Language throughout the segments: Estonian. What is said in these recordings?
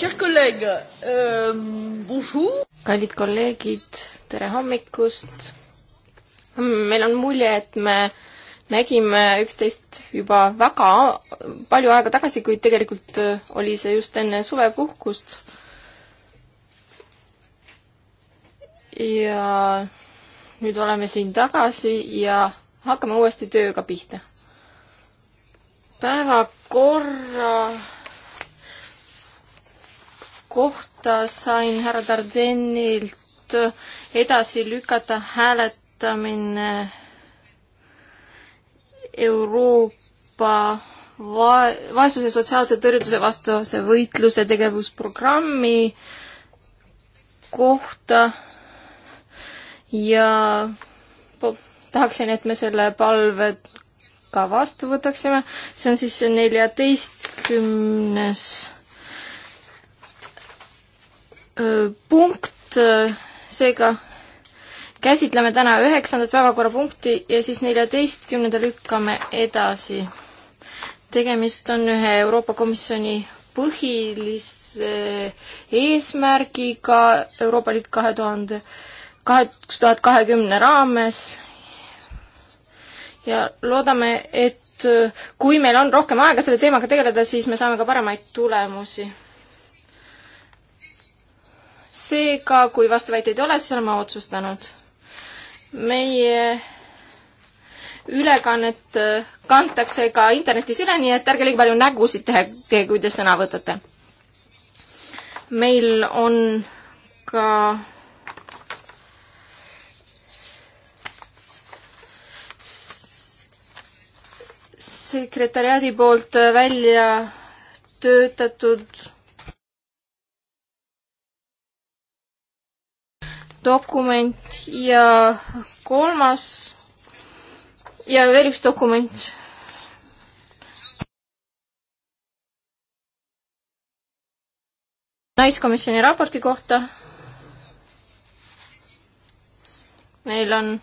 Euh, kallid kolleegid, tere hommikust. meil on mulje, et me nägime üksteist juba väga palju aega tagasi, kuid tegelikult äh, oli see just enne suvepuhkust. ja nüüd oleme siin tagasi ja hakkame uuesti tööga pihta. päevakorra kohta sain härra Dardenilt edasi lükata hääletamine Euroopa va-, vaesuse sotsiaalse tõrjutuse vastase võitluse tegevusprogrammi kohta ja tahaksin, et me selle palve ka vastu võtaksime. see on siis neljateistkümnes punkt, seega käsitleme täna üheksandat päevakorrapunkti ja siis neljateistkümnenda lükkame edasi. tegemist on ühe Euroopa Komisjoni põhilise eesmärgiga Euroopa Liit kahe tuhande, kaks tuhat kahekümne raames ja loodame, et kui meil on rohkem aega selle teemaga tegeleda, siis me saame ka paremaid tulemusi seega, kui vastuväiteid ei ole, siis olen ma otsustanud. meie ülekannet äh, kantakse ka internetis üle, nii et ärge liiga palju nägusid tehke, kui te sõna võtate. meil on ka sekretäriaadi poolt välja töötatud dokument ja kolmas ja veel üks dokument. naiskomisjoni raporti kohta. meil on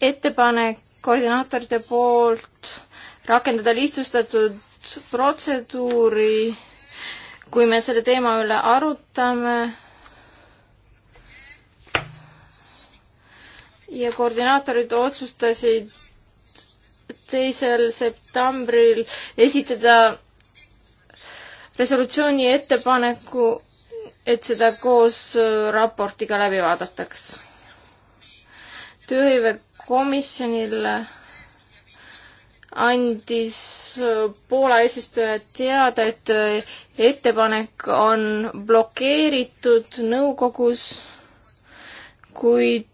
ettepanek koordinaatorite poolt rakendada lihtsustatud protseduuri, kui me selle teema üle arutame ja koordinaatorid otsustasid teisel septembril esitada resolutsiooni ettepaneku, et seda koos äh, raportiga läbi vaadataks. tööhõivekomisjonile andis äh, Poola eesistuja teada, et äh, ettepanek on blokeeritud nõukogus, kuid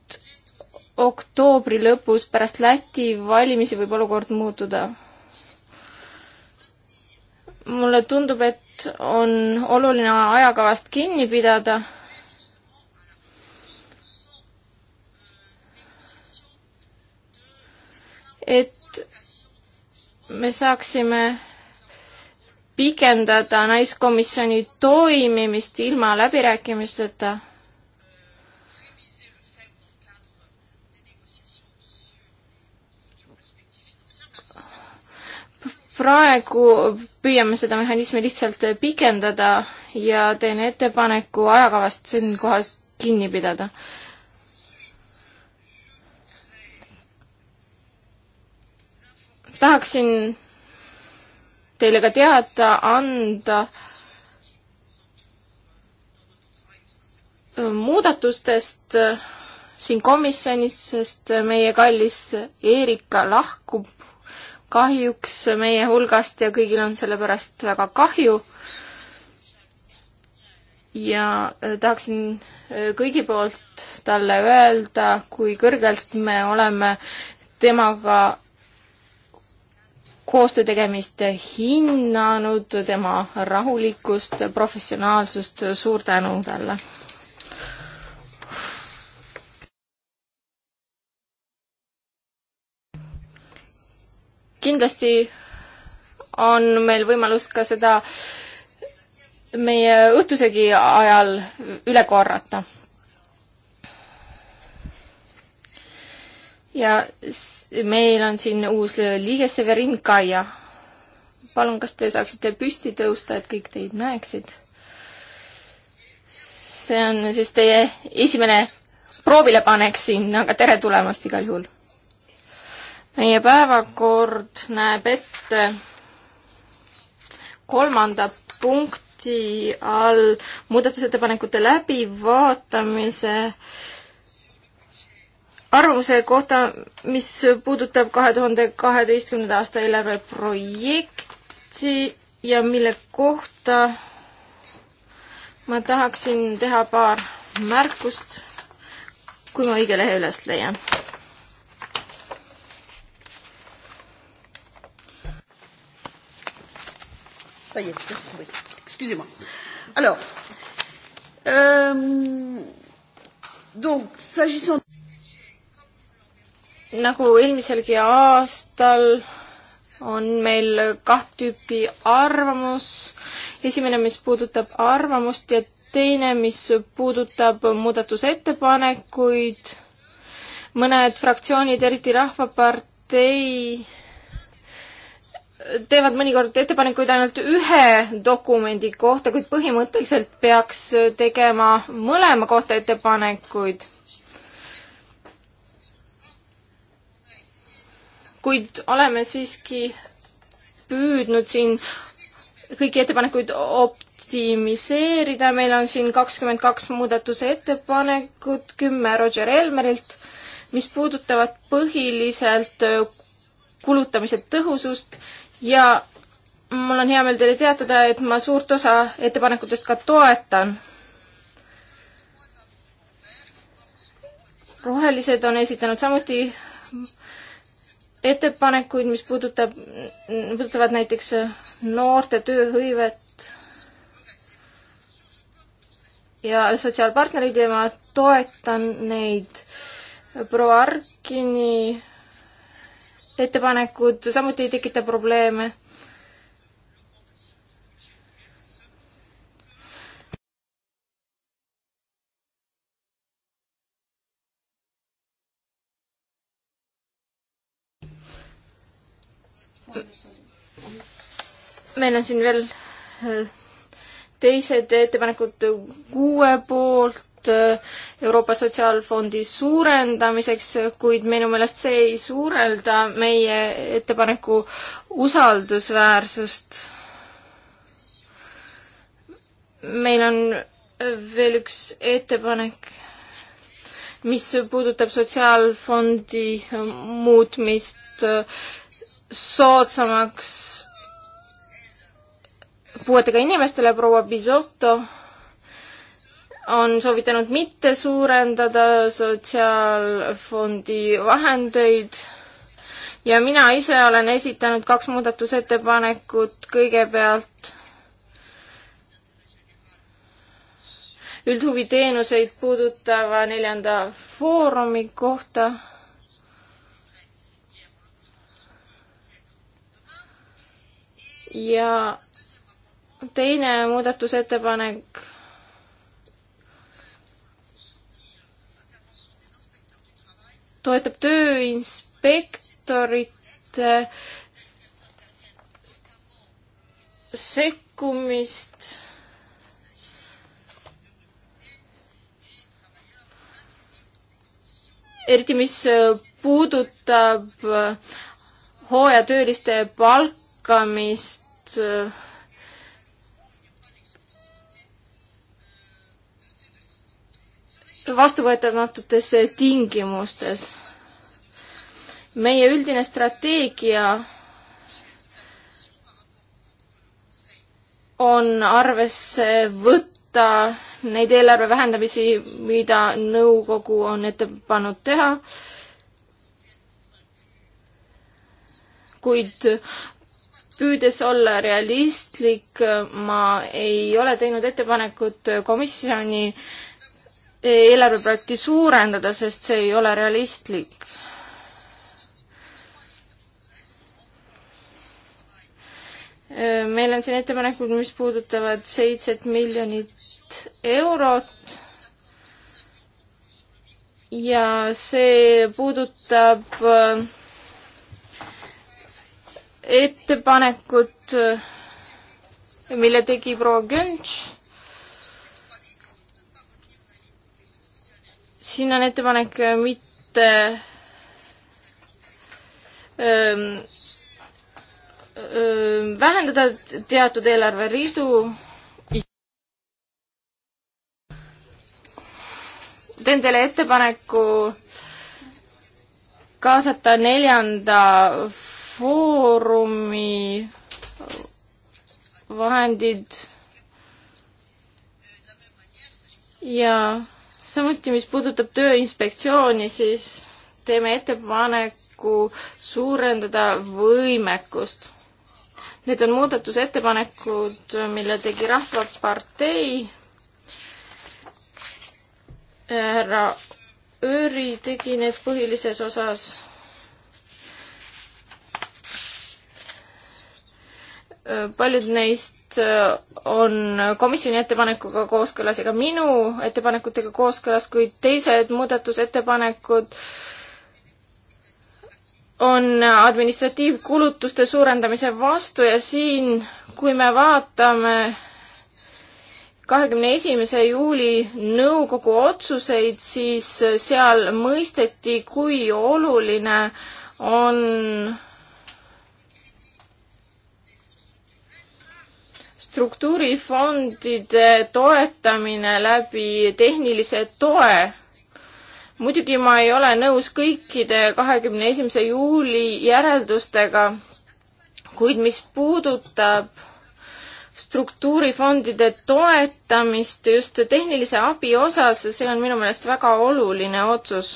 oktoobri lõpus pärast Läti valimisi võib olukord muutuda. mulle tundub, et on oluline ajakavast kinni pidada. et me saaksime pikendada naiskomisjoni toimimist ilma läbirääkimisteta praegu püüame seda mehhanismi lihtsalt pikendada ja teen ettepaneku ajakavast siinkohas kinni pidada. tahaksin teile ka teada anda muudatustest siin komisjonis, sest meie kallis Erika lahkub kahjuks meie hulgast ja kõigil on selle pärast väga kahju. ja äh, tahaksin äh, kõigi poolt talle öelda, kui kõrgelt me oleme temaga koostöö tegemist hinnanud, tema rahulikkust, professionaalsust, suur tänu talle! kindlasti on meil võimalus ka seda meie õhtusegi ajal üle korrata. ja meil on siin uus liige Severin Kaia. palun, kas te saaksite püsti tõusta, et kõik teid näeksid? see on siis teie esimene proovilepanek siin, aga tere tulemast igal juhul meie päevakord näeb ette kolmanda punkti all muudatusettepanekute läbivaatamise arvamuse kohta, mis puudutab kahe tuhande kaheteistkümnenda aasta eelarve projekti ja mille kohta ma tahaksin teha paar märkust, kui ma õige lehe üles leian Ça y est, je l'ai retrouvé. Excusez-moi. Alors, euh, donc, s'agissant. nagu eelmiselgi aastal on meil kaht tüüpi arvamus. esimene, mis puudutab arvamust ja teine, mis puudutab muudatusettepanekuid. mõned fraktsioonid, eriti Rahvapartei, teevad mõnikord ettepanekuid ainult ühe dokumendi kohta, kuid põhimõtteliselt peaks tegema mõlema kohta ettepanekuid. kuid oleme siiski püüdnud siin kõiki ettepanekuid optimiseerida, meil on siin kakskümmend kaks muudatuse ettepanekut, kümme Roger Helmerilt, mis puudutavad põhiliselt kulutamise tõhusust ja mul on hea meel teile teatada, et ma suurt osa ettepanekutest ka toetan. rohelised on esitanud samuti ettepanekuid, mis puudutab, puudutavad näiteks noorte tööhõivet ja sotsiaalpartnereid ja ma toetan neid. proua Arkini ettepanekud samuti ei tekita probleeme. meil on siin veel äh, teised ettepanekud kuue poolt, ainult äh, Euroopa Sotsiaalfondi suurendamiseks, kuid minu meelest see ei suurelda meie ettepaneku usaldusväärsust. meil on äh, veel üks ettepanek, mis puudutab Sotsiaalfondi muutmist äh, soodsamaks puuetega inimestele proua Bisotto on soovitanud mitte suurendada sotsiaalfondi vahendeid ja mina ise olen esitanud kaks muudatusettepanekut, kõigepealt üldhuviteenuseid puudutava neljanda foorumi kohta ja teine muudatusettepanek toetab tööinspektorite sekkumist eriti mis puudutab hooajatööliste palkamist vastuvõetamatutes tingimustes. meie üldine strateegia on arvesse võtta neid eelarve vähendamisi, mida nõukogu on ette pannud teha, kuid püüdes olla realistlik, ma ei ole teinud ettepanekut komisjoni äh, eelarveprojekti suurendada, sest see ei ole realistlik. meil on siin ettepanekud, mis puudutavad seitset miljonit eurot ja see puudutab äh, ettepanekut, äh, mille tegi proua Gönš siin on ettepanek äh, mitte öö, ähm, öö, ähm, vähendada teatud eelarveridu. teen teile ettepaneku kaasata neljanda foorumi vahendid ja samuti, mis puudutab Tööinspektsiooni, siis teeme ettepaneku suurendada võimekust. Need on muudatusettepanekud, mille tegi Rahvapartei. härra Ööri tegi need põhilises osas paljud neist äh, on komisjoni ettepanekuga kooskõlas ja ka minu ettepanekutega kooskõlas, kuid teised muudatusettepanekud on administratiivkulutuste suurendamise vastu ja siin, kui me vaatame kahekümne esimese juuli nõukogu otsuseid, siis seal mõisteti, kui oluline on struktuurifondide toetamine läbi tehnilise toe. muidugi ma ei ole nõus kõikide kahekümne esimese juuli järeldustega, kuid mis puudutab struktuurifondide toetamist just tehnilise abi osas, see on minu meelest väga oluline otsus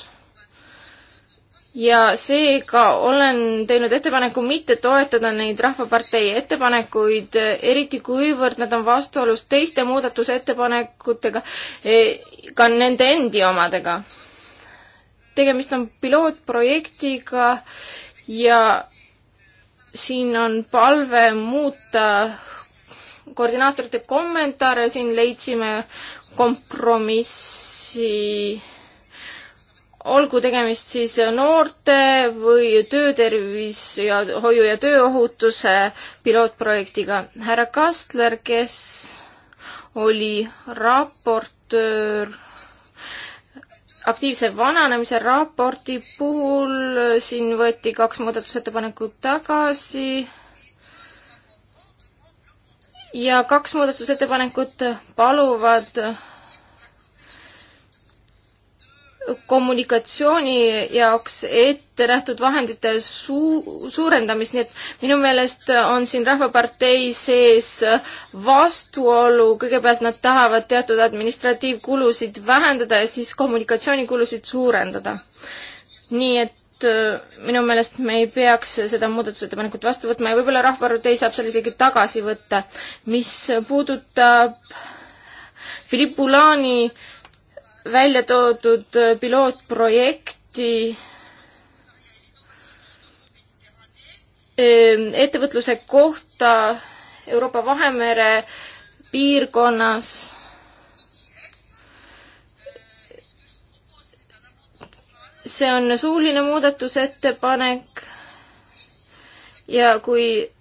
ja seega olen teinud ettepaneku mitte toetada neid Rahvapartei ettepanekuid, eriti kuivõrd nad on vastuolus teiste muudatusettepanekutega, eh, ka nende endi omadega. tegemist on pilootprojektiga ja siin on palve muuta koordinaatorite kommentaare, siin leidsime kompromissi olgu tegemist siis noorte või töötervis ja hoiu- ja tööohutuse pilootprojektiga. härra Kastler, kes oli raportöör aktiivse vananemise raporti puhul, siin võeti kaks muudatusettepanekut tagasi ja kaks muudatusettepanekut paluvad kommunikatsiooni jaoks ette nähtud vahendite suu-, suurendamist, nii et minu meelest on siin Rahvapartei sees vastuolu, kõigepealt nad tahavad teatud administratiivkulusid vähendada ja siis kommunikatsioonikulusid suurendada. nii et äh, minu meelest me ei peaks seda muudatusettepanekut vastu võtma ja võib-olla Rahvapartei saab selle isegi tagasi võtta. mis puudutab Philippe Poulani välja toodud äh, pilootprojekti ähm, ettevõtluse kohta Euroopa Vahemere piirkonnas. see on suuline muudatusettepanek ja kui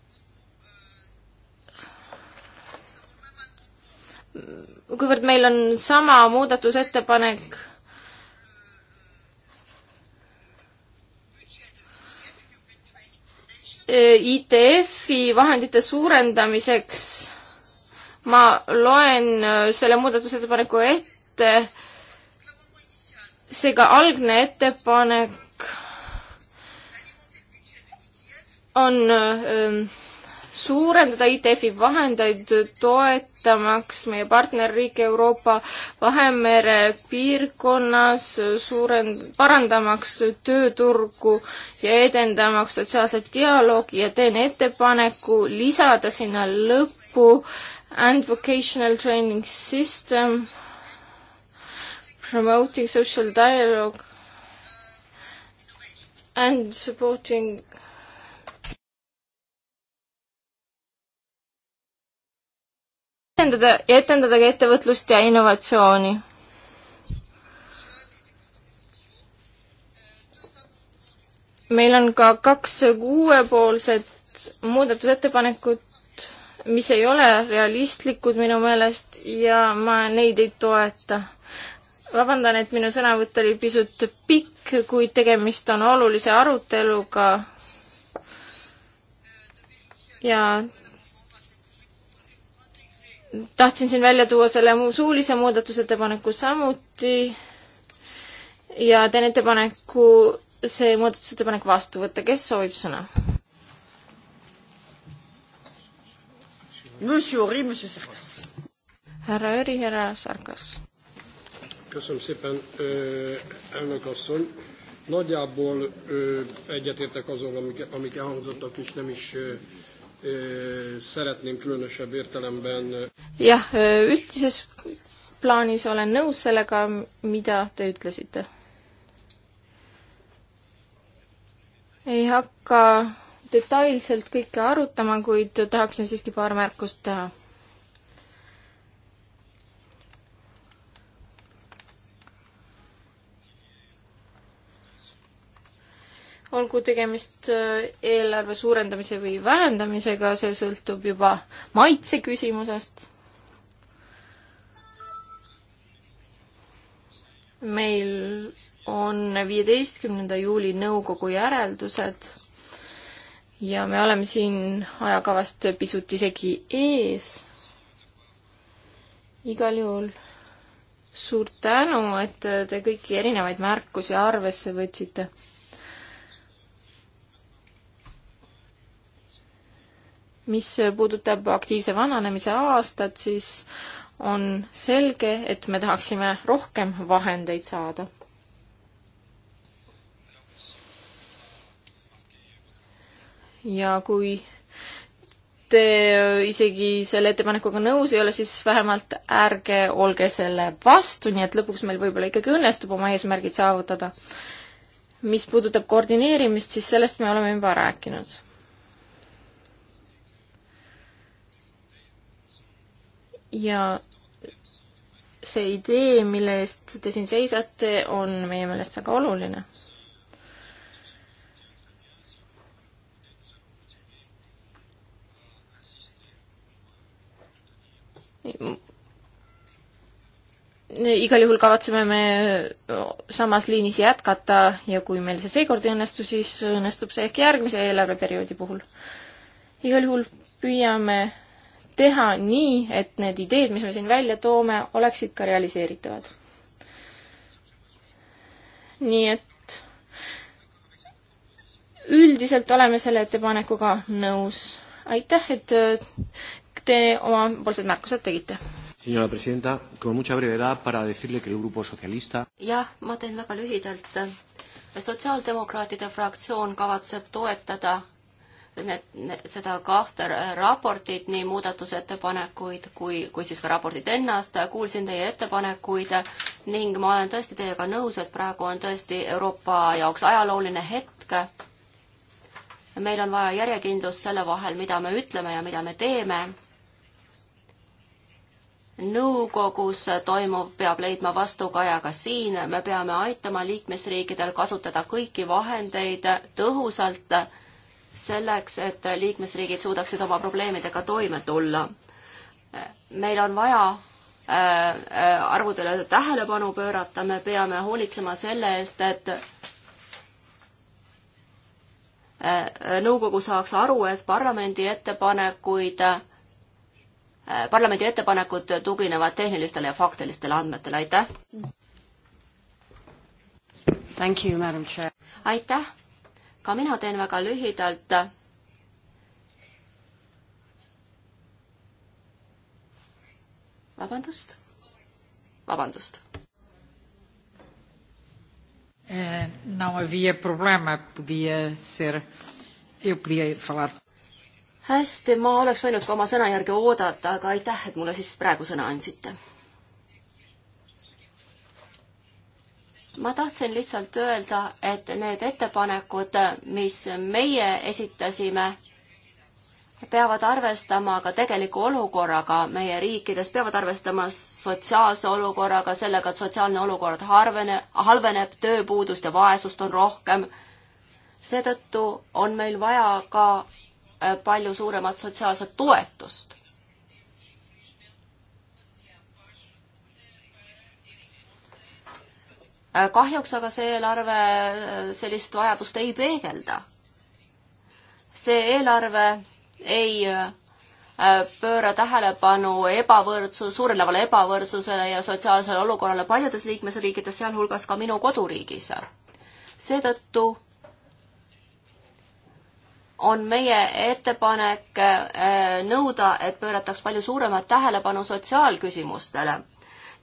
kuivõrd meil on sama muudatusettepanek e, ITF-i vahendite suurendamiseks, ma loen e, selle muudatusettepaneku ette, seega algne ettepanek on öö, e, suurendada ITF-i vahendeid, toetamaks meie partnerriike Euroopa Vahemere piirkonnas, suurend-, parandamaks tööturgu ja edendamaks sotsiaalset dialoogi ja teen ettepaneku lisada sinna lõppu and vocational training system promoting social dialogue and supporting etendada ja etendada ka ettevõtlust ja innovatsiooni. meil on ka kaks kuuepoolset muudatusettepanekut, mis ei ole realistlikud minu meelest ja ma neid ei toeta. vabandan, et minu sõnavõtt oli pisut pikk, kuid tegemist on olulise aruteluga ja tahtsin siin välja tuua selle suulise muudatusettepaneku samuti ja teen ettepaneku see muudatusettepanek vastu võtta. kes soovib sõna? härra Öri, härra Sarkas. köszönöm szépen, elnök asszony. Nagyjából egyetértek azon, amik, amik elhangzottak, és nem is ö, Szeretném különösebb értelemben. jah, üldises plaanis olen nõus sellega, mida te ütlesite. ei hakka detailselt kõike arutama, kuid tahaksin siiski paar märkust teha olgu tegemist äh, eelarve suurendamise või vähendamisega, see sõltub juba maitse küsimusest. meil on viieteistkümnenda juuli nõukogu järeldused ja me oleme siin ajakavast pisut isegi ees. igal juhul suur tänu, et te kõiki erinevaid märkusi arvesse võtsite mis puudutab aktiivse vananemise aastat, siis on selge, et me tahaksime rohkem vahendeid saada. ja kui te isegi selle ettepanekuga nõus ei ole, siis vähemalt ärge olge selle vastu, nii et lõpuks meil võib-olla ikkagi õnnestub oma eesmärgid saavutada. mis puudutab koordineerimist, siis sellest me oleme juba rääkinud ja see idee, mille eest te siin seisate, on meie meelest väga oluline. igal juhul kavatseme me samas liinis jätkata ja kui meil see seekord ei õnnestu, siis õnnestub see ehk järgmise eelarveperioodi puhul. igal juhul püüame teha nii, et need ideed, mis me siin välja toome, oleksid ka realiseeritavad. nii et üldiselt oleme selle ettepanekuga nõus. aitäh, et äh, te omapoolsed märkused tegite. Señora presidenta, con mucha brevedad para decirle que el grupo socialista. jah, ma teen väga lühidalt. sotsiaaldemokraatide fraktsioon kavatseb toetada need, need, seda kahte raportit, nii muudatusettepanekuid kui, kui siis ka raportit ennast, kuulsin teie ettepanekuid ning ma olen tõesti teiega nõus, et praegu on tõesti Euroopa jaoks ajalooline hetk. meil on vaja järjekindlust selle vahel, mida me ütleme ja mida me teeme. nõukogus toimuv peab leidma vastukaja ka siin, me peame aitama liikmesriikidel kasutada kõiki vahendeid tõhusalt selleks, et liikmesriigid suudaksid oma probleemidega toime tulla. meil on vaja äh, äh, arvudele tähelepanu pöörata, me peame hoolitsema selle eest, et äh, nõukogu saaks aru, et parlamendi ettepanekuid, parlamendi ettepanekud tuginevad tehnilistele ja faktilistele andmetele, aitäh! aitäh! ka mina teen väga lühidalt. vabandust, vabandust. Não havia problema, podia ser, eu podia falar. hästi, ma oleks võinud ka oma sõna järgi oodata, aga aitäh, et mulle siis praegu sõna andsite ma tahtsin lihtsalt öelda, et need ettepanekud, mis meie esitasime, peavad arvestama ka tegeliku olukorraga meie riikides, peavad arvestama sotsiaalse olukorraga, sellega, et sotsiaalne olukord harvene, halveneb, tööpuudust ja vaesust on rohkem. seetõttu on meil vaja ka eh, palju suuremat sotsiaalset toetust kahjuks aga see eelarve sellist vajadust ei peegelda. see eelarve ei äh, pööra tähelepanu ebavõrdsu-, suurenevale ebavõrdsusele ja sotsiaalsele olukorrale paljudes liikmesriikides, sealhulgas ka minu koduriigis. seetõttu on meie ettepanek äh, nõuda, et pöörataks palju suuremat tähelepanu sotsiaalküsimustele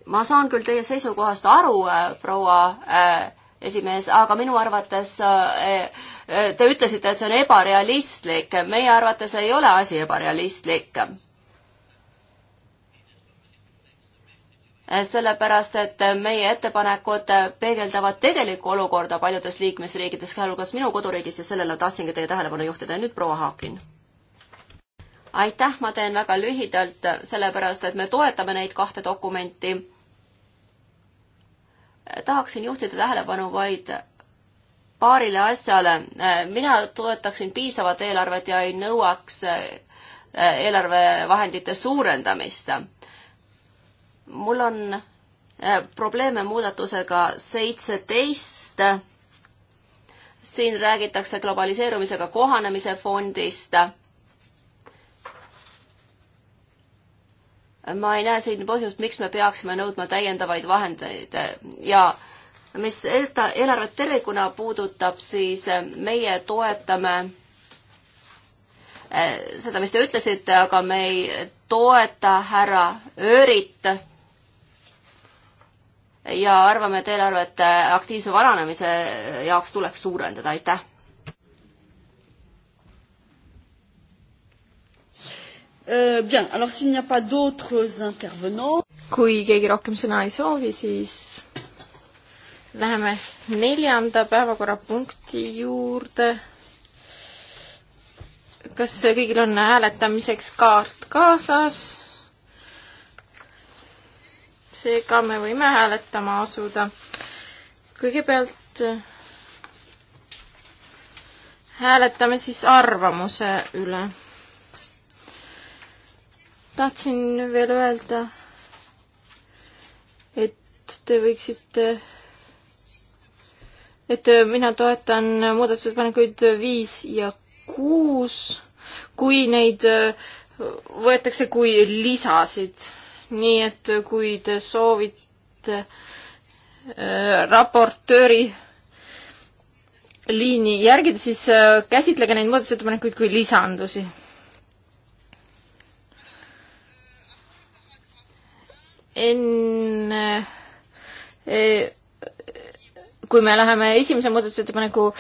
ma saan küll teie seisukohast aru, äh, proua äh, esimees, aga minu arvates äh, te ütlesite, et see on ebarealistlik. meie arvates ei ole asi ebarealistlik. sellepärast, et meie ettepanekud peegeldavad tegelikku olukorda paljudes liikmesriikides, sealhulgas minu koduriigis ja sellele tahtsingi teie tähelepanu juhtida. nüüd proua Haakin aitäh, ma teen väga lühidalt, sellepärast et me toetame neid kahte dokumenti. tahaksin juhtida tähelepanu vaid paarile asjale. mina toetaksin piisavat eelarvet ja ei nõuaks eh, eelarvevahendite suurendamist. mul on eh, probleeme muudatusega seitseteist. siin räägitakse globaliseerumisega kohanemise fondist ma ei näe siin põhjust, miks me peaksime nõudma täiendavaid vahendeid ja mis eelarvet tervikuna puudutab, siis meie toetame eh, seda, mis te ütlesite, aga me ei toeta härra Öörit ja arvame, et eelarvet aktiivse vananemise jaoks tuleks suurendada, aitäh! Euh, bien, alors s'il n'y a pas d'autres intervenants. kui keegi rohkem sõna ei soovi, siis läheme neljanda päevakorrapunkti juurde. kas kõigil on hääletamiseks kaart kaasas? seega me võime hääletama asuda. kõigepealt hääletame siis arvamuse üle tahtsin veel öelda, et te võiksite, et mina toetan muudatusettepanekuid viis ja kuus, kui neid äh, võetakse kui lisasid. nii et kui te soovite äh, raportööri liini järgida, siis äh, käsitlege neid muudatusettepanekuid kui lisandusi enne e, kui me läheme esimese muudatusettepaneku e,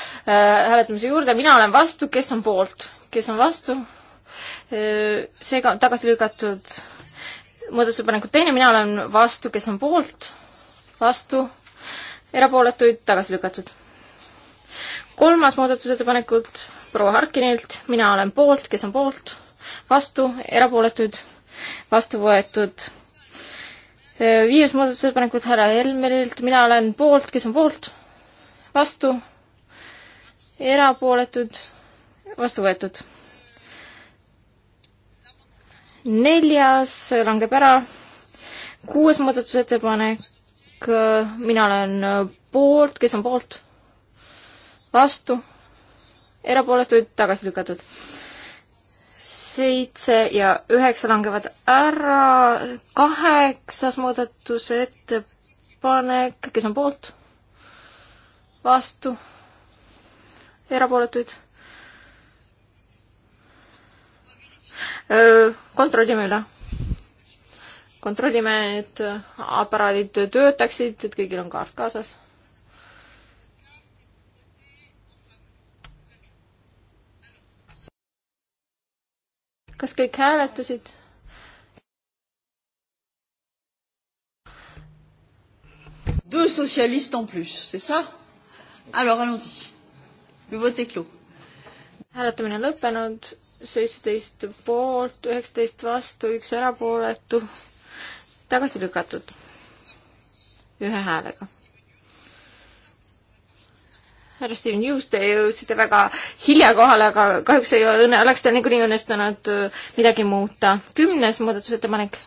hääletamise juurde, mina olen vastu, kes on poolt, kes on vastu? E, seega on tagasi lükatud muudatusettepaneku teine, mina olen vastu, kes on poolt, vastu, erapooletuid tagasi lükatud. kolmas muudatusettepanekut proua Harkinilt, mina olen poolt, kes on poolt, vastu, erapooletuid, vastu võetud Äh, viies muudatusettepanekut härra Helmerilt, mina olen poolt, kes on poolt? vastu? erapooletud? vastu võetud. neljas langeb ära. kuues muudatusettepanek, äh, mina olen äh, poolt, kes on poolt? vastu? erapooletuid tagasi lükatud seitse ja üheksa langevad ära, kaheksas muudatusettepanek, kes on poolt? vastu? erapooletuid? kontrollime üle. kontrollime, et aparaadid töötaksid, et kõigil on kaart kaasas kas kõik hääletasid? deux socialistes en plus, c'est ça Alors allons-y. Le vote est clos. hääletamine on lõppenud, seitseteist poolt, üheksateist vastu, üks erapooletu, tagasi lükatud ühe häälega härra Steven Hughes, te jõudsite väga hilja kohale, aga kahjuks ei õnne, oleks teil niikuinii õnnestunud äh, midagi muuta. kümnes muudatusettepanek.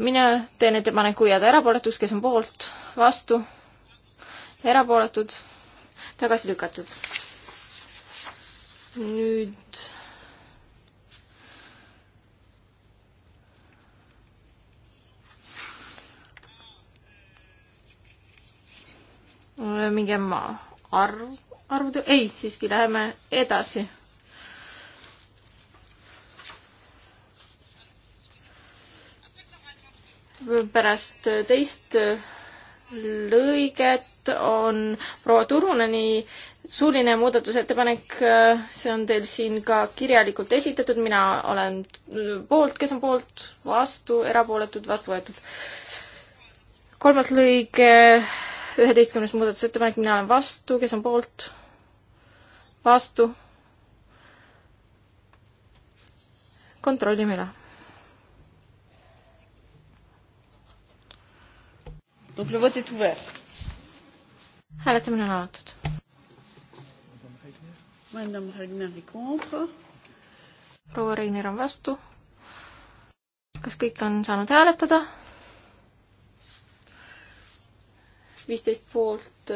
mina teen ettepaneku jääda erapooletuks, kes on poolt, vastu, erapooletud, tagasi lükatud. nüüd mingi arv arvud, ei, siiski läheme edasi. pärast teist lõiget on proua Turuneni suuline muudatusettepanek, see on teil siin ka kirjalikult esitatud, mina olen poolt, kes on poolt, vastu, erapooletud, vastu võetud. kolmas lõige, üheteistkümnes muudatusettepanek, mina olen vastu, kes on poolt, vastu. kontrollime üle. hääletamine on avatud. proua Reiner on vastu. kas kõik on saanud hääletada? viisteist poolt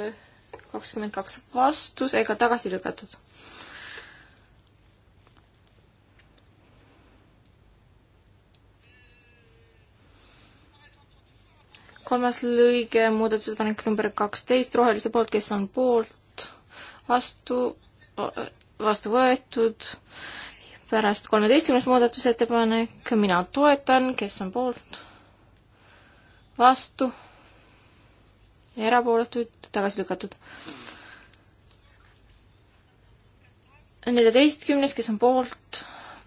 kakskümmend kaks vastu, seega tagasi lükatud. kolmas lõige, muudatusettepanek number kaksteist, roheliste poolt, kes on poolt, vastu, vastu võetud, pärast kolmeteistkümnes muudatusettepanek, mina toetan, kes on poolt, vastu erapooletuid, tagasi lükatud. neljateistkümnes, kes on poolt,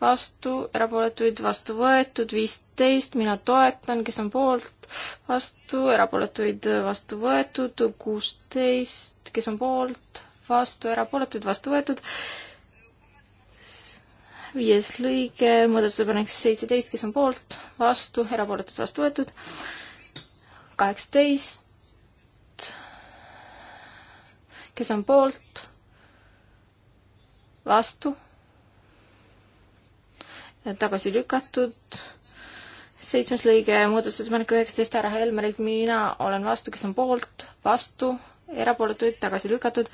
vastu, erapooletuid, vastu võetud, viisteist, mina toetan, kes on poolt, vastu, erapooletuid, vastu võetud, kuusteist, kes on poolt, vastu, erapooletuid, vastu võetud, viies lõige, muudatusepanek seitseteist, kes on poolt, vastu, erapooletud, vastu võetud, kaheksateist, kes on poolt, vastu, tagasi lükatud, seitsmes lõige muudatusettepanek üheksateist härra Helmerilt, mina olen vastu, kes on poolt, vastu, erapooletuid tagasi lükatud,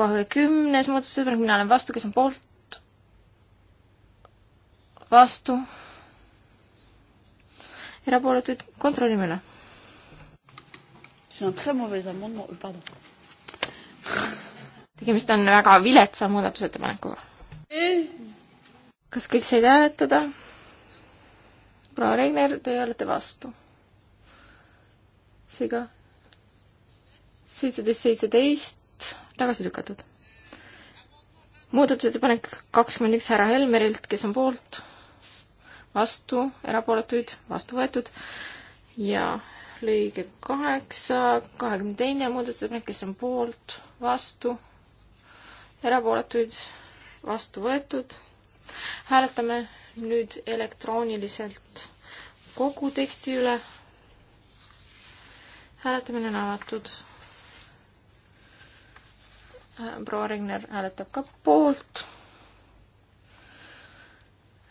kohe kümnes muudatusettepanek, mina olen vastu, kes on poolt, vastu, erapooletuid kontrollime üle see on très mauvais amendement, euh, pardon. tegemist on väga viletsa muudatusettepanekuga. kas kõik said hääletada? proua Regner, teie olete vastu. seega seitseteist, seitseteist tagasi lükatud. muudatusettepanek kakskümmend üks härra Helmerilt, kes on poolt, vastu, erapooletuid, vastu võetud ja lõige kaheksa, kahekümne teine muudatusettepanek, kes on poolt, vastu, erapooletuid, vastu võetud. hääletame nüüd elektrooniliselt kogu teksti üle. hääletamine on avatud. proua Regner hääletab ka poolt.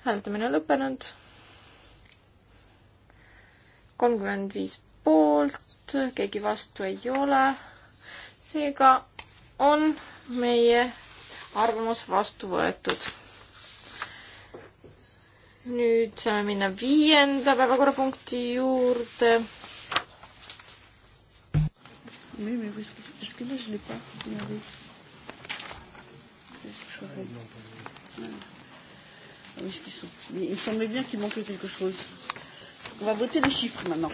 hääletamine on lõppenud. kolmkümmend viis poolt, keegi vastu ei ole. seega on meie arvamus vastu võetud. nüüd saame minna viienda päevakorrapunkti juurde. Oui, mais oui, parce que là, je ne l'ai pas. Regardez. Ah. ah oui, ce qu'ils sont. Mais il me semblait bien qu'il manquait quelque chose. On va voter les chiffres maintenant.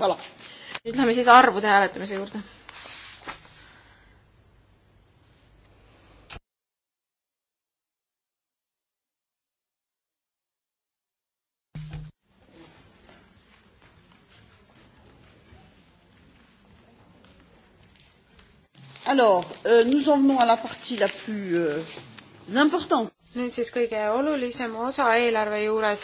Voilà. nüüd läheme siis arvude hääletamise juurde. Alors, euh, nous en venons à la partie la plus euh, importante. nüüd siis kõige olulisem osa eelarve juures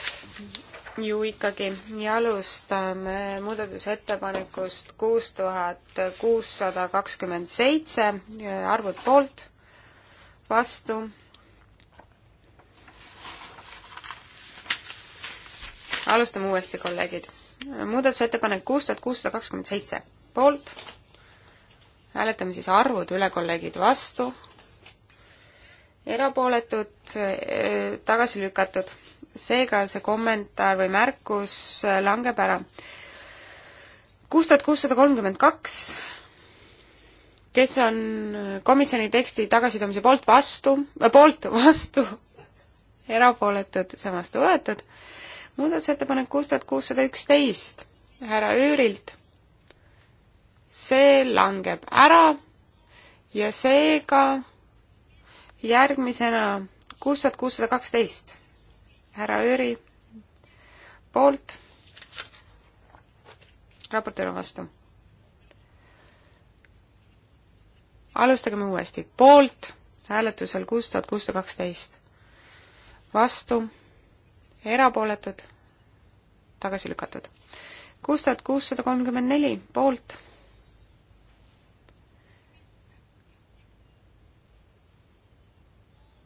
ju ikkagi ja alustame muudatusettepanekust kuus tuhat kuussada kakskümmend seitse, arvud poolt, vastu, alustame uuesti, kolleegid. muudatusettepanek kuus tuhat kuussada kakskümmend seitse, poolt, hääletame siis arvud üle, kolleegid, vastu, erapooletud, tagasi lükatud seega see kommentaar või märkus äh, langeb ära. kuus tuhat kuussada kolmkümmend kaks, kes on äh, komisjoni teksti tagasitoomise poolt vastu, äh, poolt vastu, erapooletud, see vastu võetud, muudatusettepanek kuus tuhat kuussada üksteist härra Üürilt, see langeb ära ja seega järgmisena kuus tuhat kuussada kaksteist härra Jüri poolt. raportöör on vastu. alustagem uuesti. poolt hääletusel kuus tuhat kuussada kaksteist. vastu, erapooletud, tagasi lükatud. kuus tuhat kuussada kolmkümmend neli poolt.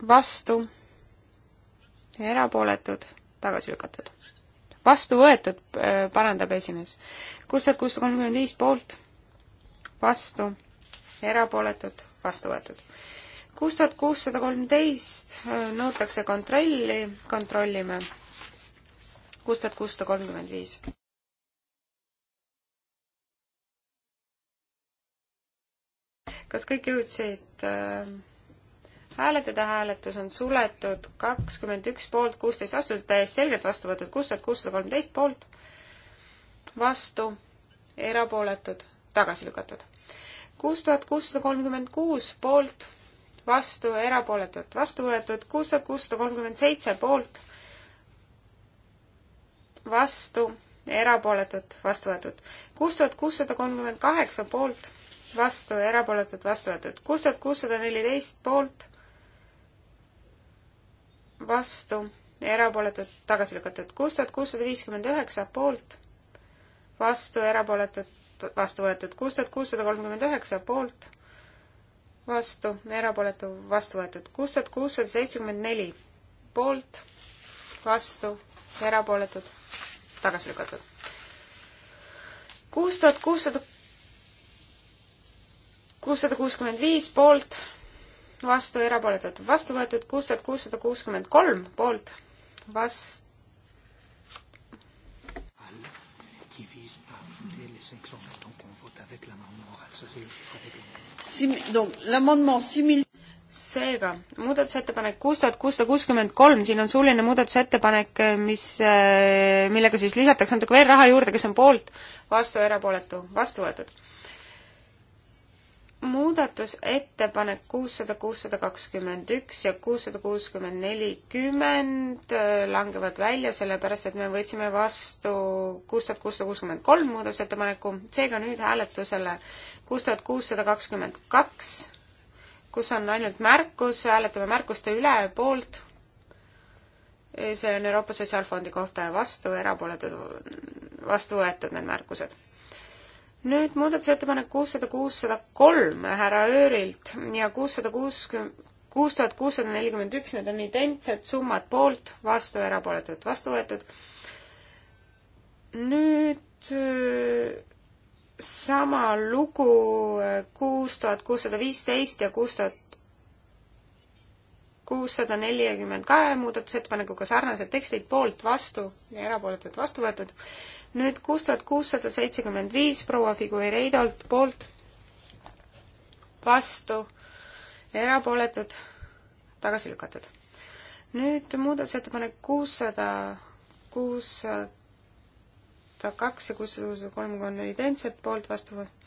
vastu erapooletud, tagasi lükatud. vastu võetud, äh, parandab esimees. kuus tuhat kuussada kolmkümmend viis poolt, vastu, erapooletud, vastu võetud. kuus tuhat kuussada kolmteist äh, nõutakse kontrolli, kontrollime. kuus tuhat kuussada kolmkümmend viis. kas kõik jõudsid äh, hääletada, hääletus on suletud, kakskümmend üks poolt, kuusteist vastu, täiesti selgelt vastu võetud, kuus tuhat kuussada kolmteist poolt, vastu, erapooletud, tagasi lükatud. kuus tuhat kuussada kolmkümmend kuus poolt, vastu, erapooletud, vastu võetud, kuus tuhat kuussada kolmkümmend seitse poolt, vastu, erapooletud, vastu võetud. kuus tuhat kuussada kolmkümmend kaheksa poolt, vastu, erapooletud, vastu võetud. kuus tuhat kuussada neliteist poolt vastu ja erapooletud tagasi lükatud. kuus tuhat kuussada viiskümmend üheksa poolt, vastu ja erapooletud vastu võetud. kuus tuhat kuussada kolmkümmend üheksa poolt, vastu ja erapooletu vastu võetud. kuus tuhat kuussada seitsekümmend neli poolt, vastu ja erapooletud tagasi lükatud. kuus tuhat kuussada kuussada kuuskümmend viis poolt vastu, erapooletud, vastu võetud kuus tuhat kuussada kuuskümmend kolm poolt, vast-. seega, muudatusettepanek kuus tuhat kuussada kuuskümmend kolm, siin on suuline muudatusettepanek, mis, äh, millega siis lisatakse natuke veel raha juurde, kes on poolt, vastu, erapooletu, vastu võetud muudatusettepanek kuussada, kuussada kakskümmend üks ja kuussada kuuskümmend nelikümmend äh, langevad välja, sellepärast et me võtsime vastu kuus tuhat kuussada kuuskümmend kolm muudatusettepaneku, seega nüüd hääletusele kuus tuhat kuussada kakskümmend kaks, kus on ainult märkus, hääletame märkuste üle, poolt, äh, see on Euroopa Sotsiaalfondi kohta ja vastu, erapooletud, vastu võetud need märkused nüüd muudatusettepanek kuussada kuussada kolm härra Öörilt ja kuussada kuuskümmend, kuus tuhat kuussada nelikümmend üks, need on identsed summad poolt, vastu, erapooletult vastu võetud. nüüd äh, sama lugu äh, kuus tuhat kuussada viisteist ja kuus tuhat kuussada nelikümmend kahe muudatusettepanekuga sarnased tekstid poolt, vastu ja erapooletud vastu võetud. nüüd kuus tuhat kuussada seitsekümmend viis proua Figueiredolt poolt, vastu ja erapooletud, tagasi lükatud. nüüd muudatusettepanek kuussada, kuussada kaks ja kuussada kuuskümmend kolm on identsed, poolt, vastu, vastu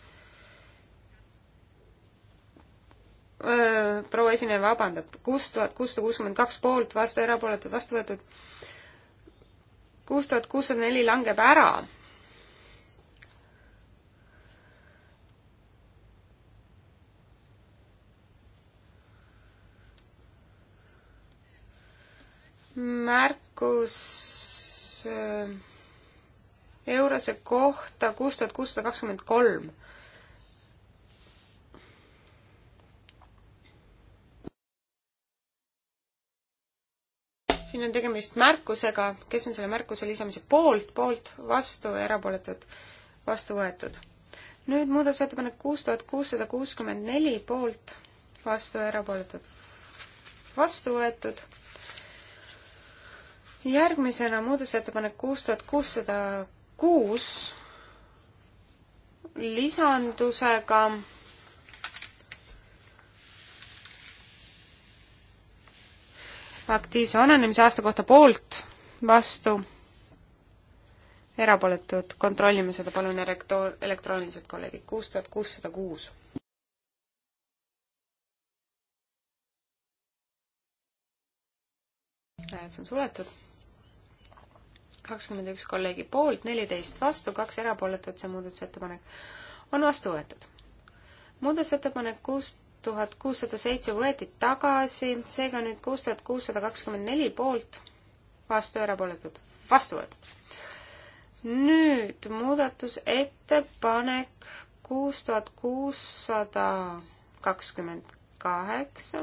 proua esineja vabandab, kuus tuhat kuussada kuuskümmend kaks poolt, vastu erapooletud, vastu võetud. kuus tuhat kuussada neli langeb ära. märkus eurose kohta kuus tuhat kuussada kakskümmend kolm siin on tegemist märkusega, kes on selle märkuse lisamise poolt, poolt, vastu, erapooletud, vastu võetud. nüüd muudatusettepanek kuus tuhat kuussada kuuskümmend neli poolt, vastu, erapooletud, vastu võetud. järgmisena muudatusettepanek kuus tuhat kuussada kuus lisandusega aktiivse vananemise aasta kohta poolt, vastu, erapooletud, kontrollime seda palun elektor-, elektrooniliselt, kolleegid, kuus tuhat kuussada kuus. hääled on suletud. kakskümmend üks kolleegi poolt, neliteist vastu, kaks erapooletut, see muudatusettepanek on vastu võetud. muudatusettepanek kuus tuhat kuussada seitse võeti tagasi, seega nüüd kuus tuhat kuussada kakskümmend neli poolt, vastu erapooletud, vastu võetud. nüüd muudatusettepanek kuus tuhat kuussada kakskümmend kaheksa.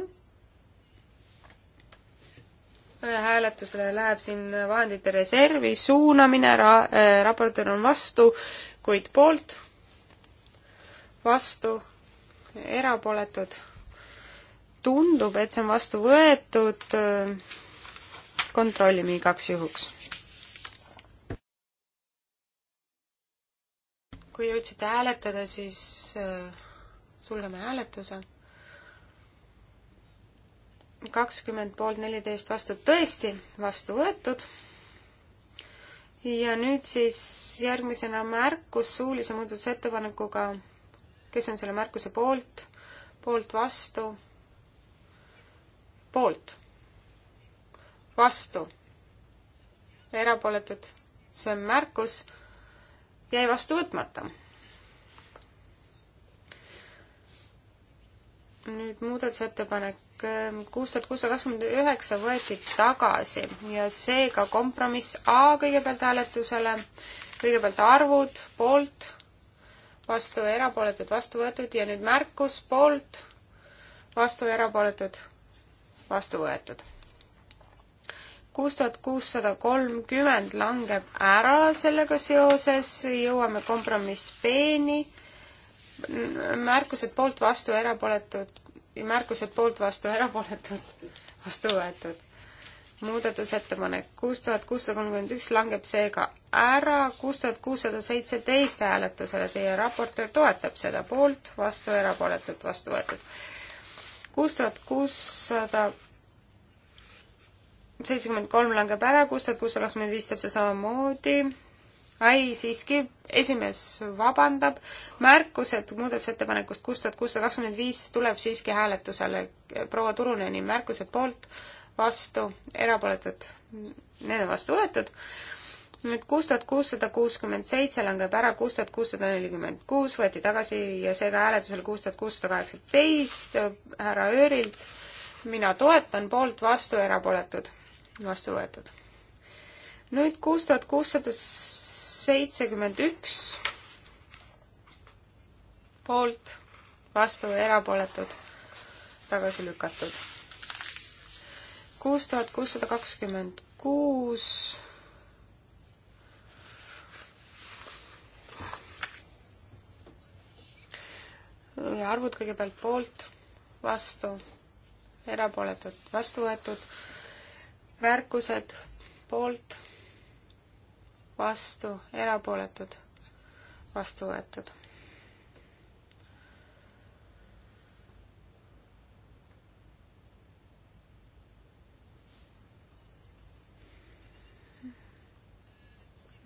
hääletusele läheb siin vahendite reservi suunamine ra-, äh, raportöör on vastu, kuid poolt, vastu erapooletud. tundub, et see on vastu võetud, kontrollime igaks juhuks. kui jõudsite hääletada, siis äh, sulgeme hääletuse. kakskümmend poolt neliteist vastu, tõesti, vastu võetud ja nüüd siis järgmisena märkus suulise muudatusettepanekuga kes on selle märkuse poolt, poolt vastu, poolt, vastu, erapooletud, see märkus jäi vastu võtmata. nüüd muudatusettepanek ähm, kuus tuhat kuussada kakskümmend üheksa võeti tagasi ja seega kompromiss A kõigepealt hääletusele, kõigepealt arvud poolt vastu ja erapooletud, vastu võetud ja nüüd märkus poolt, vastu ja erapooletud, vastu võetud. kuus tuhat kuussada kolmkümmend langeb ära sellega seoses, jõuame kompromiss B-ni, märkused poolt, vastu, erapooletud, märkused poolt, vastu, erapooletud, vastu võetud muudatusettepanek kuus tuhat kuussada kolmkümmend üks langeb seega ära, kuus tuhat kuussada seitseteist hääletusele, teie raportöör toetab seda, poolt, vastu, erapooletult vastu võetud. kuus tuhat kuussada seitsekümmend kolm langeb ära, kuus tuhat kuussada kakskümmend viis täpselt samamoodi, ai, siiski, esimees vabandab, märkused muudatusettepanekust kuus tuhat kuussada kakskümmend viis tuleb siiski hääletusele, proua Turuneni märkused poolt, vastu, erapooletud, need on vastu võetud. nüüd kuus tuhat kuussada kuuskümmend seitse langeb ära, kuus tuhat kuussada nelikümmend kuus võeti tagasi ja seega hääletusel kuus tuhat kuussada kaheksateist härra Öörilt. mina toetan, poolt, vastu, erapooletud, vastu võetud. nüüd kuus tuhat kuussada seitsekümmend üks poolt, vastu, erapooletud, tagasi lükatud kuus tuhat kuussada kakskümmend kuus. ja arvud kõigepealt poolt, vastu, erapooletud, vastu võetud, märkused poolt, vastu, erapooletud, vastu võetud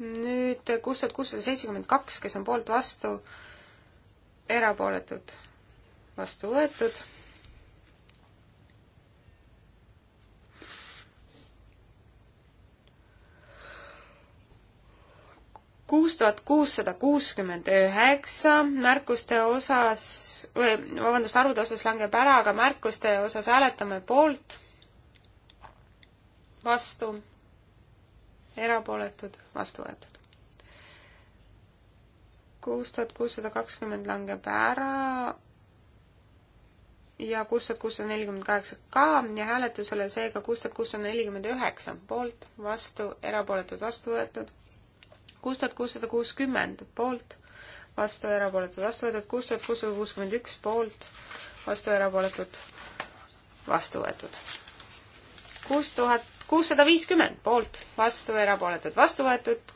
nüüd kuus tuhat kuussada seitsekümmend kaks, kes on poolt vastu, erapooletud vastu võetud. kuus tuhat kuussada kuuskümmend üheksa märkuste osas, või vabandust, arvude osas langeb ära, aga märkuste osas hääletame poolt, vastu erapooletud, vastu võetud. kuus tuhat kuussada kakskümmend langeb ära ja kuus tuhat kuussada nelikümmend kaheksa ka ja hääletusele seega kuus tuhat kuussada nelikümmend üheksa poolt, vastu, erapooletud, vastu võetud. kuus tuhat kuussada kuuskümmend poolt, vastu, erapooletud, vastu võetud, kuus tuhat kuussada kuuskümmend üks poolt, vastu, erapooletud, vastu võetud. kuus tuhat kuussada viiskümmend poolt, vastu, erapooletud, vastu võetud,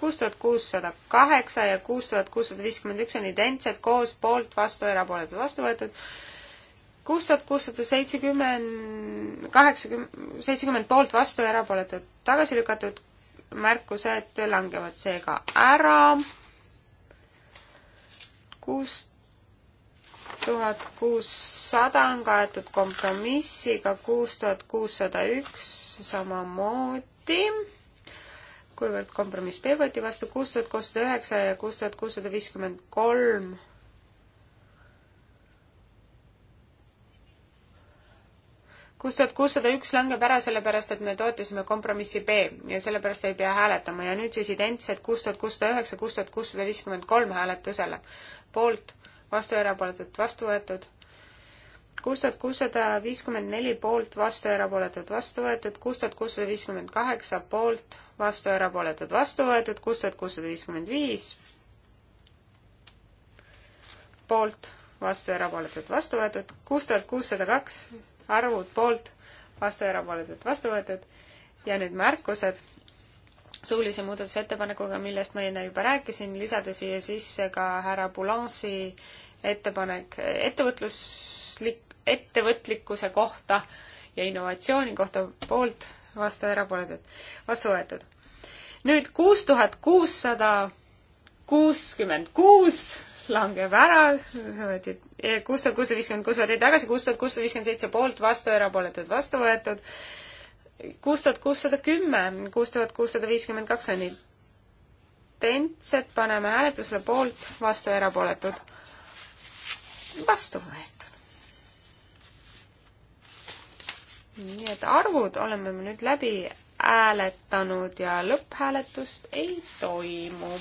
kuus tuhat kuussada kaheksa ja kuus tuhat kuussada viiskümmend üks on identsed, koos, poolt, vastu, erapooletud, vastu võetud, kuus tuhat kuussada seitsekümmend, kaheksakümmend, seitsekümmend poolt, vastu, erapooletud, tagasi lükatud, märkused langevad seega ära, kuus tuhat kuussada on kaetud kompromissiga, kuus tuhat kuussada üks samamoodi, kuivõrd kompromiss B võeti vastu, kuus tuhat kuussada üheksa ja kuus tuhat kuussada viiskümmend kolm. kuus tuhat kuussada üks langeb ära sellepärast, et me toetasime kompromissi B ja sellepärast ei pea hääletama ja nüüd siis identsed kuus tuhat kuussada üheksa, kuus tuhat kuussada viiskümmend kolm hääletusele. poolt vastu erapooletud, vastu võetud. kuus tuhat kuussada viiskümmend neli poolt, vastu erapooletud, vastu võetud, kuus tuhat kuussada viiskümmend kaheksa poolt, vastu erapooletud, vastu võetud, kuus tuhat kuussada viiskümmend viis poolt, vastu erapooletud, vastu võetud, kuus tuhat kuussada kaks arvud poolt, vastu erapooletud, vastu võetud ja nüüd märkused suulise muudatusettepanekuga, millest ma enne juba rääkisin, lisada siia sisse ka härra Boulansi ettepanek ettevõtluslik, ettevõtlikkuse kohta ja innovatsiooni kohta poolt, vastu erapooletud, vastu võetud. nüüd kuus tuhat kuussada kuuskümmend kuus langeb ära, eh, kuus tuhat kuussada viiskümmend kuus võeti tagasi, kuus tuhat kuussada viiskümmend seitse poolt, vastu erapooletud, vastu võetud, kuus tuhat kuussada kümme, kuus tuhat kuussada viiskümmend kaks on identsed, paneme hääletusele poolt, vastu erapooletud vastu võetud. nii et arvud oleme me nüüd läbi hääletanud ja lõpphääletust ei toimu.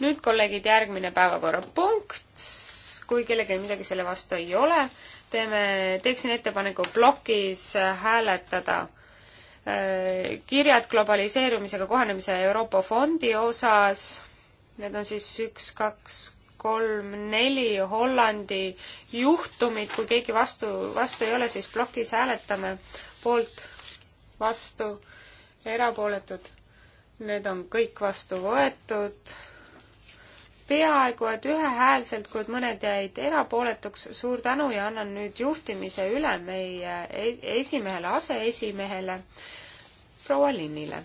nüüd, kolleegid, järgmine päevakorrapunkt. kui kellelgi midagi selle vastu ei ole, teeme, teeksin ettepaneku plokis hääletada äh, kirjad globaliseerumisega kohanemise Euroopa fondi osas. Need on siis üks, kaks, kolm-neli Hollandi juhtumit, kui keegi vastu, vastu ei ole, siis plokis hääletame poolt, vastu, erapooletud. Need on kõik vastu võetud. peaaegu et ühehäälselt, kuid mõned jäid erapooletuks. suur tänu ja annan nüüd juhtimise üle meie e-, esimehele, aseesimehele, proua Linnile.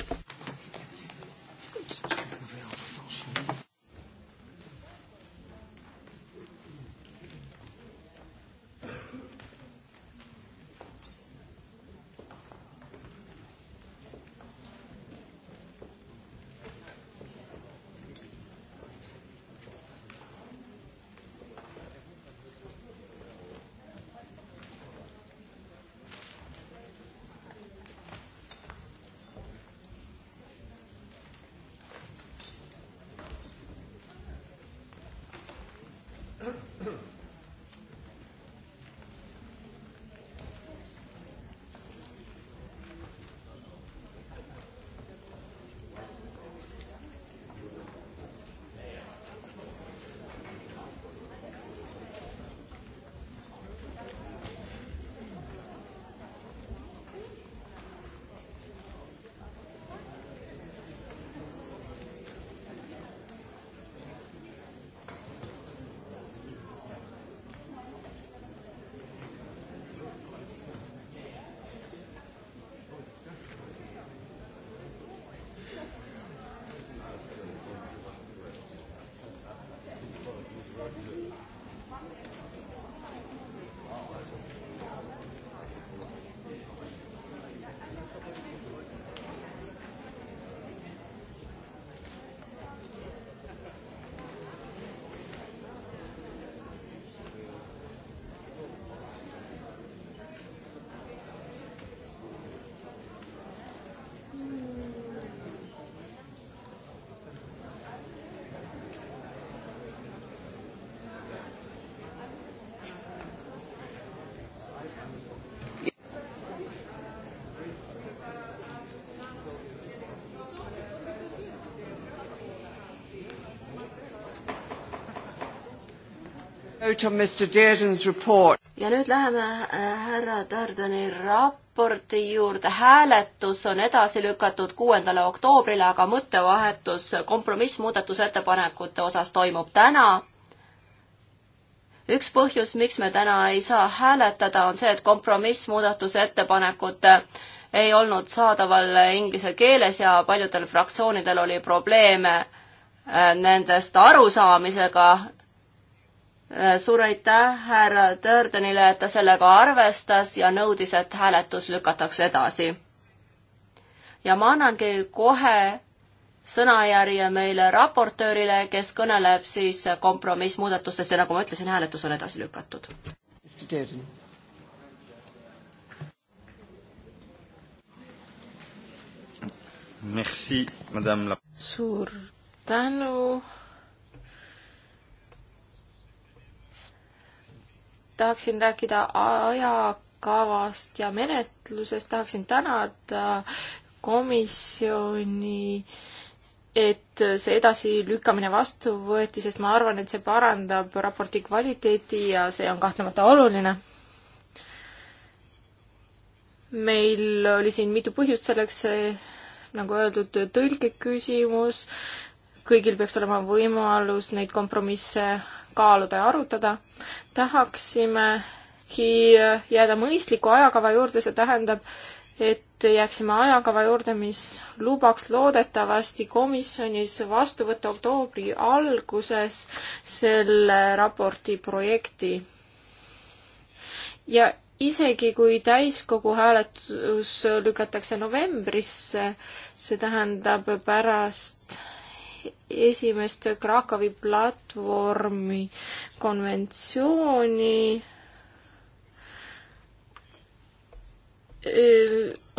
ja nüüd läheme äh, härra Tardani raporti juurde. hääletus on edasi lükatud kuuendale oktoobrile, aga mõttevahetus kompromissmuudatusettepanekute osas toimub täna üks põhjus, miks me täna ei saa hääletada, on see, et kompromissmuudatuse ettepanekud ei olnud saadaval inglise keeles ja paljudel fraktsioonidel oli probleeme äh, nendest arusaamisega Äh, suur aitäh härra Tõrdenile, et ta sellega arvestas ja nõudis, et hääletus lükatakse edasi. ja ma annangi kohe sõnajärje meile raportöörile, kes kõneleb siis kompromissmuudatustest ja nagu ma ütlesin, hääletus on edasi lükatud. Merci, madame la-. suur tänu tahaksin rääkida ajakavast ja menetlusest, tahaksin tänada komisjoni, et see edasilükkamine vastu võeti, sest ma arvan, et see parandab raporti kvaliteeti ja see on kahtlemata oluline. meil oli siin mitu põhjust selleks, nagu öeldud, tõlgeküsimus, kõigil peaks olema võimalus neid kompromisse kaaluda ja arutada. tahaksimegi jääda mõistliku ajakava juurde, see tähendab, et jääksime ajakava juurde, mis lubaks loodetavasti komisjonis vastu võtta oktoobri alguses selle raporti projekti. ja isegi kui täiskogu hääletus lükatakse novembrisse, see tähendab pärast esimest Krakowi platvormi konventsiooni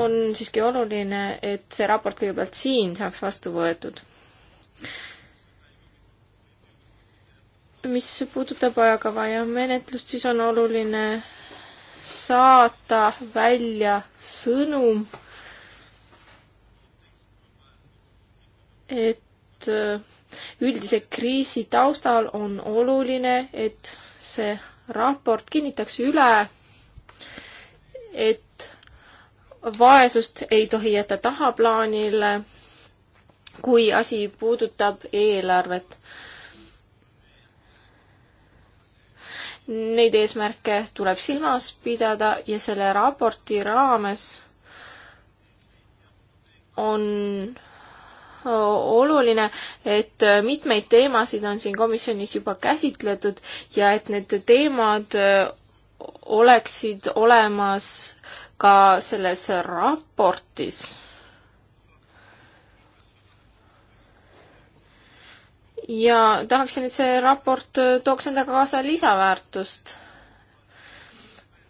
on siiski oluline, et see raport kõigepealt siin saaks vastu võetud. mis puudutab ajakava ja menetlust, siis on oluline saata välja sõnum, et et äh, üldise kriisi taustal on oluline, et see raport kinnitaks üle, et vaesust ei tohi jätta tahaplaanile, kui asi puudutab eelarvet. Neid eesmärke tuleb silmas pidada ja selle raporti raames on oluline, et mitmeid teemasid on siin komisjonis juba käsitletud ja et need teemad oleksid olemas ka selles raportis ja tahaksin, et see raport tooks endaga kaasa lisaväärtust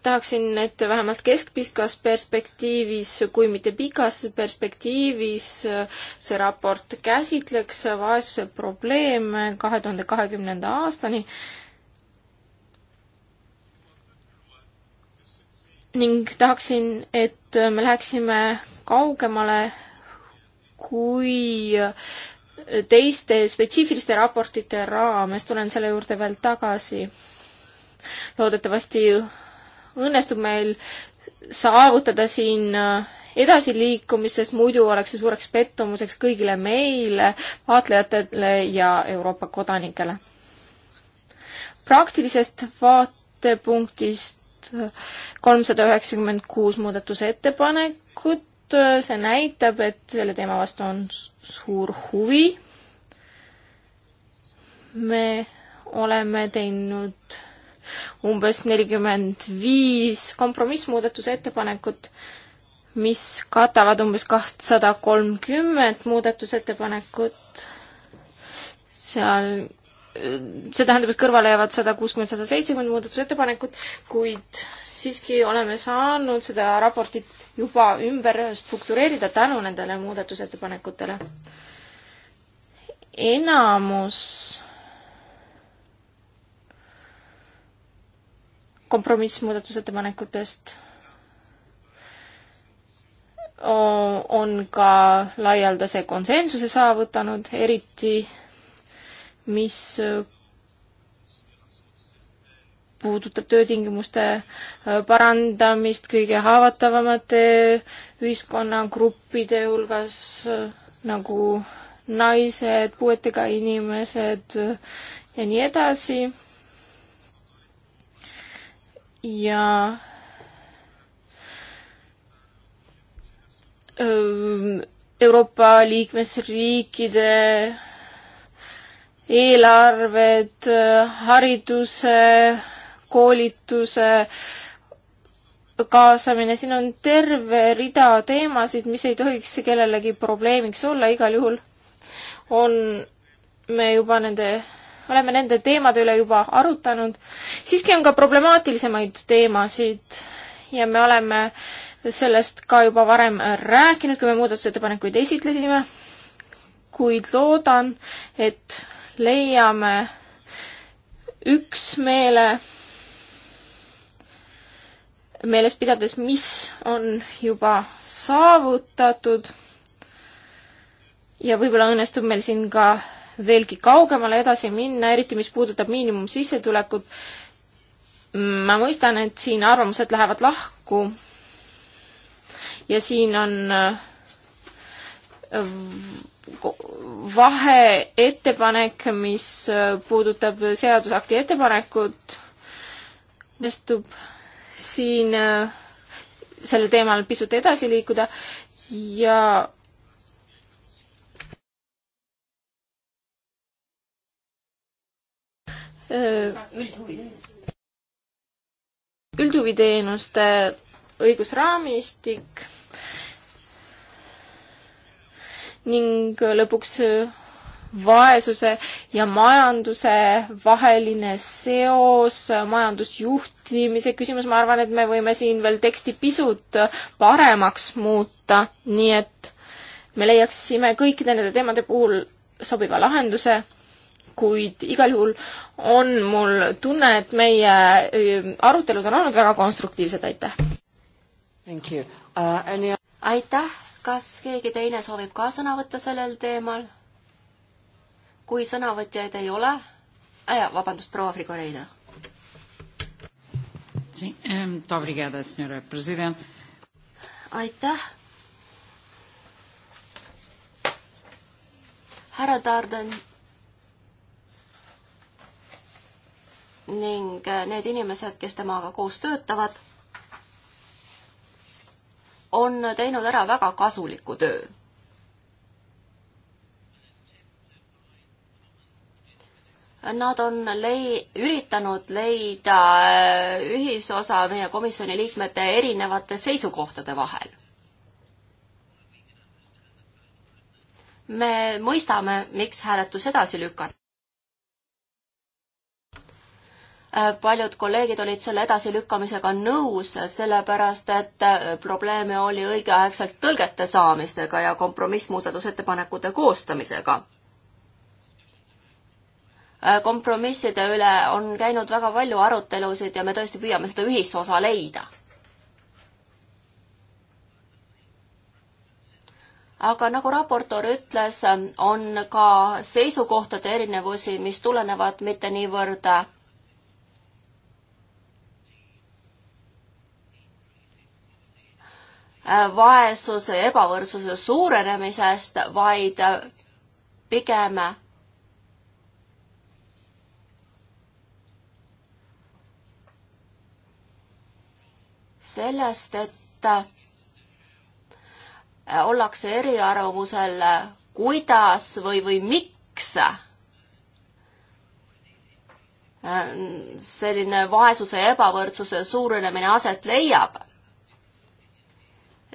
tahaksin, et vähemalt keskpikas perspektiivis, kui mitte pikas perspektiivis, see raport käsitleks vaesuse probleeme kahe tuhande kahekümnenda aastani ning tahaksin, et me läheksime kaugemale kui teiste spetsiifiliste raportite raames, tulen selle juurde veel tagasi. loodetavasti õnnestub meil saavutada siin äh, edasiliikumist, sest muidu oleks see suureks pettumuseks kõigile meile, vaatlejatele ja Euroopa kodanikele. praktilisest vaatepunktist äh, kolmsada üheksakümmend kuus muudatusettepanekut, äh, see näitab, et selle teema vastu on suur huvi. me oleme teinud umbes nelikümmend viis kompromissmuudatuse ettepanekut, mis katavad umbes kahtsada kolmkümmend muudatusettepanekut. seal, see tähendab, et kõrvale jäävad sada kuuskümmend, sada seitsekümmend muudatusettepanekut, kuid siiski oleme saanud seda raportit juba ümber struktureerida tänu nendele muudatusettepanekutele. enamus kompromissmuudatusettepanekutest on ka laialdase konsensuse saavutanud, eriti mis puudutab töötingimuste parandamist kõige haavatavamate ühiskonnagruppide hulgas, nagu naised, puuetega inimesed ja nii edasi ja ähm, Euroopa liikmesriikide eelarved, hariduse, koolituse kaasamine, siin on terve rida teemasid, mis ei tohiks kellelegi probleemiks olla, igal juhul on me juba nende oleme nende teemade üle juba arutanud. siiski on ka problemaatilisemaid teemasid ja me oleme sellest ka juba varem rääkinud, kui me muudatusettepanekuid esitlesime, kuid loodan, et leiame üksmeele, meeles pidades, mis on juba saavutatud ja võib-olla õnnestub meil siin ka veelgi kaugemale edasi minna, eriti mis puudutab miinimumsissetulekut. ma mõistan, et siin arvamused lähevad lahku ja siin on äh, vaheettepanek, mis äh, puudutab seadusakti ettepanekut, õnnestub siin äh, sellel teemal pisut edasi liikuda ja üldhuviteenuste õigusraamistik ning lõpuks vaesuse ja majanduse vaheline seos, majandusjuhtimise küsimus, ma arvan, et me võime siin veel teksti pisut paremaks muuta, nii et me leiaksime kõikide nende teemade puhul sobiva lahenduse kuid igal juhul on mul tunne, et meie äh, arutelud on olnud väga konstruktiivsed, aitäh! Uh, any... aitäh, kas keegi teine soovib ka sõna võtta sellel teemal? kui sõnavõtjaid ei ole äh,, vabandust, proua Frigoreida. aitäh. härra Tarden ning äh, need inimesed, kes temaga koos töötavad, on teinud ära väga kasuliku töö. Nad on lei-, üritanud leida äh, ühisosa meie komisjoni liikmete erinevate seisukohtade vahel. me mõistame, miks hääletus edasi lükati. Äh, paljud kolleegid olid selle edasilükkamisega nõus, sellepärast et äh, probleeme oli õigeaegselt tõlgete saamistega ja kompromissmuudatusettepanekute koostamisega. Äh, kompromisside üle on käinud väga palju arutelusid ja me tõesti püüame seda ühisosa leida aga nagu raportöör ütles, on ka seisukohtade erinevusi, mis tulenevad mitte niivõrd Äh, vaesuse ja ebavõrdsuse suurenemisest, vaid äh, pigem äh, sellest, et ollakse eriarvamusel, kuidas või, või miks selline vaesuse ja ebavõrdsuse suurenemine aset leiab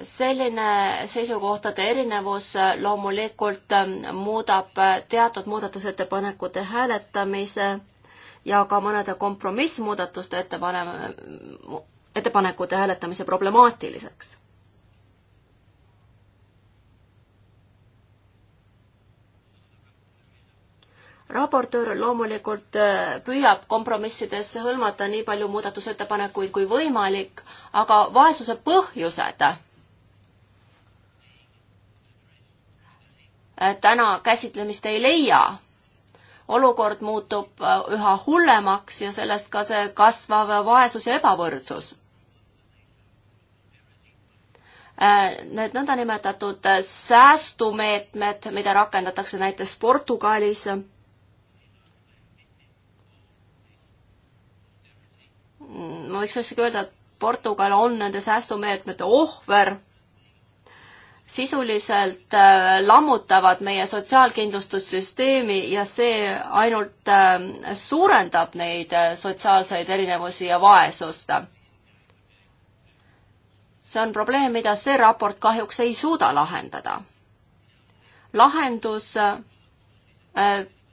selline seisukohtade erinevus loomulikult ähm, muudab äh, teatud muudatusettepanekute hääletamise ja ka mõnede kompromissmuudatuste ettepane-, ettepanekute hääletamise problemaatiliseks raportöör loomulikult äh, püüab kompromissidesse hõlmata nii palju muudatusettepanekuid kui võimalik, aga vaesuse põhjused Äh, täna käsitlemist ei leia. olukord muutub äh, üha hullemaks ja sellest ka see kasvav vaesus ja ebavõrdsus äh, need nõndanimetatud säästumeetmed, mida rakendatakse näiteks Portugalis, mm, ma võiks isegi öelda, et Portugal on nende säästumeetmete ohver sisuliselt äh, lammutavad meie sotsiaalkindlustussüsteemi ja see ainult äh, suurendab neid äh, sotsiaalseid erinevusi ja vaesust. see on probleem, mida see raport kahjuks ei suuda lahendada. lahendus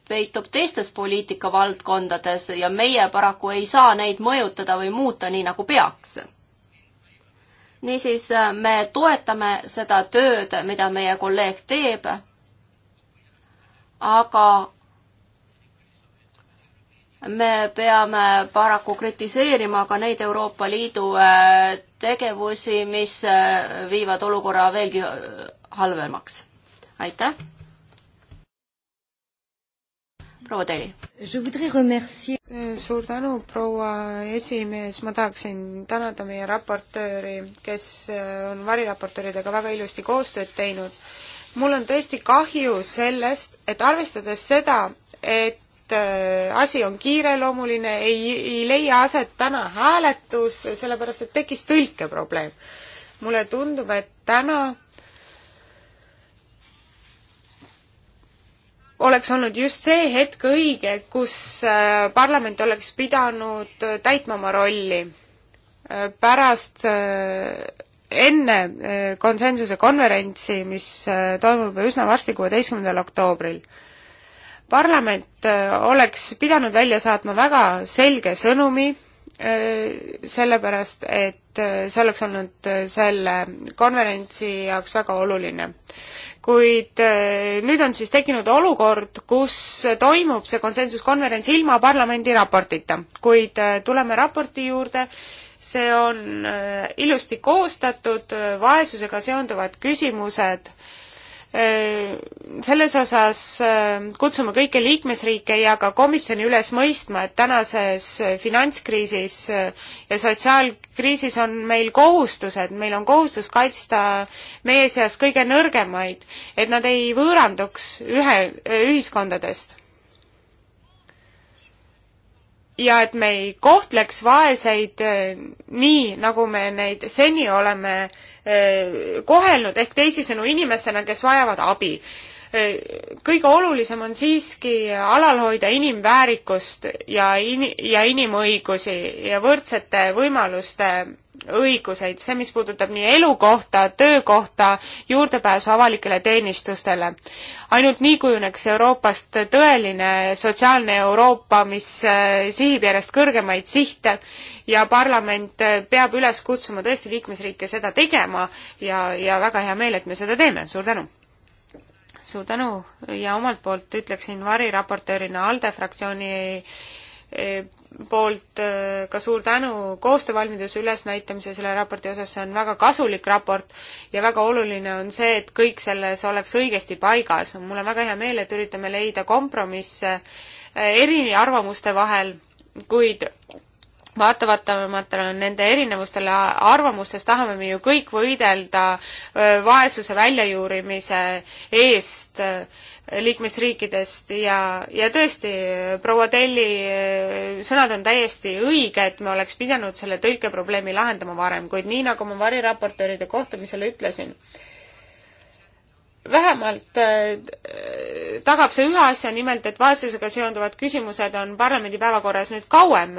peitub teistes poliitikavaldkondades ja meie paraku ei saa neid mõjutada või muuta nii, nagu peaks niisiis äh, me toetame seda tööd, mida meie kolleeg teeb, aga me peame paraku kritiseerima ka neid Euroopa Liidu äh, tegevusi, mis äh, viivad olukorra veelgi halvemaks. aitäh! proua Teli Eh, suur tänu, proua esimees, ma tahaksin tänada meie raportööri, kes eh, on variraportööridega väga ilusti koostööd teinud. mul on tõesti kahju sellest, et arvestades seda, et eh, asi on kiireloomuline, ei, ei leia aset täna hääletus, sellepärast et tekkis tõlkeprobleem. mulle tundub, et täna oleks olnud just see hetk õige, kus äh, parlament oleks pidanud äh, täitma oma rolli. Äh, pärast, enne konsensuse konverentsi, mis toimub üsna varsti, kuueteistkümnendal oktoobril, parlament oleks pidanud välja saatma väga selge sõnumi Äh, sellepärast, et äh, see oleks olnud äh, selle konverentsi jaoks väga oluline. kuid nüüd on siis tekkinud olukord, kus toimub see konsensuskonverents ilma parlamendi raportita, kuid tuleme raporti juurde, see on ilusti koostatud, vaesusega seonduvad küsimused äh, Äh, selles osas äh, kutsume kõiki liikmesriike ja ka komisjoni üles mõistma, et tänases äh, finantskriisis ja sotsiaalkriisis on meil kohustused, meil on kohustus kaitsta meie seas kõige nõrgemaid, et nad ei võõranduks ühe, ühiskondadest ja et me ei kohtleks vaeseid äh, nii, nagu me neid seni oleme äh, kohelnud, ehk teisisõnu inimestena, kes vajavad abi. Äh, kõige olulisem on siiski alal hoida inimväärikust ja in-, ja inimõigusi ja võrdsete võimaluste õiguseid, see, mis puudutab nii elukohta, töökohta, juurdepääsu avalikele teenistustele. ainult nii kujuneks Euroopast tõeline sotsiaalne Euroopa, mis äh, sihib järjest kõrgemaid sihte ja parlament äh, peab üles kutsuma tõesti liikmesriike seda tegema ja, ja väga hea meel, et me seda teeme, suur tänu! suur tänu ja omalt poolt ütleksin variraportöörina ALDE fraktsiooni Eh, poolt eh, ka suur tänu koostöövalmiduse ülesnäitamise selle raporti osas, see on väga kasulik raport ja väga oluline on see, et kõik selles oleks õigesti paigas. mul on väga hea meel, et üritame leida kompromisse eh, eri arvamuste vahel, kuid vaatavamata nende erinevustele arvamustes tahame me ju kõik võidelda vaesuse väljajuurimise eest liikmesriikidest ja, ja tõesti, proua Telli sõnad on täiesti õiged, me oleks pidanud selle tõlkeprobleemi lahendama varem, kuid nii, nagu ma variraportööride kohtumisel ütlesin, vähemalt äh, tagab see ühe asja, nimelt et vaesusega seonduvad küsimused on parlamendi päevakorras nüüd kauem.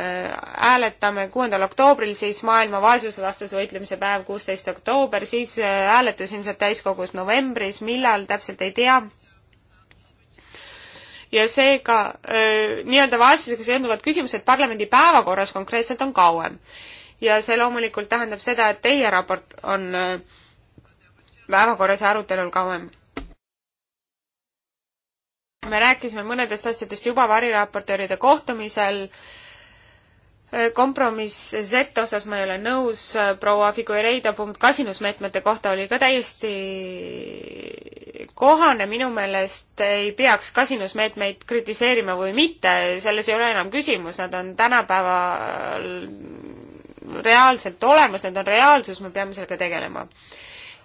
hääletame kuuendal oktoobril, siis maailma vaesusevastase võitlemise päev, kuusteist oktoober, siis äh, hääletus ilmselt täiskogus novembris, millal, täpselt ei tea. ja seega äh, nii-öelda vaesusega seonduvad küsimused parlamendi päevakorras konkreetselt on kauem. ja see loomulikult tähendab seda, et teie raport on öö, päevakorras ja arutelul kauem. me rääkisime mõnedest asjadest juba variraportööride kohtumisel, kompromiss Z osas ma ei ole nõus, proua Figueiredo punkt kasinusmeetmete kohta oli ka täiesti kohane, minu meelest ei peaks kasinusmeetmeid kritiseerima või mitte, selles ei ole enam küsimus, nad on tänapäeval reaalselt olemas, need on reaalsus, me peame sellega tegelema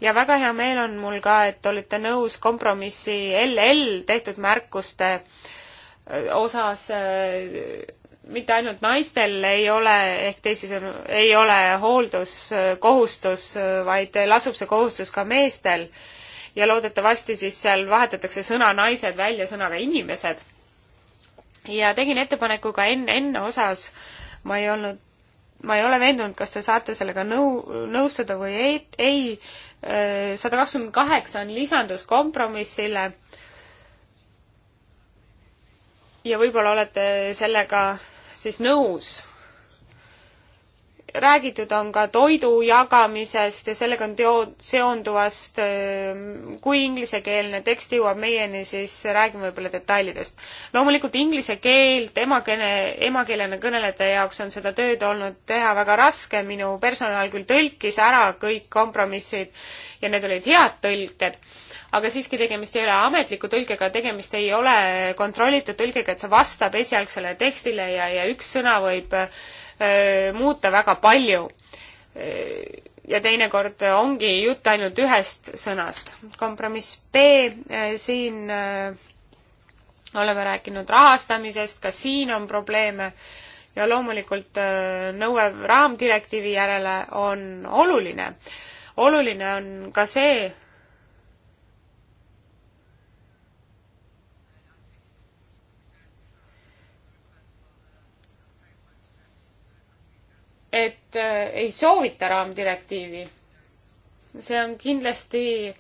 ja väga hea meel on mul ka, et olite nõus kompromissi LL tehtud märkuste äh, osas äh, mitte ainult naistel ei ole, ehk teisisõnu, ei ole hoolduskohustus, äh, vaid lasub see kohustus ka meestel. ja loodetavasti siis seal vahetatakse sõna naised välja sõnaga inimesed. ja tegin ettepaneku ka enne, enne osas, ma ei olnud ma ei ole veendunud, kas te saate sellega nõu, nõustuda või ei, ei, sada kakskümmend kaheksa on lisandus kompromissile ja võib-olla olete sellega siis nõus räägitud on ka toidu jagamisest ja sellega on teo-, seonduvast, kui inglisekeelne tekst jõuab meieni, siis räägime võib-olla detailidest. loomulikult inglise keelt emakene, emakeelena kõnelejate jaoks on seda tööd olnud teha väga raske, minu personal küll tõlkis ära kõik kompromissid ja need olid head tõlked, aga siiski tegemist ei ole ametliku tõlkega, tegemist ei ole kontrollitud tõlkega, et see vastab esialgsele tekstile ja, ja üks sõna võib Äh, muuta väga palju. Äh, ja teinekord ongi jutt ainult ühest sõnast. kompromiss B äh, siin oleme rääkinud rahastamisest, ka siin on probleeme ja loomulikult nõue raamdirektiivi järele on oluline. oluline on ka see, et äh, ei soovita raamdirektiivi. see on kindlasti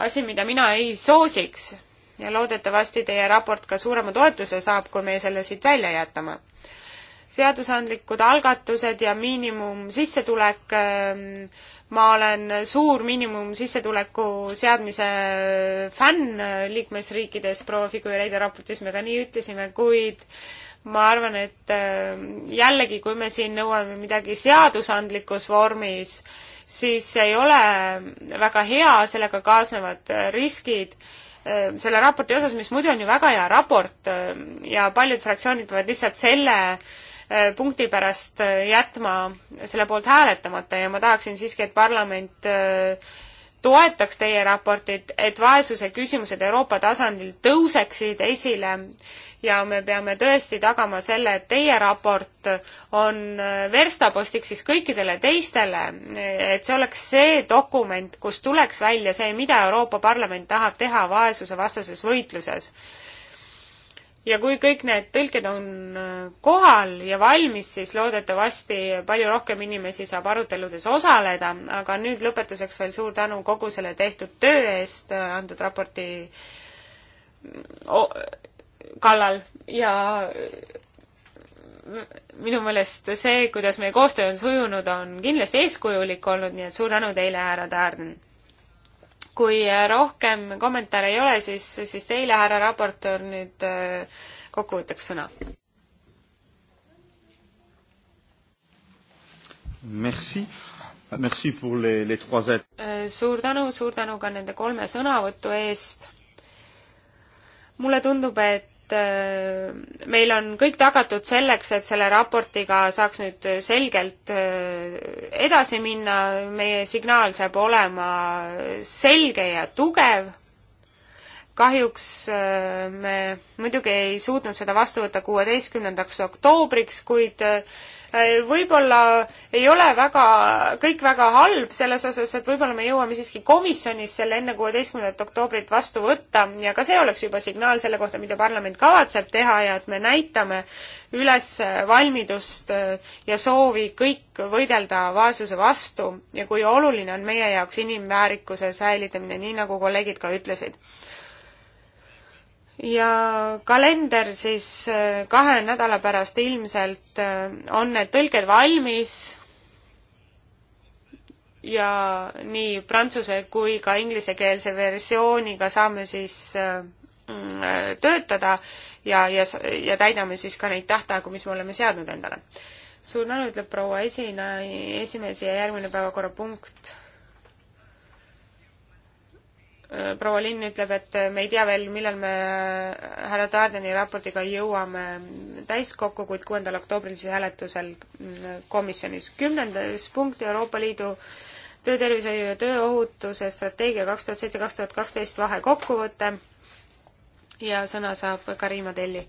asi, mida mina ei soosiks ja loodetavasti teie raport ka suurema toetuse saab, kui meie selle siit välja jätame. seadusandlikud algatused ja miinimumsissetulek, ähm, ma olen suur miinimumsissetuleku seadmise fänn äh, liikmesriikides, proua Figureide raportis me ka nii ütlesime, kuid ma arvan, et äh, jällegi, kui me siin nõuame midagi seadusandlikus vormis, siis ei ole väga hea, sellega kaasnevad äh, riskid äh, selle raporti osas, mis muidu on ju väga hea raport ja paljud fraktsioonid peavad lihtsalt selle punkti pärast jätma selle poolt hääletamata ja ma tahaksin siiski, et parlament toetaks teie raportit, et vaesuse küsimused Euroopa tasandil tõuseksid esile ja me peame tõesti tagama selle, et teie raport on verstapostiks siis kõikidele teistele, et see oleks see dokument, kus tuleks välja see, mida Euroopa Parlament tahab teha vaesusevastases võitluses. ja kui kõik need tõlked on kohal ja valmis, siis loodetavasti palju rohkem inimesi saab aruteludes osaleda, aga nüüd lõpetuseks veel suur tänu kogu selle tehtud töö eest antud raporti kallal ja minu meelest see, kuidas meie koostöö on sujunud, on kindlasti eeskujulik olnud, nii et suur tänu teile, härra Tärn. kui rohkem kommentaare ei ole, siis, siis teile, härra raportöör, nüüd äh, kokkuvõtteks sõna. Merci. Merci pour les, les trois et-. Äh, suur tänu, suur tänu ka nende kolme sõnavõtu eest. mulle tundub, et Äh, meil on kõik tagatud selleks, et selle raportiga saaks nüüd selgelt äh, edasi minna, meie signaal saab olema selge ja tugev. kahjuks äh, me muidugi ei suutnud seda vastu võtta kuueteistkümnendaks oktoobriks, kuid Äh, võib-olla ei ole väga, kõik väga halb selles osas, et võib-olla me jõuame siiski komisjonis selle enne kuueteistkümnendat oktoobrit vastu võtta ja ka see oleks juba signaal selle kohta, mida parlament kavatseb teha ja et me näitame üles valmidust äh, ja soovi kõik võidelda vaesuse vastu ja kui oluline on meie jaoks inimväärikuse säilitamine, nii nagu kolleegid ka ütlesid ja kalender siis äh, kahe nädala pärast ilmselt äh, on need tõlked valmis ja nii prantsuse kui ka inglisekeelse versiooniga saame siis äh, mm, töötada ja, ja, ja täidame siis ka neid tähtaegu, mis me oleme seadnud endale. suur tänu, ütleb proua esina-, esimees ja järgmine päevakorrapunkt proua Linn ütleb, et me ei tea veel, millal me härra Tardeni raportiga jõuame täiskokku, kuid kuuendal oktoobril siis hääletusel komisjonis. kümnendas punkt Euroopa Liidu töötervishoiu ja tööohutuse strateegia kaks tuhat seitse, kaks tuhat kaksteist vahekokkuvõte ja sõna saab Karima Telli.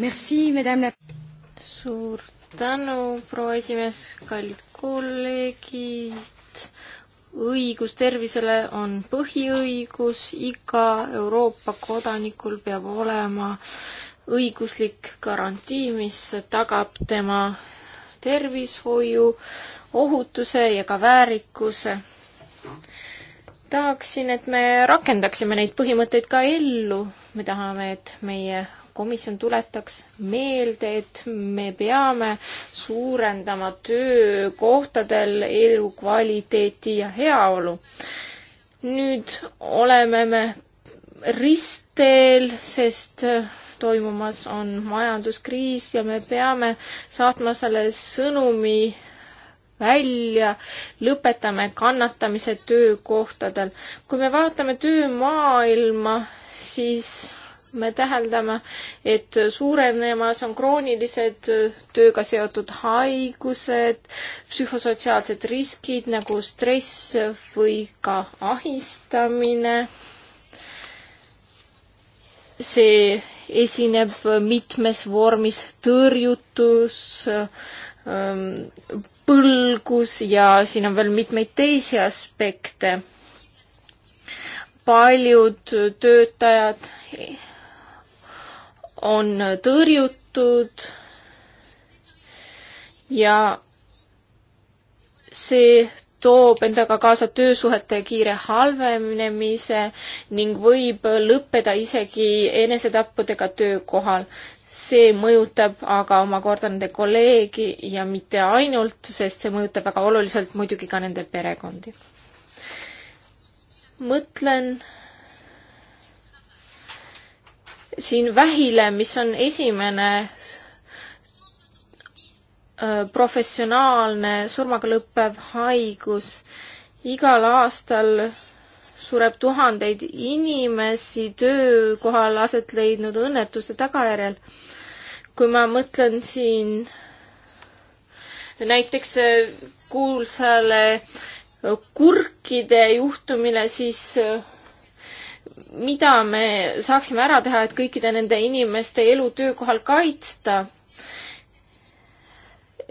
Merci, madame la... suur tänu, proua esimees, kallid kolleegid. õigus tervisele on põhiõigus, iga Euroopa kodanikul peab olema õiguslik garantii, mis tagab tema tervishoiu, ohutuse ja ka väärikuse. tahaksin, et me rakendaksime neid põhimõtteid ka ellu, me tahame, et meie komisjon tuletaks meelde, et me peame suurendama töökohtadel elukvaliteeti ja heaolu. nüüd oleme me ristteel, sest toimumas on majanduskriis ja me peame saatma selle sõnumi välja, lõpetame kannatamise töökohtadel. kui me vaatame töömaailma, siis me täheldame, et suurenemas on kroonilised tööga seotud haigused, psühhosotsiaalsed riskid nagu stress või ka ahistamine. see esineb mitmes vormis tõrjutus, ähm, põlgus ja siin on veel mitmeid teisi aspekte. paljud töötajad on tõrjutud ja see toob endaga kaasa töösuhete kiire halvenemise ning võib lõppeda isegi enesetappudega töökohal. see mõjutab aga omakorda nende kolleegi ja mitte ainult, sest see mõjutab väga oluliselt muidugi ka nende perekondi. mõtlen siin vähile, mis on esimene professionaalne surmaga lõppev haigus. igal aastal sureb tuhandeid inimesi töökohal aset leidnud õnnetuste tagajärjel. kui ma mõtlen siin näiteks kuulsale kurkide juhtumile, siis mida me saaksime ära teha, et kõikide nende inimeste elu töökohal kaitsta.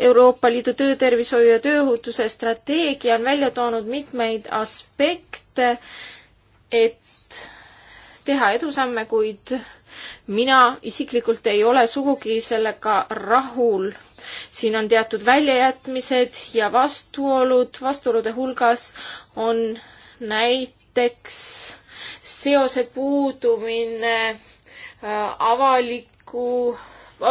Euroopa Liidu töötervishoiu ja tööohutuse strateegia on välja toonud mitmeid aspekte, et teha edusamme, kuid mina isiklikult ei ole sugugi sellega rahul. siin on teatud väljajätmised ja vastuolud, vastuolude hulgas on näiteks seose puudumine äh, avaliku,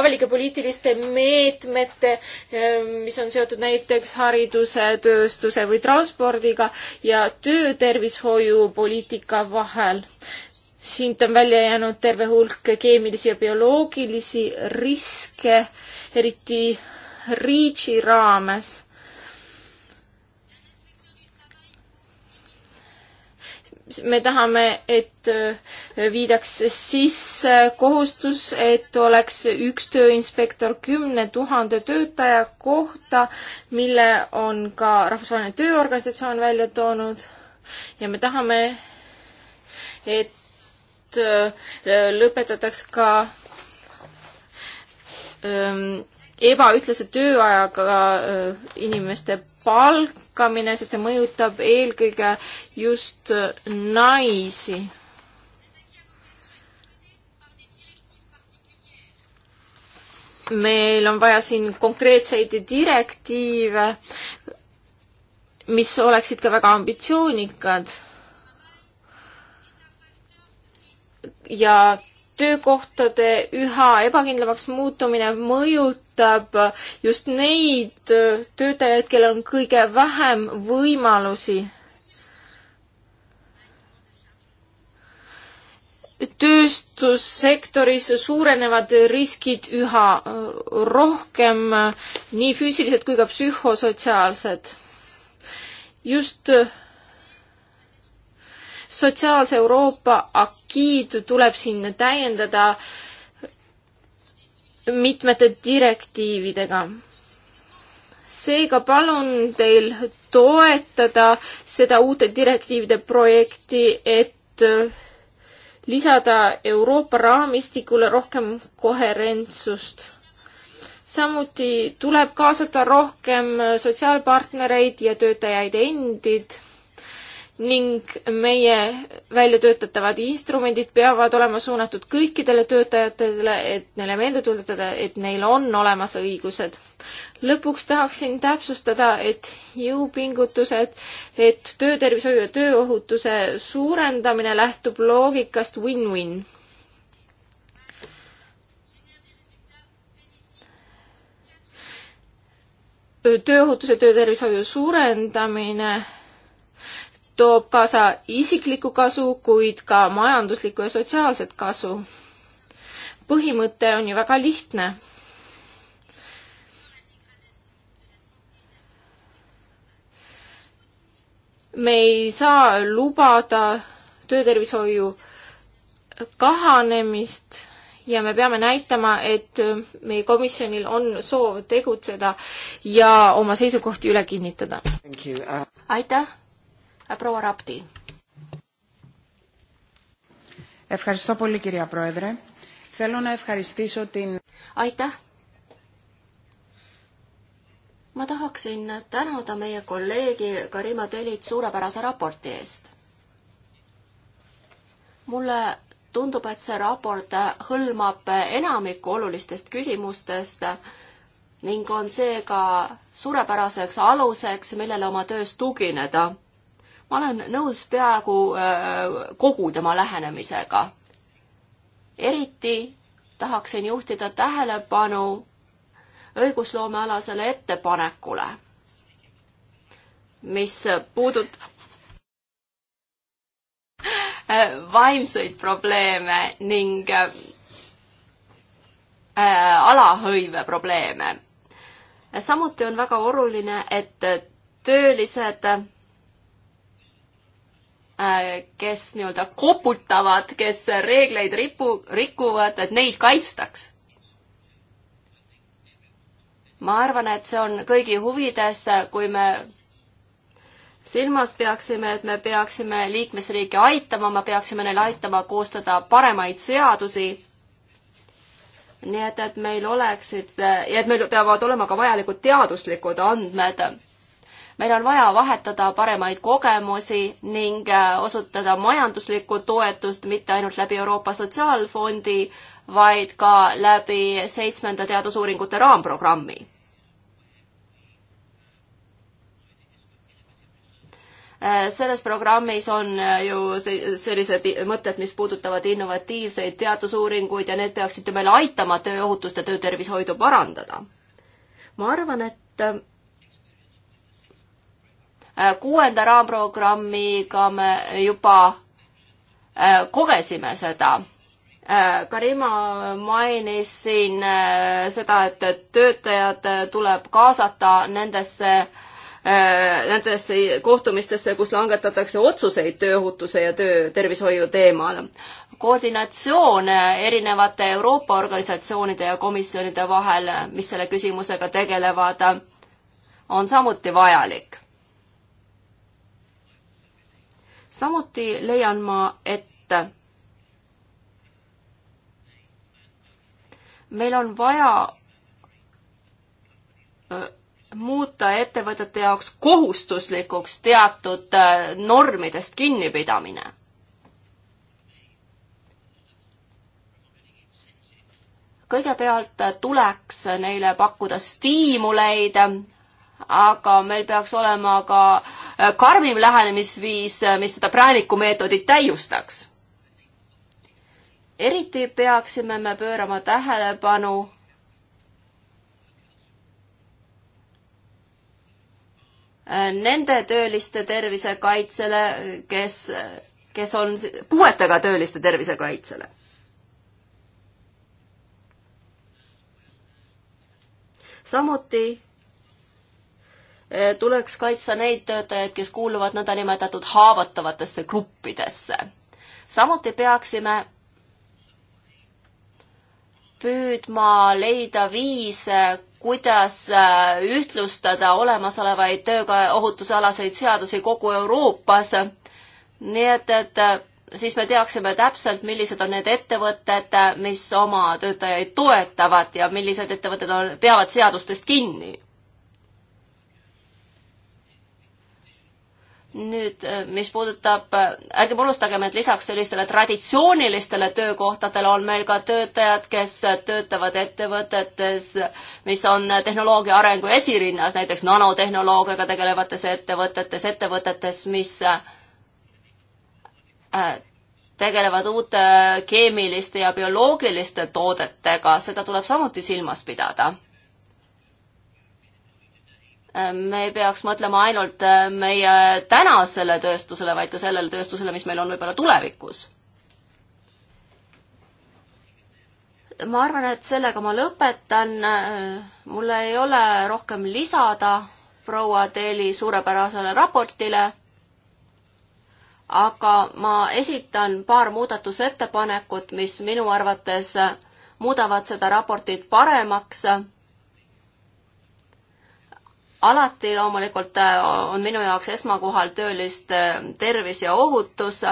avalike poliitiliste meetmete, äh, mis on seotud näiteks hariduse, tööstuse või transpordiga ja töötervishoiupoliitika vahel. siit on välja jäänud terve hulk keemilisi ja bioloogilisi riske, eriti REACH-i raames me tahame, et äh, viidaks sisse kohustus, et oleks üks tööinspektor kümne tuhande töötaja kohta, mille on ka Rahvusvaheline Tööorganisatsioon välja toonud ja me tahame, et äh, lõpetataks ka ähm, ebaühtlase tööajaga äh, inimeste palkamine, sest see mõjutab eelkõige just äh, naisi. meil on vaja siin konkreetseid direktiive, mis oleksid ka väga ambitsioonikad ja töökohtade üha ebakindlamaks muutumine mõjutab just neid töötajaid, kellel on kõige vähem võimalusi tööstussektoris suurenevad riskid üha rohkem, nii füüsilised kui ka psühhosotsiaalsed. just sotsiaalse Euroopa akiid tuleb siin täiendada mitmete direktiividega. seega palun teil toetada seda uute direktiivide projekti, et lisada Euroopa raamistikule rohkem koherentsust samuti tuleb kaasata rohkem sotsiaalpartnereid ja töötajaid endid ning meie väljatöötatavad instrumendid peavad olema suunatud kõikidele töötajatele, et neile meelde tuletada, et neil on olemas õigused. lõpuks tahaksin täpsustada, et jõupingutused, et töötervishoiu ja tööohutuse suurendamine lähtub loogikast win-win tööohutuse, töötervishoiu suurendamine toob kaasa isiklikku kasu, kuid ka majanduslikku ja sotsiaalset kasu. põhimõte on ju väga lihtne. me ei saa lubada töötervishoiu kahanemist ja me peame näitama, et meie komisjonil on soov tegutseda ja oma seisukohti üle kinnitada. Uh, aitäh! proua Rapti. aitäh. ma tahaksin tänada meie kolleegi Karima Telit suurepärase raporti eest. mulle tundub, et see raport hõlmab enamikku olulistest küsimustest ning on seega suurepäraseks aluseks, millele oma töös tugineda ma olen nõus peaaegu äh, kogu tema lähenemisega. eriti tahaksin juhtida tähelepanu õigusloomealasele ettepanekule, mis puudutab vaimseid probleeme ning äh, alahõive probleeme. samuti on väga oluline, et töölised Äh, kes nii-öelda koputavad, kes reegleid ripu, rikuvad, et neid kaitstaks. ma arvan, et see on kõigi huvides, kui me silmas peaksime, et me peaksime liikmesriike aitama, me peaksime neil aitama koostada paremaid seadusi. nii et, et meil oleksid ja et meil peavad olema ka vajalikud teaduslikud andmed meil on vaja vahetada paremaid kogemusi ning äh, osutada majanduslikku toetust mitte ainult läbi Euroopa Sotsiaalfondi, vaid ka läbi seitsmenda teadusuuringute raamprogrammi. Äh, selles programmis on äh, ju sellised mõtted, mis puudutavad innovatiivseid teadusuuringuid ja need peaksid ju meile aitama tööohutust ja töötervishoidu parandada. ma arvan, et Äh, kuuenda raamprogrammiga me juba äh, kogesime seda äh, Karima mainis siin seda, et töötajad tuleb kaasata nendesse, nendesse kohtumistesse, kus langetatakse otsuseid tööohutuse ja töötervishoiu teemal. koordinatsioon erinevate Euroopa organisatsioonide ja komisjonide vahel, mis selle küsimusega tegelevad, on samuti vajalik samuti leian ma, et meil on vaja muuta ettevõtete jaoks kohustuslikuks teatud normidest kinnipidamine. kõigepealt tuleks neile pakkuda stiimuleid, aga meil peaks olema ka äh, karmim lähenemisviis, äh, mis seda präänikumeetodit täiustaks. eriti peaksime me pöörama tähelepanu äh, nende tööliste tervise kaitsele, kes, kes on puuetega tööliste tervise kaitsele. samuti tuleks kaitsta neid töötajaid, kes kuuluvad nõndanimetatud haavatavatesse gruppidesse. samuti peaksime püüdma leida viise, kuidas äh, ühtlustada olemasolevaid tööohutusealaseid seadusi kogu Euroopas. nii et, et äh, siis me teaksime täpselt, millised on need ettevõtted, äh, mis oma töötajaid toetavad ja millised ettevõtted on, peavad seadustest kinni nüüd, äh, mis puudutab, äh, ärgem unustagem, et lisaks sellistele traditsioonilistele töökohtadele on meil ka töötajad, kes äh, töötavad ettevõtetes, mis on tehnoloogia arengu esirinnas, näiteks nanotehnoloogiaga tegelevates ettevõtetes, ettevõtetes, mis tegelevad uute keemiliste ja bioloogiliste toodetega, seda tuleb samuti silmas pidada me ei peaks mõtlema ainult äh, meie tänasele tööstusele, vaid ka sellele tööstusele, mis meil on võib-olla tulevikus. ma arvan, et sellega ma lõpetan. Äh, mul ei ole rohkem lisada proua Teeli suurepärasele raportile, aga ma esitan paar muudatusettepanekut, mis minu arvates muudavad seda raportit paremaks alati loomulikult äh, on minu jaoks esmakohal tööliste äh, tervis ja ohutus.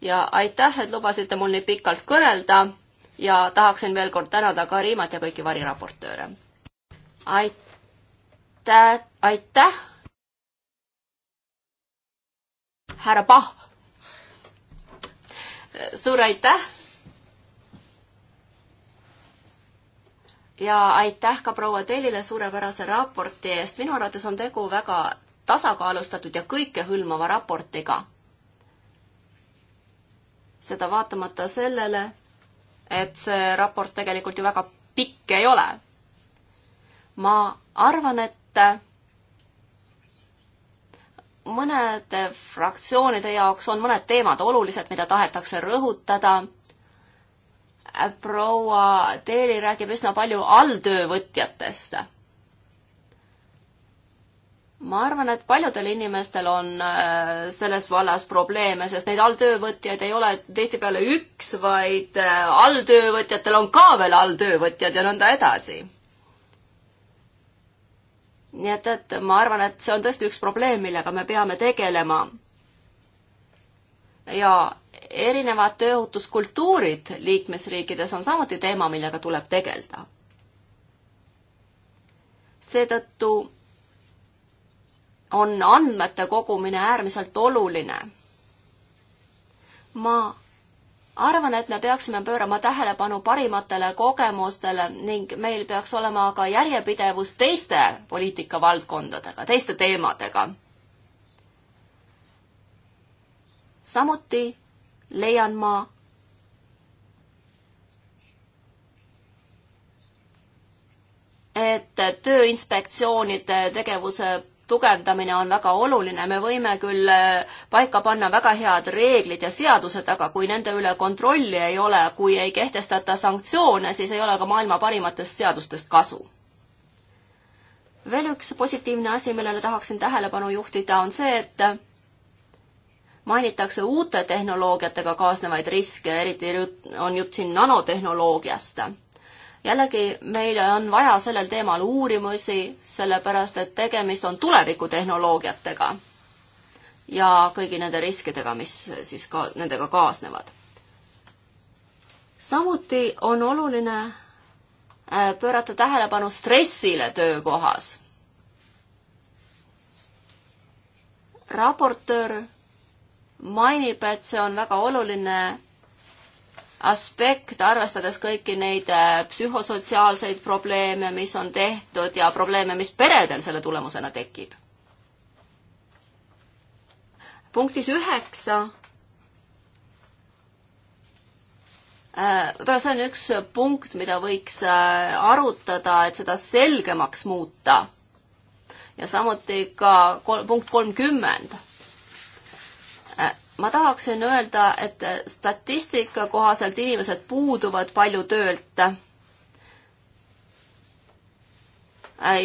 ja aitäh, et lubasite mul nii pikalt kõnelda ja tahaksin veel kord tänada Karimat ja kõiki variraportööre. aitäh, aitäh. härra Pahv. suur aitäh ja aitäh ka proua Tellile suurepärase raporti eest. minu arvates on tegu väga tasakaalustatud ja kõikehõlmava raportiga. seda vaatamata sellele, et see raport tegelikult ju väga pikk ei ole. ma arvan, et mõnede fraktsioonide jaoks on mõned teemad olulised, mida tahetakse rõhutada proua Teeli räägib üsna palju alltöövõtjatest. ma arvan, et paljudel inimestel on äh, selles vallas probleeme, sest neid alltöövõtjaid ei ole tihtipeale üks, vaid äh, alltöövõtjatel on ka veel alltöövõtjad ja nõnda edasi nii et, et ma arvan, et see on tõesti üks probleem, millega me peame tegelema. ja erinevad tööohutuskultuurid liikmesriikides on samuti teema, millega tuleb tegeleda. seetõttu on andmete kogumine äärmiselt oluline. ma arvan, et me peaksime pöörama tähelepanu parimatele kogemustele ning meil peaks olema ka järjepidevus teiste poliitikavaldkondadega, teiste teemadega. samuti leian ma, et tööinspektsioonide tegevuse tugevdamine on väga oluline, me võime küll paika panna väga head reeglid ja seadused, aga kui nende üle kontrolli ei ole, kui ei kehtestata sanktsioone, siis ei ole ka maailma parimatest seadustest kasu. veel üks positiivne asi, millele tahaksin tähelepanu juhtida, on see, et mainitakse uute tehnoloogiatega kaasnevaid riske, eriti on jutt siin nanotehnoloogiast. jällegi, meile on vaja sellel teemal uurimusi, sellepärast et tegemist on tulevikutehnoloogiatega ja kõigi nende riskidega, mis siis ka nendega kaasnevad. samuti on oluline äh, pöörata tähelepanu stressile töökohas. raportöör mainib, et see on väga oluline aspekt, arvestades kõiki neid äh, psühhosotsiaalseid probleeme, mis on tehtud ja probleeme, mis peredel selle tulemusena tekib. punktis üheksa. Äh, võib-olla see on üks punkt, mida võiks äh, arutada, et seda selgemaks muuta. ja samuti ka kol punkt kolmkümmend ma tahaksin öelda, et statistika kohaselt inimesed puuduvad palju töölt.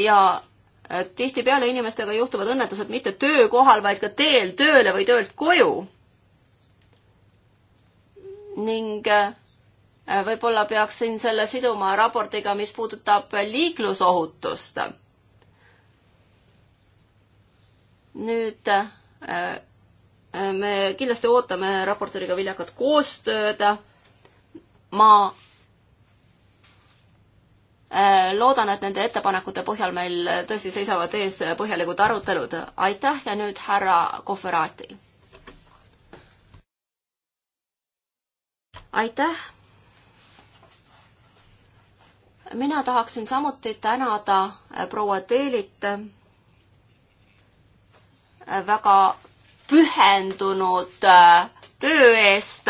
ja tihtipeale inimestega juhtuvad õnnetused mitte töökohal, vaid ka teel tööle või töölt koju. ning äh, võib-olla peaksin selle siduma raportiga, mis puudutab liiklusohutust. nüüd äh, me kindlasti ootame raportööriga viljakat koostööd. ma äh, loodan, et nende ettepanekute põhjal meil tõesti seisavad ees põhjalikud arutelud. aitäh ja nüüd härra Kohveraati. aitäh. mina tahaksin samuti tänada proua Teelit äh, väga pühendunud äh, töö eest.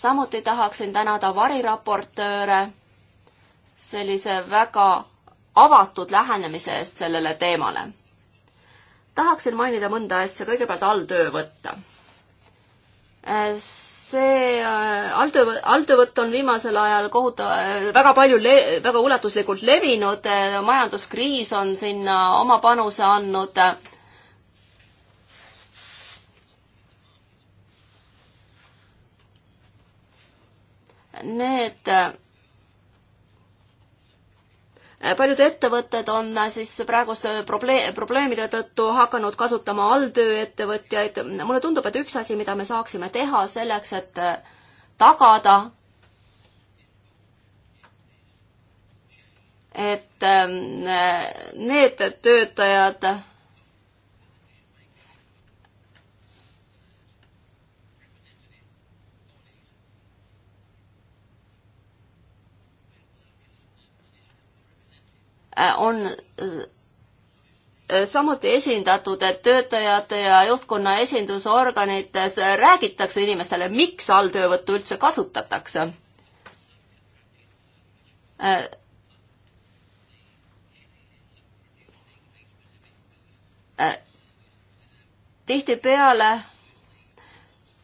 samuti tahaksin tänada variraportööre sellise väga avatud lähenemise eest sellele teemale. tahaksin mainida mõnda asja, kõigepealt alltöövõtt äh, see äh, alltöövõtt, alltöövõtt on viimasel ajal kohutav, äh, väga palju, väga ulatuslikult levinud, äh, majanduskriis on sinna oma panuse andnud. Need paljud ettevõtted on äh, siis praeguste probleem, probleemide tõttu hakanud kasutama alltööettevõtjaid. mulle tundub, et üks asi, mida me saaksime teha selleks, et äh, tagada, et ähm, äh, need töötajad Äh, on äh, samuti esindatud, et töötajate ja juhtkonna esindusorganites räägitakse inimestele, miks alltöövõttu üldse kasutatakse. Äh, tihtipeale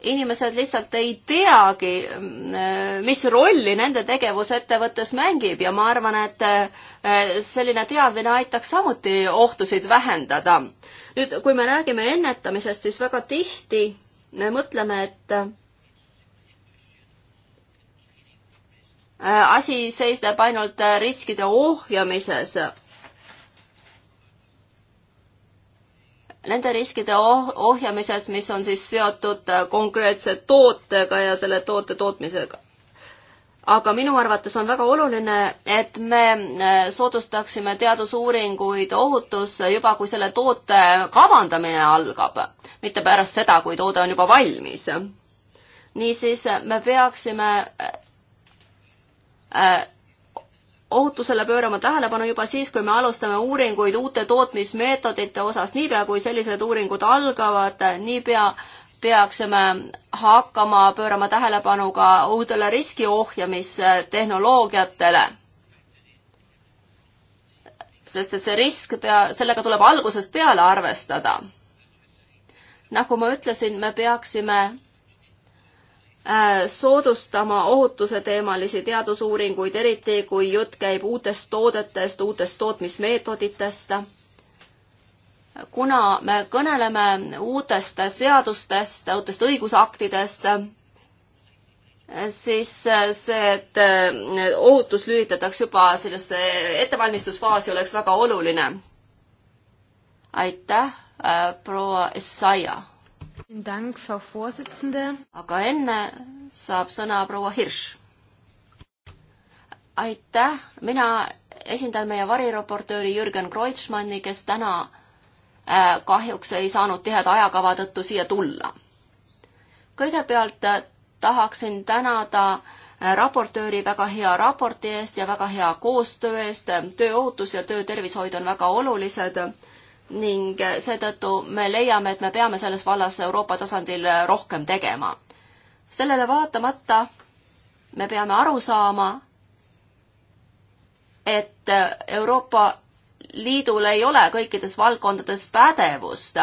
inimesed lihtsalt ei teagi, mis rolli nende tegevus ettevõttes mängib ja ma arvan, et eh, selline teadmine aitaks samuti ohtusid vähendada. nüüd, kui me räägime ennetamisest, siis väga tihti me mõtleme, et eh, asi seisneb ainult riskide ohjamises nende riskide oh ohjamises, mis on siis seotud äh, konkreetse tootega ja selle toote tootmisega. aga minu arvates on väga oluline, et me äh, soodustaksime teadusuuringuid ohutusse juba, kui selle toote kavandamine algab, mitte pärast seda, kui toode on juba valmis. niisiis me peaksime äh, äh ohutusele pöörama tähelepanu juba siis, kui me alustame uuringuid uute tootmismeetodite osas, niipea kui sellised uuringud algavad, niipea peaksime hakkama pöörama tähelepanu ka uutele riskiohjamistehnoloogiatele. sest et see risk pea, sellega tuleb algusest peale arvestada. nagu ma ütlesin, me peaksime Äh, soodustama ohutuseteemalisi teadusuuringuid, eriti kui jutt käib uutest toodetest, uutest tootmismeetoditest. kuna me kõneleme uutest seadustest, uutest õigusaktidest, siis see, et äh, ohutus lülitataks juba sellesse ettevalmistusfaasi, oleks väga oluline. aitäh, äh, proua Essaia aga enne saab sõna proua Hirš. aitäh, mina esindan meie variraportööri Jürgen Kreutzmanni, kes täna äh, kahjuks ei saanud tiheda ajakava tõttu siia tulla. kõigepealt äh, tahaksin tänada äh, raportööri väga hea raporti eest ja väga hea koostöö eest. tööohutus ja töötervishoid on väga olulised ning eh, seetõttu me leiame, et me peame selles vallas Euroopa tasandil eh, rohkem tegema. sellele vaatamata me peame aru saama, et eh, Euroopa Liidul ei ole kõikides valdkondades pädevust.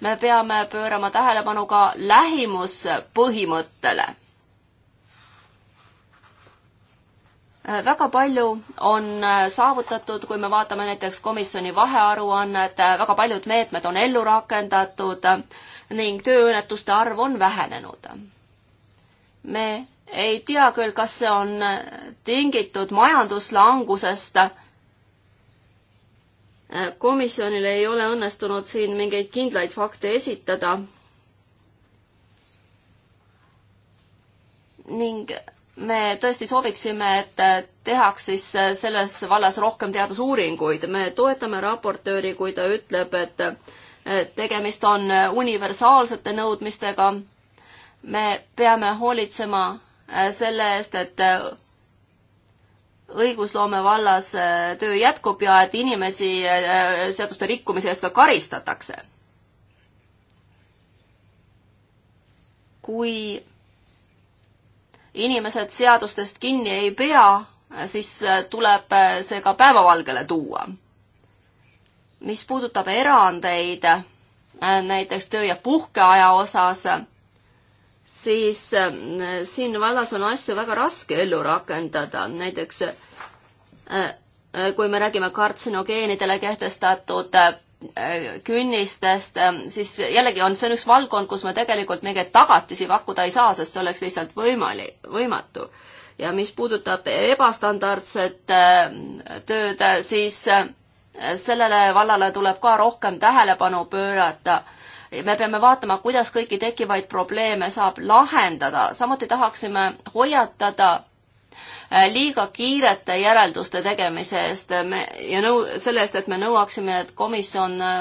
me peame pöörama tähelepanu ka lähimuspõhimõttele Äh, väga palju on äh, saavutatud, kui me vaatame näiteks komisjoni vahearuannet, äh, väga paljud meetmed on ellu rakendatud ning tööõnnetuste arv on vähenenud. me ei tea küll, kas see on tingitud majanduslangusest. komisjonil ei ole õnnestunud siin mingeid kindlaid fakte esitada. ning me tõesti sooviksime, et tehaks siis äh, selles vallas rohkem teadusuuringuid. me toetame raportööri, kui ta ütleb, et tegemist on äh, universaalsete nõudmistega. me peame hoolitsema äh, selle eest, et õigusloome vallas töö jätkub ja et inimesi seaduste rikkumise eest ka karistatakse. kui inimesed seadustest kinni ei pea, siis äh, tuleb äh, see ka päevavalgele tuua. mis puudutab erandeid äh, näiteks töö- ja puhkeaja osas, siis siin vallas on asju väga raske ellu rakendada, näiteks kui me räägime kartsinogeenidele kehtestatud künnistest, ähm, siis jällegi on, see on üks valdkond, kus me tegelikult mingeid tagatisi pakkuda ei saa, sest see oleks lihtsalt võimalik, võimatu. ja mis puudutab ebastandardset ähm, tööd, siis äh, sellele vallale tuleb ka rohkem tähelepanu pöörata me peame vaatama, kuidas kõiki tekkivaid probleeme saab lahendada, samuti tahaksime hoiatada Äh, liiga kiirete järelduste tegemise eest me, ja nõu-, selle eest, et me nõuaksime, et komisjon äh,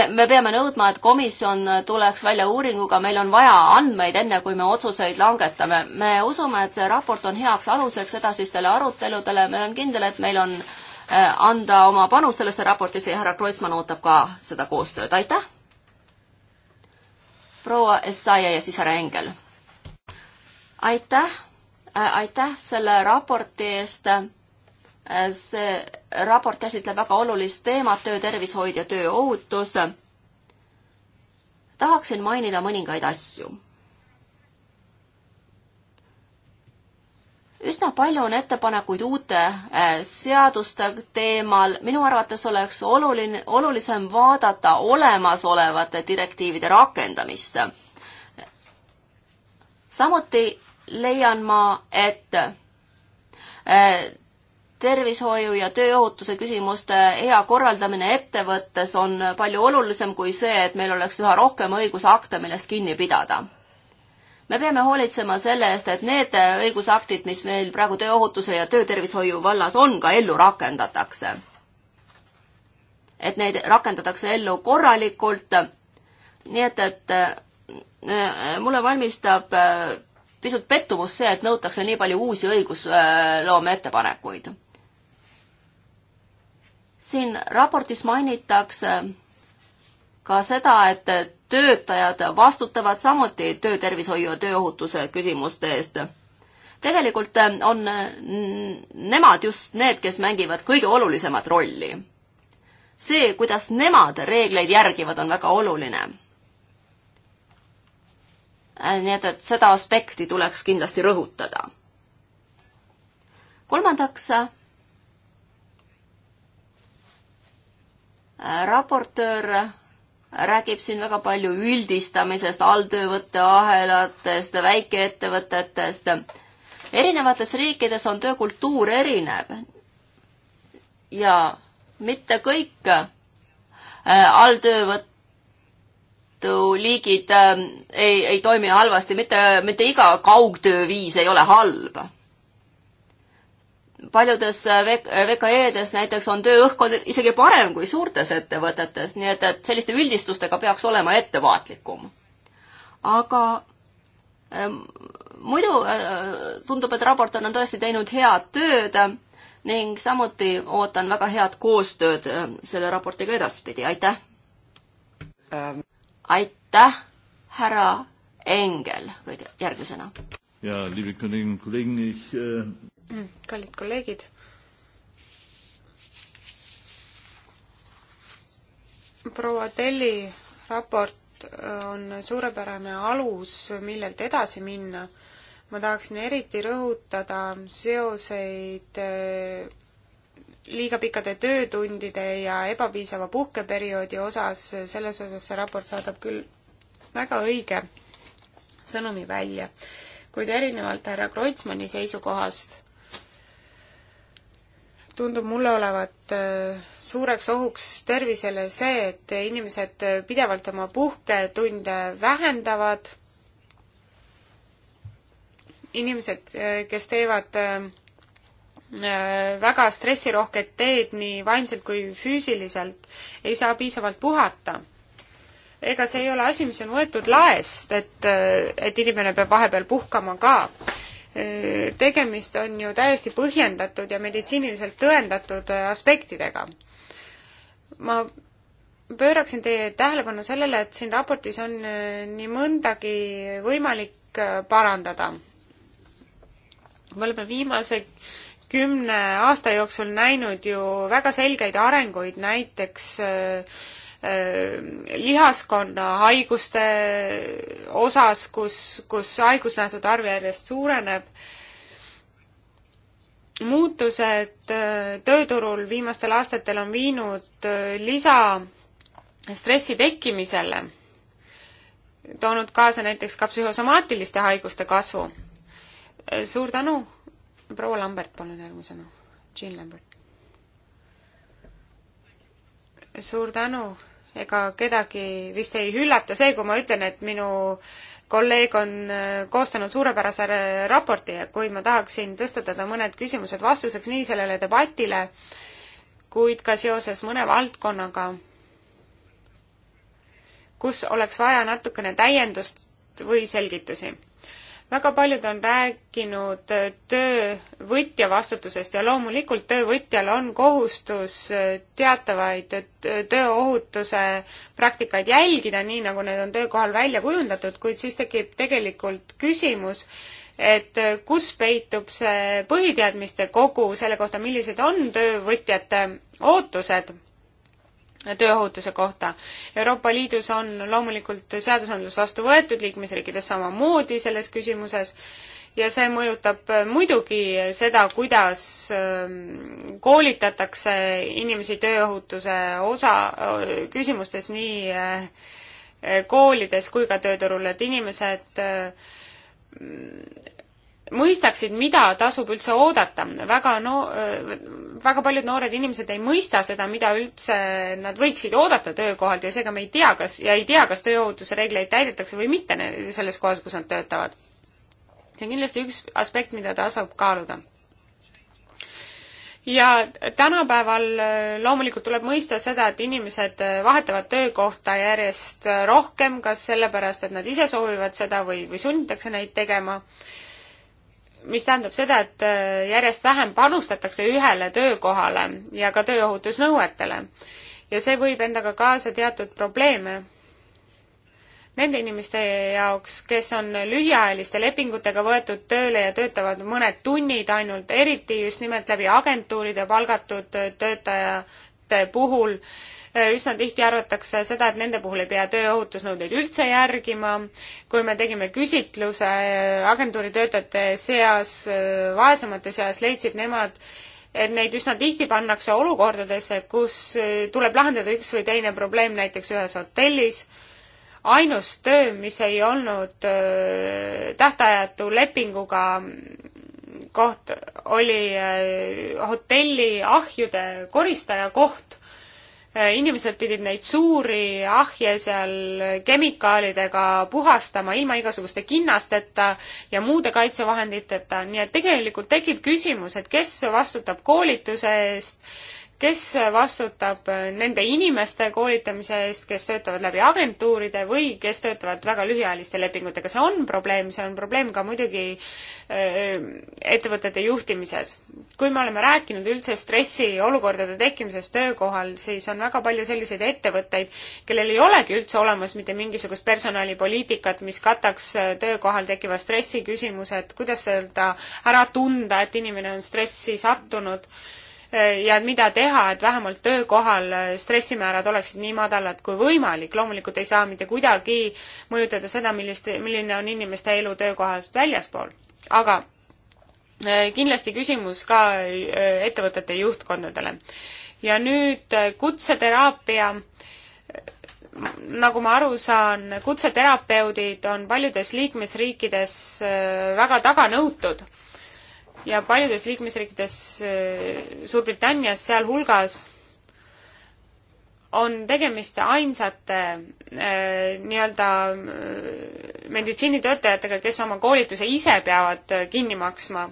me, me peame nõudma, et komisjon tuleks välja uuringuga, meil on vaja andmeid, enne kui me otsuseid langetame. me usume, et see raport on heaks aluseks edasistele aruteludele, meil on kindel, et meil on äh, anda oma panus sellesse raportisse ja härra Kreutzmann ootab ka seda koostööd, aitäh! proua Essaia ja siis härra Engel. aitäh! Äh, aitäh selle raporti eest. Äh, see raport käsitleb väga olulist teemat, töötervishoid ja tööohutus. tahaksin mainida mõningaid asju üsna palju on ettepanekuid uute äh, seaduste teemal. minu arvates oleks oluline, olulisem vaadata olemasolevate direktiivide rakendamist. samuti leian ma, et äh, tervishoiu ja tööohutuse küsimuste hea korraldamine ettevõttes on palju olulisem kui see, et meil oleks üha rohkem õigusakte, millest kinni pidada. me peame hoolitsema selle eest, et need õigusaktid, mis meil praegu tööohutuse ja töötervishoiu vallas on, ka ellu rakendatakse. et neid rakendatakse ellu korralikult, nii et, et äh, mulle valmistab äh, pisut pettumus see, et nõutakse nii palju uusi õigusloome ettepanekuid. siin raportis mainitakse ka seda, et töötajad vastutavad samuti töötervishoiu ja tööohutuse küsimuste eest. tegelikult on nemad just need, kes mängivad kõige olulisemat rolli. see, kuidas nemad reegleid järgivad, on väga oluline Äh, nii et, et seda aspekti tuleks kindlasti rõhutada. kolmandaks, äh, raportöör räägib siin väga palju üldistamisest, alltöövõtte ahelatest, väikeettevõtetest. erinevates riikides on töökultuur erinev ja mitte kõik äh, alltöövõtted liigid ähm, ei, ei toimi halvasti, mitte, mitte iga kaugtööviis ei ole halb. paljudes äh, VKE-des äh, näiteks on tööõhkkond isegi parem kui suurtes ettevõtetes, nii et, et selliste üldistustega peaks olema ettevaatlikum. aga ähm, muidu äh, tundub, et raportöör on tõesti teinud head tööd ning samuti ootan väga head koostööd selle raportiga edaspidi, aitäh! Ähm aitäh, härra Engel, kõige järgmisena. ja, äh... Mm, kallid kolleegid. proua Telli raport äh, on suurepärane alus, millelt edasi minna. ma tahaksin eriti rõhutada seoseid äh, liiga pikkade töötundide ja ebapiisava puhkeperioodi osas, selles osas see raport saadab küll väga õige sõnumi välja. kuid erinevalt härra Kreutzmanni seisukohast tundub mulle olevat äh, suureks ohuks tervisele see, et inimesed pidevalt oma puhketunde vähendavad, inimesed, äh, kes teevad äh, Äh, väga stressirohket teed nii vaimselt kui füüsiliselt, ei saa piisavalt puhata. ega see ei ole asi, mis on võetud laest, et, äh, et inimene peab vahepeal puhkama ka. Äh, tegemist on ju täiesti põhjendatud ja meditsiiniliselt tõendatud aspektidega. ma pööraksin teie tähelepanu sellele, et siin raportis on nii mõndagi võimalik parandada. me oleme viimase kümne aasta jooksul näinud ju väga selgeid arenguid, näiteks äh, äh lihaskonna haiguste osas, kus, kus haigusnähtude arv järjest suureneb. muutused äh, tööturul viimastel aastatel on viinud äh, lisa stressi tekkimisele, toonud kaasa näiteks ka psühhosomaatiliste haiguste kasvu. suur tänu proua Lambert, palun järgmisena. Jean Lambert. suur tänu. ega kedagi vist ei üllata see, kui ma ütlen, et minu kolleeg on äh, koostanud suurepärase raporti ja kui ma tahaksin tõstatada mõned küsimused vastuseks nii sellele debatile, kuid ka seoses mõne valdkonnaga, kus oleks vaja natukene täiendust või selgitusi väga paljud on rääkinud äh, töövõtja vastutusest ja loomulikult töövõtjal on kohustus äh, teatavaid äh, tööohutuse praktikaid jälgida, nii nagu need on töökohal välja kujundatud, kuid siis tekib tegelikult küsimus, et kus peitub see põhiteadmiste kogu selle kohta, millised on töövõtjate ootused tööohutuse kohta. Euroopa Liidus on loomulikult seadusandlus vastu võetud, liikmesriikides samamoodi selles küsimuses, ja see mõjutab äh, muidugi seda, kuidas ähm, koolitatakse inimesi tööohutuse osa, äh, küsimustes nii äh, koolides kui ka tööturul, et inimesed mõistaksid, mida tasub üldse oodata. väga no-, väga paljud noored inimesed ei mõista seda, mida üldse nad võiksid oodata töökohalt ja seega me ei tea, kas, ja ei tea, kas tööohutuse reegleid täidetakse või mitte selles kohas, kus nad töötavad. see on kindlasti üks aspekt, mida tasub kaaluda. ja tänapäeval äh, loomulikult tuleb mõista seda, et inimesed äh, vahetavad töökohta järjest rohkem, kas sellepärast, et nad ise soovivad seda või, või sunnitakse neid tegema mis tähendab seda, et äh, järjest vähem panustatakse ühele töökohale ja ka tööohutusnõuetele. ja see võib endaga kaasa teatud probleeme nende inimeste jaoks, kes on lühiajaliste lepingutega võetud tööle ja töötavad mõned tunnid ainult, eriti just nimelt läbi agentuuride palgatud töötajate puhul Äh, üsna tihti arvatakse seda, et nende puhul ei pea tööohutusnõudeid üldse järgima. kui me tegime küsitluse äh, agentuuri töötajate seas, äh, vaesemate seas, leidsid nemad, et neid üsna tihti pannakse olukordadesse, kus tuleb lahendada üks või teine probleem näiteks ühes hotellis. ainus töö, mis ei olnud tähtajatu lepinguga koht, oli hotelli ahjude koristaja koht Äh, inimesed pidid neid suuri ahje seal kemikaalidega puhastama ilma igasuguste kinnasteta ja muude kaitsevahenditeta, nii et tegelikult tekib küsimus, et kes vastutab koolituse eest kes vastutab nende inimeste koolitamise eest, kes töötavad läbi agentuuride või kes töötavad väga lühiajaliste lepingutega, see on probleem, see on probleem ka muidugi äh, ettevõtete juhtimises. kui me oleme rääkinud üldse stressiolukordade tekkimisest töökohal, siis on väga palju selliseid ettevõtteid, kellel ei olegi üldse olemas mitte mingisugust personalipoliitikat, mis kataks töökohal tekkiva stressi küsimused, kuidas seda ära tunda, et inimene on stressi sattunud Eh, ja mida teha, et vähemalt töökohal eh, stressimäärad oleksid nii madalad kui võimalik. loomulikult ei saa mitte kuidagi mõjutada seda, millist, milline on inimeste elu töökohast väljaspool. aga eh, kindlasti küsimus ka ettevõtete juhtkondadele. ja nüüd kutseteraapia nagu ma aru saan, kutseterapeudid on paljudes liikmesriikides väga taganõutud ja paljudes liikmesriikides äh, Suurbritannias sealhulgas on tegemist ainsate äh, nii-öelda äh, meditsiinitöötajatega, kes oma koolituse ise peavad äh, kinni maksma,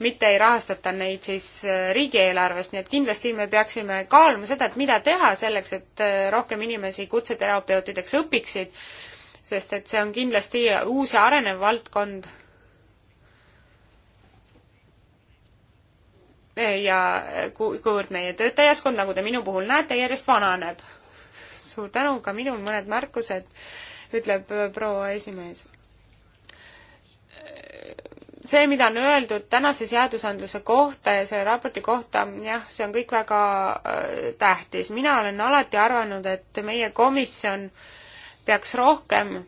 mitte ei rahastata neid siis riigieelarvest, nii et kindlasti me peaksime kaaluma seda, et mida teha selleks, et rohkem inimesi kutseterapeutideks õpiksid, sest et see on kindlasti uus ja arenev valdkond ja kuivõrd meie töötajaskond, nagu te minu puhul näete, järjest vananeb. suur tänu, ka minul mõned märkused, ütleb äh, proua esimees. see, mida on öeldud tänase seadusandluse kohta ja selle raporti kohta, jah, see on kõik väga äh, tähtis. mina olen alati arvanud, et meie komisjon peaks rohkem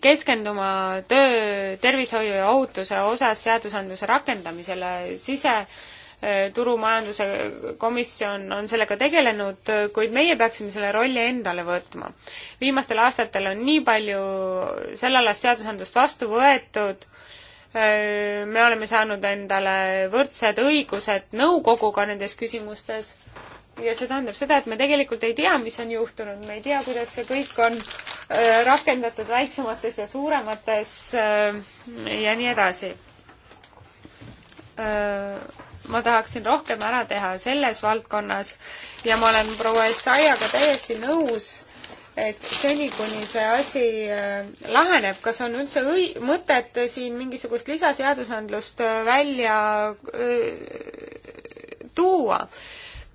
keskenduma töö, tervishoiu ja ohutuse osas seadusandluse rakendamisele, siseturumajanduse äh, komisjon on sellega tegelenud, kuid meie peaksime selle rolli endale võtma. viimastel aastatel on nii palju sellealast seadusandlust vastu võetud, äh, me oleme saanud endale võrdsed õigused nõukoguga nendes küsimustes ja see tähendab seda, et me tegelikult ei tea, mis on juhtunud, me ei tea, kuidas see kõik on Äh, rakendatud väiksemates ja suuremates äh, ja nii edasi. Äh, ma tahaksin rohkem ära teha selles valdkonnas ja ma olen proua Essaiaga täiesti nõus, et seni, kuni see asi laheneb, kas on üldse õi-, mõtet siin mingisugust lisaseadusandlust välja tuua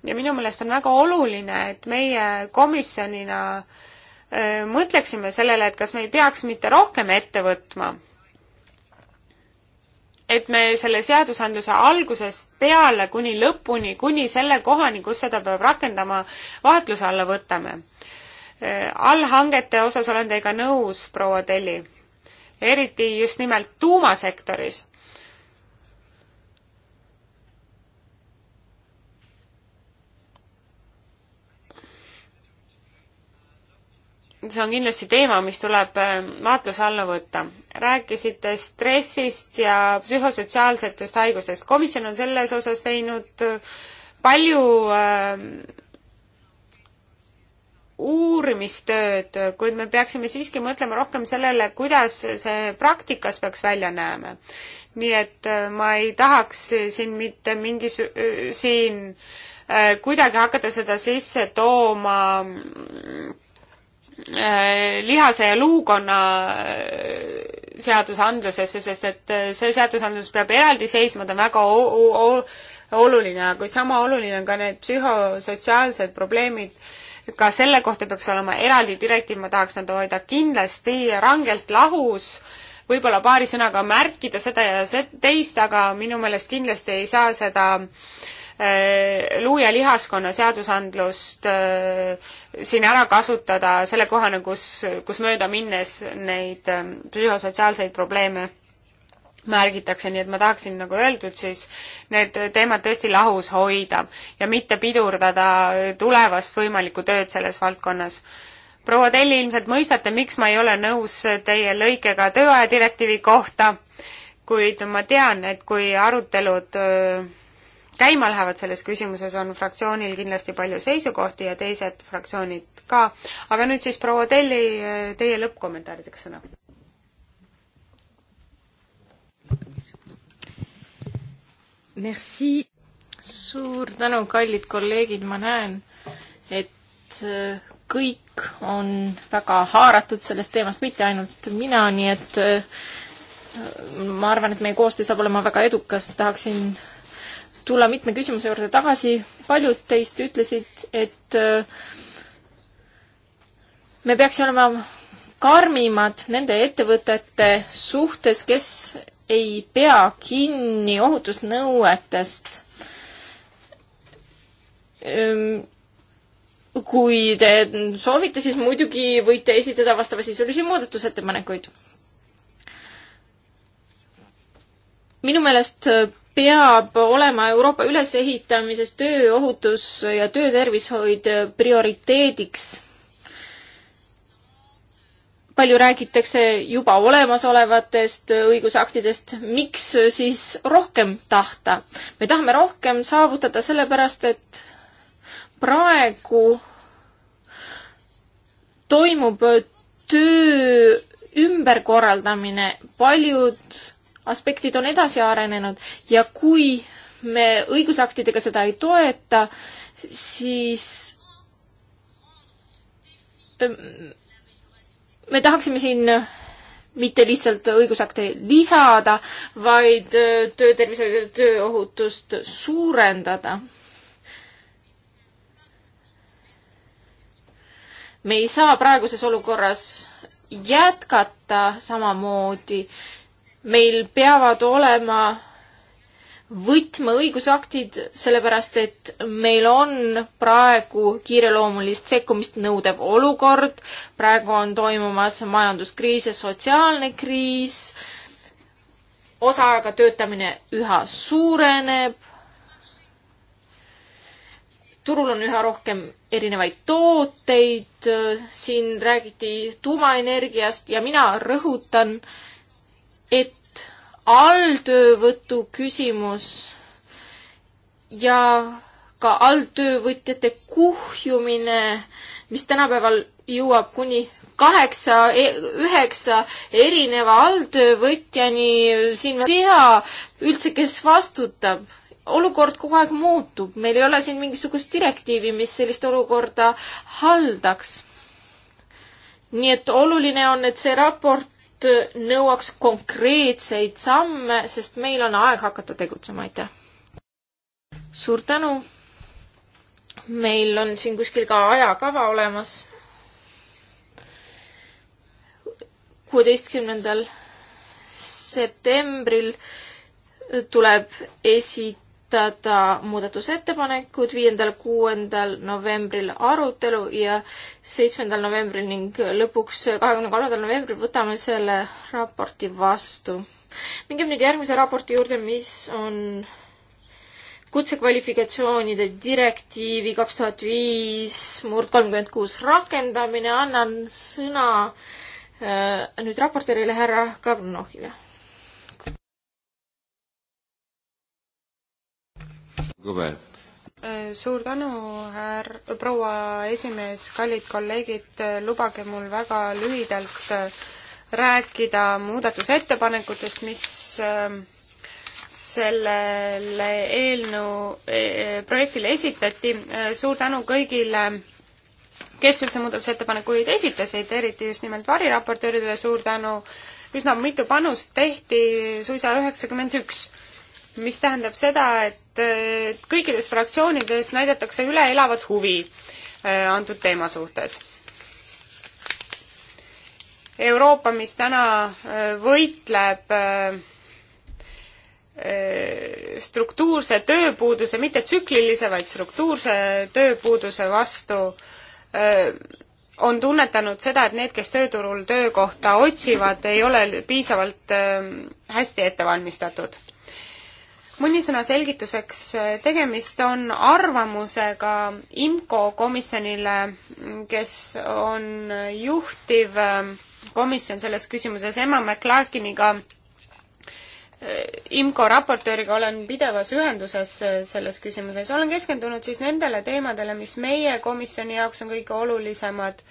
ja minu meelest on väga oluline, et meie komisjonina äh, Äh, mõtleksime sellele, et kas me ei peaks mitte rohkem ette võtma. et me selle seadusandluse algusest peale kuni lõpuni, kuni selle kohani, kus seda peab rakendama, vaatluse alla võtame. Äh, allhangete osas olen teiega nõus, proua Telli. eriti just nimelt tuumasektoris see on kindlasti teema, mis tuleb äh, vaatluse alla võtta. rääkisite stressist ja psühhosotsiaalsetest haigustest. komisjon on selles osas teinud äh, palju äh, uurimistööd, kuid me peaksime siiski mõtlema rohkem sellele, kuidas see praktikas peaks välja näema. nii et äh, ma ei tahaks siin mitte mingis, siin äh, kuidagi hakata seda sisse tooma Äh, lihase ja luukonna äh, seadusandlusesse, sest et äh, see seadusandlus peab eraldi seisma, ta on väga oluline, kuid sama oluline on ka need psühhosotsiaalsed probleemid, ka selle kohta peaks olema eraldi direktiiv, ma tahaks nad hoida kindlasti rangelt lahus, võib-olla paari sõnaga märkida seda ja teist, aga minu meelest kindlasti ei saa seda äh, Äh, luu- ja lihaskonna seadusandlust äh, siin ära kasutada selle kohana, kus, kus mööda minnes neid ähm, psühhosotsiaalseid probleeme märgitakse, nii et ma tahaksin, nagu öeldud, siis need teemad tõesti lahus hoida ja mitte pidurdada tulevast võimalikku tööd selles valdkonnas. proua Telli, ilmselt mõistate, miks ma ei ole nõus teie lõikega tööaja direktiivi kohta, kuid ma tean, et kui arutelud öö, käima lähevad selles küsimuses, on fraktsioonil kindlasti palju seisukohti ja teised fraktsioonid ka. aga nüüd siis proua Telli, teie lõppkommentaarideks sõna. Merci. suur tänu, kallid kolleegid, ma näen, et äh, kõik on väga haaratud sellest teemast, mitte ainult mina, nii et äh, ma arvan, et meie koostöö saab olema väga edukas, tahaksin tulla mitme küsimuse juurde tagasi. paljud teist ütlesid, et äh, me peaksime olema karmimad nende ettevõtete suhtes, kes ei pea kinni ohutusnõuetest. Ehm, kui te soovite, siis muidugi võite esitada vastavasisulisi muudatusettepanekuid. minu meelest äh, peab olema Euroopa ülesehitamises tööohutus ja töötervishoid prioriteediks. palju räägitakse juba olemasolevatest õigusaktidest, miks siis rohkem tahta? me tahame rohkem saavutada sellepärast, et praegu toimub töö ümberkorraldamine, paljud aspektid on edasi arenenud ja kui me õigusaktidega seda ei toeta, siis ähm, me tahaksime siin mitte lihtsalt õigusakte lisada, vaid äh, töötervishoidu ja tööohutust suurendada. me ei saa praeguses olukorras jätkata samamoodi äh, meil peavad olema võtmeõigusaktid, sellepärast et meil on praegu kiireloomulist sekkumist nõudev olukord, praegu on toimumas majanduskriis ja sotsiaalne kriis, osaajaga töötamine üha suureneb, turul on üha rohkem erinevaid tooteid, siin räägiti tuumaenergiast ja mina rõhutan, et alltöövõtu küsimus ja ka alltöövõtjate kuhjumine, mis tänapäeval jõuab kuni kaheksa, e-, üheksa erineva alltöövõtjani, siin me ei tea üldse, kes vastutab. olukord kogu aeg muutub, meil ei ole siin mingisugust direktiivi, mis sellist olukorda haldaks. nii et oluline on, et see raport Äh, nõuaks konkreetseid samme, sest meil on aeg hakata tegutsema, aitäh! suur tänu! meil on siin kuskil ka ajakava olemas. kuueteistkümnendal septembril tuleb esi-, esitada muudatusettepanekud viiendal, kuuendal novembril arutelu ja seitsmendal novembril ning lõpuks kahekümne kolmandal novembril võtame selle raporti vastu. mingem nüüd järgmise raporti juurde, mis on kutsekvalifikatsioonide direktiivi kaks tuhat viis murd kolmkümmend kuus rakendamine, annan sõna äh, nüüd raportöörile härra Kavnovile Äh, suur tänu, härra, proua esimees, kallid kolleegid, äh, lubage mul väga lühidalt äh, rääkida muudatusettepanekutest, mis ähm, sellele eelnõu e, e, projektile esitati. suur tänu kõigile kes üldse muudatusettepanekuid esitasid, eriti just nimelt variraportööridele suur tänu, üsna mitu panust tehti, suisa üheksakümmend üks mis tähendab seda, et kõikides fraktsioonides näidatakse üle elavat huvi äh, antud teema suhtes. Euroopa, mis täna äh, võitleb äh, struktuurse tööpuuduse, mitte tsüklilise, vaid struktuurse tööpuuduse vastu, on tunnetanud seda, et need, kes tööturul töökohta otsivad, ei ole piisavalt hästi ette valmistatud mõni sõna selgituseks, tegemist on arvamusega IMCO komisjonile, kes on juhtiv ähm, komisjon selles küsimuses, Emma McClarkiniga, äh, IMCO raportööriga olen pidevas ühenduses äh, selles küsimuses, olen keskendunud siis nendele teemadele, mis meie komisjoni jaoks on kõige olulisemad äh,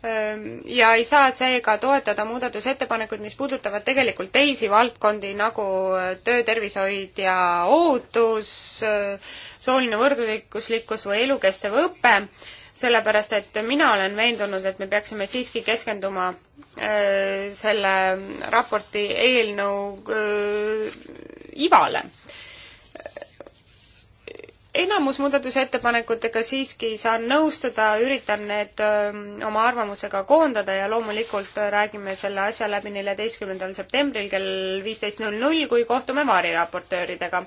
Ehm, ja ei saa seega toetada muudatusettepanekuid, mis puudutavad tegelikult teisi valdkondi nagu äh, töötervishoid ja ohutus, äh, sooline võrdõiguslikkus või elukestev õpe, sellepärast et mina olen veendunud, et me peaksime siiski keskenduma äh, selle raporti eelnõu ivale enamus muudatusettepanekutega siiski saan nõustuda, üritan need öö, ähm, oma arvamusega koondada ja loomulikult äh, räägime selle asja läbi neljateistkümnendal septembril kell viisteist null null, kui kohtume variraportööridega.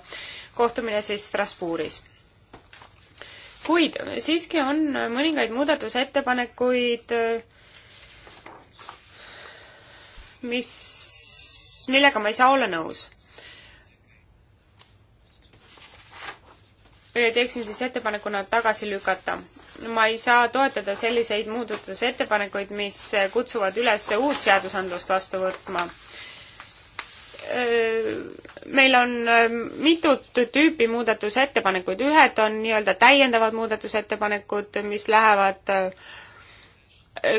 kohtumine siis Strasbourgis. kuid siiski on mõningaid muudatusettepanekuid, äh, mis, millega ma ei saa olla nõus teeksin siis ettepaneku nad tagasi lükata. ma ei saa toetada selliseid muudatusettepanekuid, mis kutsuvad üles uut seadusandlust vastu võtma. meil on mitut tüüpi muudatusettepanekuid, ühed on nii-öelda täiendavad muudatusettepanekud, mis lähevad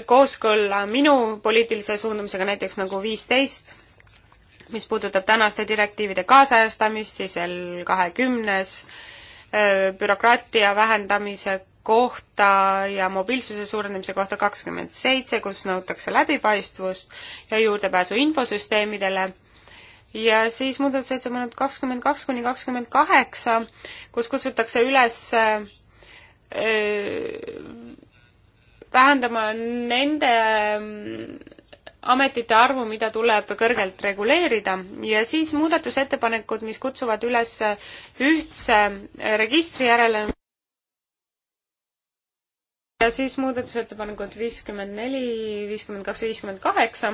kooskõlla minu poliitilise suundumisega, näiteks nagu viisteist mis puudutab tänaste direktiivide kaasajastamist, siis L kahekümnes Äh, bürokraatia vähendamise kohta ja mobiilsuse suurendamise kohta kakskümmend seitse, kus nõutakse läbipaistvust ja juurdepääsu infosüsteemidele. ja siis muudatusettepanek kakskümmend kaks kuni kakskümmend kaheksa, kus kutsutakse üles öö, äh, vähendama nende ametite arvu, mida tuleb kõrgelt reguleerida ja siis muudatusettepanekud, mis kutsuvad üles ühtse registri järele. ja siis muudatusettepanekud viiskümmend neli, viiskümmend kaks ja viiskümmend kaheksa.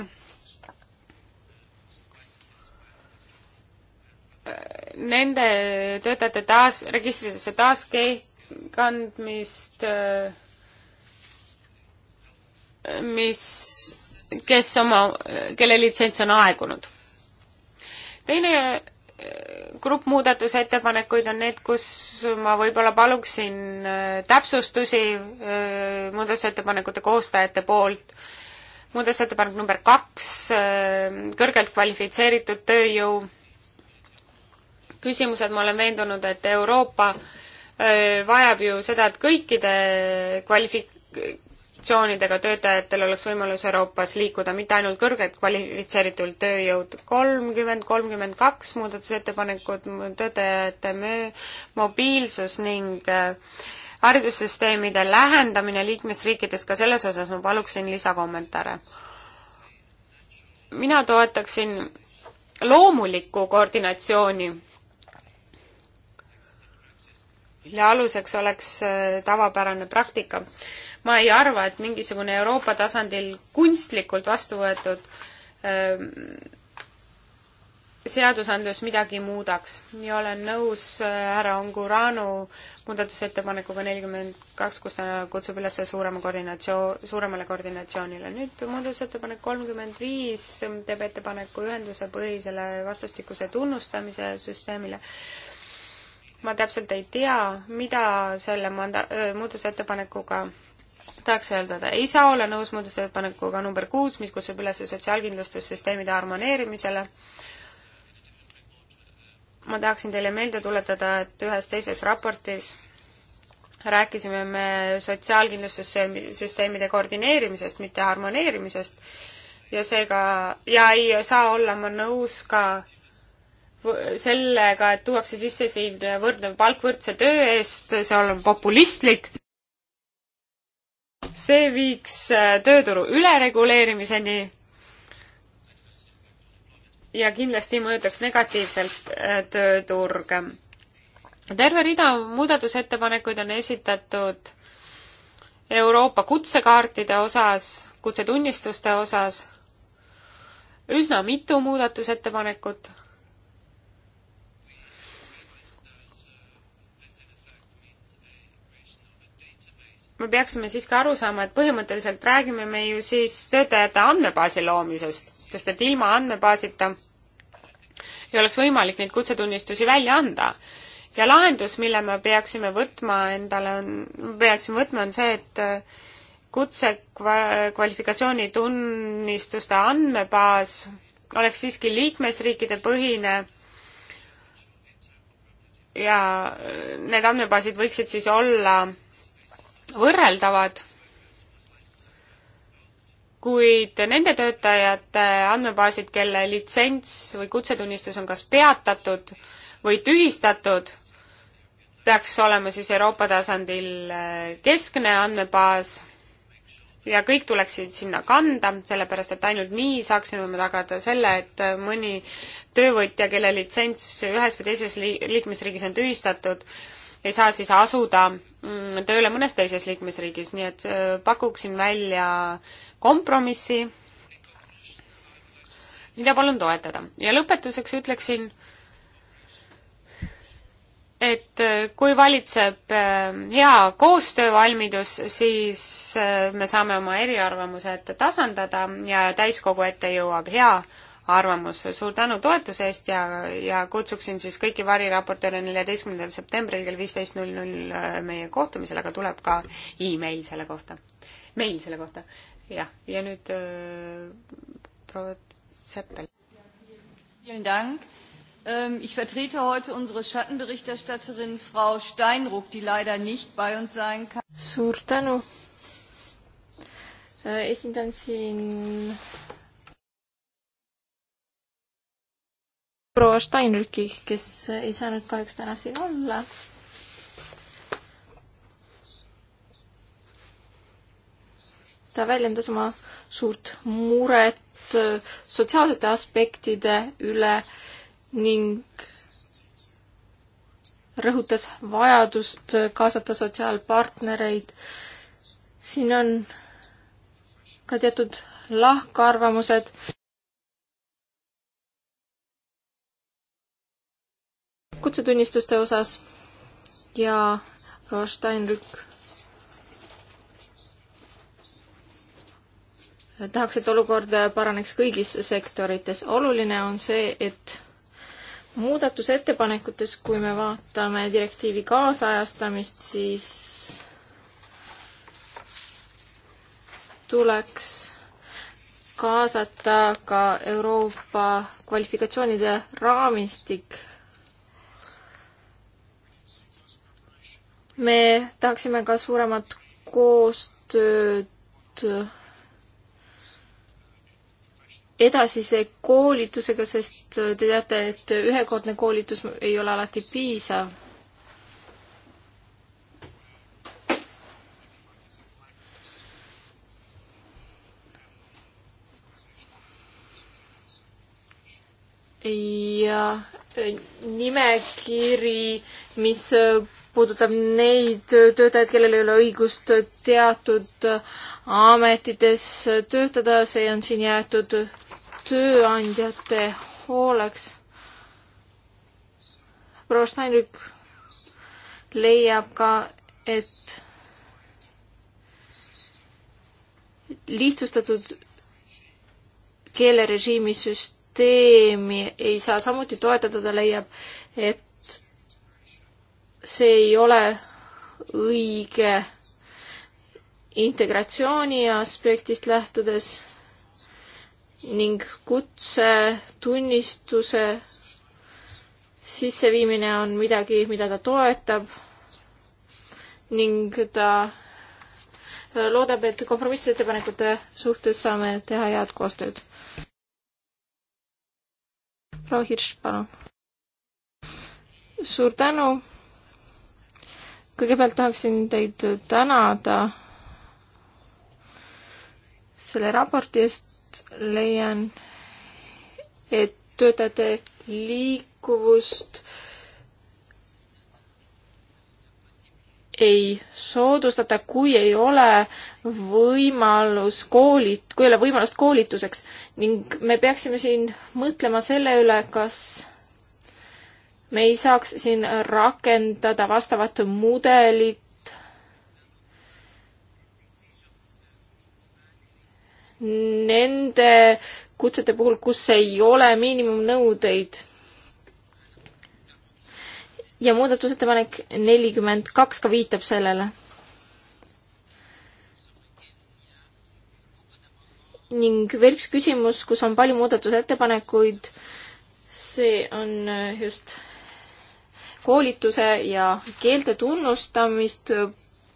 Nende töötajate taas, registritesse taaskandmist, mis kes oma, kelle litsents on aegunud. teine eh, grupp muudatusettepanekuid on need, kus ma võib-olla paluksin eh, täpsustusi eh, muudatusettepanekute koostajate poolt. muudatusettepanek number kaks, kõrgelt kvalifitseeritud tööjõu küsimused, ma olen veendunud, et Euroopa vajab ju seda, et kõikide kvalifi-, positsioonidega töötajatel oleks võimalus Euroopas liikuda, mitte ainult kõrgelt kvalifitseeritud tööjõud. kolmkümmend, kolmkümmend kaks muudatusettepanekut töötajate möö-, mobiilsus ning äh, haridussüsteemide lähendamine liikmesriikidest, ka selles osas ma paluksin lisakommentaare. mina toetaksin loomulikku koordinatsiooni ja aluseks oleks äh, tavapärane praktika ma ei arva, et mingisugune Euroopa tasandil kunstlikult vastu võetud öö, ähm, seadusandlus midagi muudaks ja olen nõus äh, härra Onguranu muudatusettepanekuga nelikümmend kaks, kus ta kutsub üles suurema koordinatsioon, suuremale koordinatsioonile. nüüd muudatusettepanek kolmkümmend viis teeb ettepaneku ühendusepõhisele vastastikuse tunnustamise süsteemile. ma täpselt ei tea, mida selle manda-, äh, muudatusettepanekuga tahaks öelda, ta ei saa olla nõus muudatusettepanekuga number kuus, mis kutsub üles sotsiaalkindlustussüsteemide harmoneerimisele. ma tahaksin teile meelde tuletada, et ühes teises raportis rääkisime me sotsiaalkindlustussüsteemide koordineerimisest, mitte harmoneerimisest ja seega, ja ei saa olla ma nõus ka sellega, et tuuakse sisse siin võrdne palk võrdse töö eest, see on populistlik see viiks äh, tööturu ülereguleerimiseni ja kindlasti mõjutaks negatiivselt äh, tööturge. terve rida muudatusettepanekuid on esitatud Euroopa kutsekaartide osas, kutsetunnistuste osas, üsna mitu muudatusettepanekut me peaksime siiski aru saama, et põhimõtteliselt räägime me ju siis töötajate andmebaasi loomisest, sest et ilma andmebaasita ei oleks võimalik neid kutsetunnistusi välja anda. ja lahendus, mille me peaksime võtma endale, on, peaksime võtma, on see, et äh, kutse äh, kvalifikatsioonitunnistuste andmebaas oleks siiski liikmesriikide põhine ja äh, need andmebaasid võiksid siis olla võrreldavad, kuid nende töötajate andmebaasid, kelle litsents või kutsetunnistus on kas peatatud või tühistatud, peaks olema siis Euroopa tasandil eh, keskne andmebaas ja kõik tuleksid sinna kanda, sellepärast et ainult nii saaksime me tagada selle, et mõni töövõtja, kelle litsents ühes või teises liikmesriigis on tühistatud, ei saa siis asuda mm, tööle mõnes teises liikmesriigis, nii et äh, pakuksin välja kompromissi, mida palun toetada. ja lõpetuseks ütleksin, et äh, kui valitseb äh, hea koostöövalmidus, siis me saame oma eriarvamused tasandada ja täiskogu ette jõuab hea arvamus. suur tänu toetuse eest ja, ja kutsuksin siis kõiki variraportööre neljateistkümnendal septembril kell viisteist null null meie kohtumisele, aga tuleb ka email selle kohta. meil selle kohta, jah. ja nüüd äh, proua Seppel. Vielen Dank. Ähm, ich vertrete heute unsere Schattenberichterstatterin Frau Steinruck, die leider nicht bei uns sein kann. Suur tänu. Äh, esindan siin proua Steinrücki, kes ei saanud kahjuks täna siin olla. ta väljendas oma suurt muret sotsiaalsete aspektide üle ning rõhutas vajadust kaasata sotsiaalpartnereid. siin on ka teatud lahkarvamused kutsetunnistuste osas ja proua Steinrück tahaks, et olukord paraneks kõigis sektorites. oluline on see, et muudatusettepanekutes, kui me vaatame direktiivi kaasajastamist, siis tuleks kaasata ka Euroopa kvalifikatsioonide raamistik me tahaksime ka suuremat koostööd edasise koolitusega, sest te teate, et ühekordne koolitus ei ole alati piisav. ja nimekiri, mis puudutab neid töötajaid, kellel ei ole õigust teatud ametites töötada, see on siin jäetud tööandjate hooleks. proua Steinrück leiab ka, et lihtsustatud keelerežiimi süsteemi ei saa samuti toetada, ta leiab, et see ei ole õige integratsiooni aspektist lähtudes ning kutsetunnistuse sisseviimine on midagi, mida ta toetab ning ta äh, loodab, et kompromissettepanekute suhtes saame teha head koostööd. proua Hirš, palun. suur tänu kõigepealt tahaksin teid tänada selle raporti eest, leian, et töötajate liikuvust ei soodustata, kui ei ole võimalus koolit-, kui ei ole võimalust koolituseks ning me peaksime siin mõtlema selle üle, kas me ei saaks siin rakendada vastavat mudelit nende kutsete puhul, kus ei ole miinimumnõudeid. ja muudatusettepanek nelikümmend kaks ka viitab sellele ning veel üks küsimus, kus on palju muudatusettepanekuid, see on just koolituse ja keelte tunnustamist,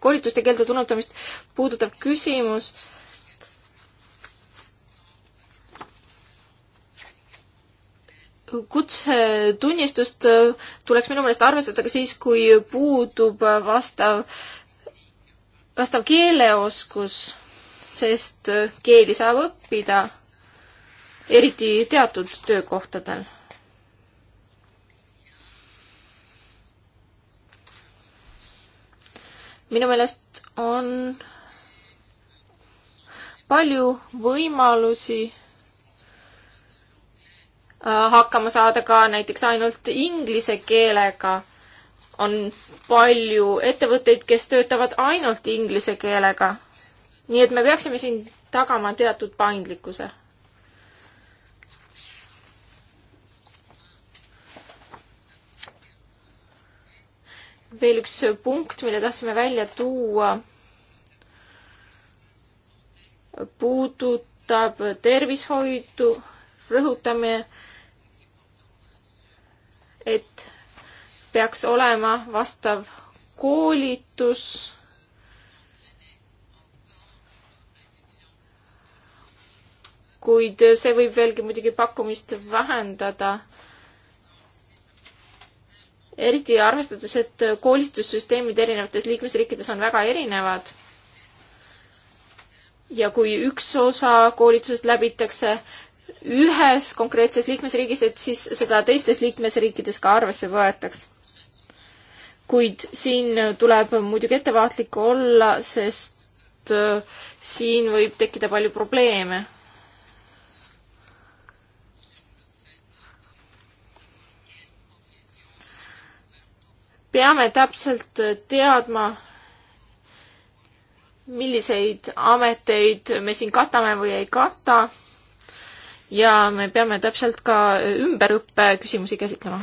koolituste keelte tunnustamist puudutav küsimus. kutsetunnistust tuleks minu meelest arvestada ka siis, kui puudub vastav, vastav keeleoskus, sest keeli saab õppida eriti teatud töökohtadel minu meelest on palju võimalusi äh, hakkama saada ka näiteks ainult inglise keelega. on palju ettevõtteid, kes töötavad ainult inglise keelega. nii et me peaksime siin tagama teatud paindlikkuse veel üks punkt, mille tahtsime välja tuua, puudutab tervishoidu, rõhutame, et peaks olema vastav koolitus, kuid see võib veelgi muidugi pakkumist vähendada eriti arvestades, et koolitussüsteemid erinevates liikmesriikides on väga erinevad. ja kui üks osa koolitusest läbitakse ühes konkreetses liikmesriigis, et siis seda teistes liikmesriikides ka arvesse võetaks. kuid siin tuleb muidugi ettevaatlik olla, sest äh, siin võib tekkida palju probleeme peame täpselt teadma, milliseid ameteid me siin katame või ei kata. ja me peame täpselt ka ümberõppe küsimusi käsitlema.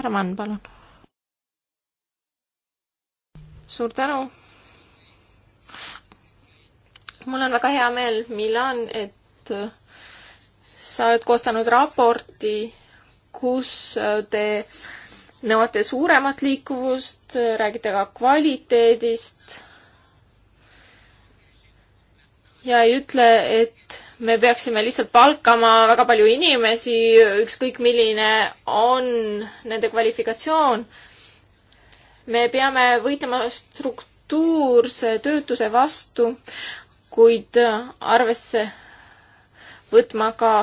härra Mann, palun. suur tänu. mul on väga hea meel, Milan, et sa oled koostanud raporti kus äh, te nõuate suuremat liikuvust, räägite ka kvaliteedist ja ei ütle, et me peaksime lihtsalt palkama väga palju inimesi, ükskõik milline on nende kvalifikatsioon. me peame võitlema struktuurse töötuse vastu, kuid arvesse võtma ka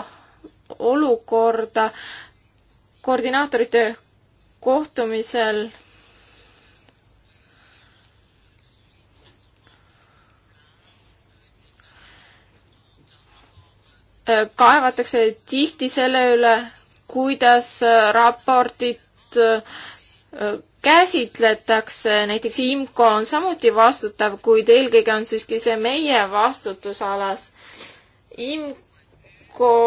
olukorda, koordinaatorite kohtumisel kaevatakse tihti selle üle, kuidas raportit äh, käsitletakse, näiteks IMCO on samuti vastutav, kuid eelkõige on siiski see meie vastutusalas. IMCO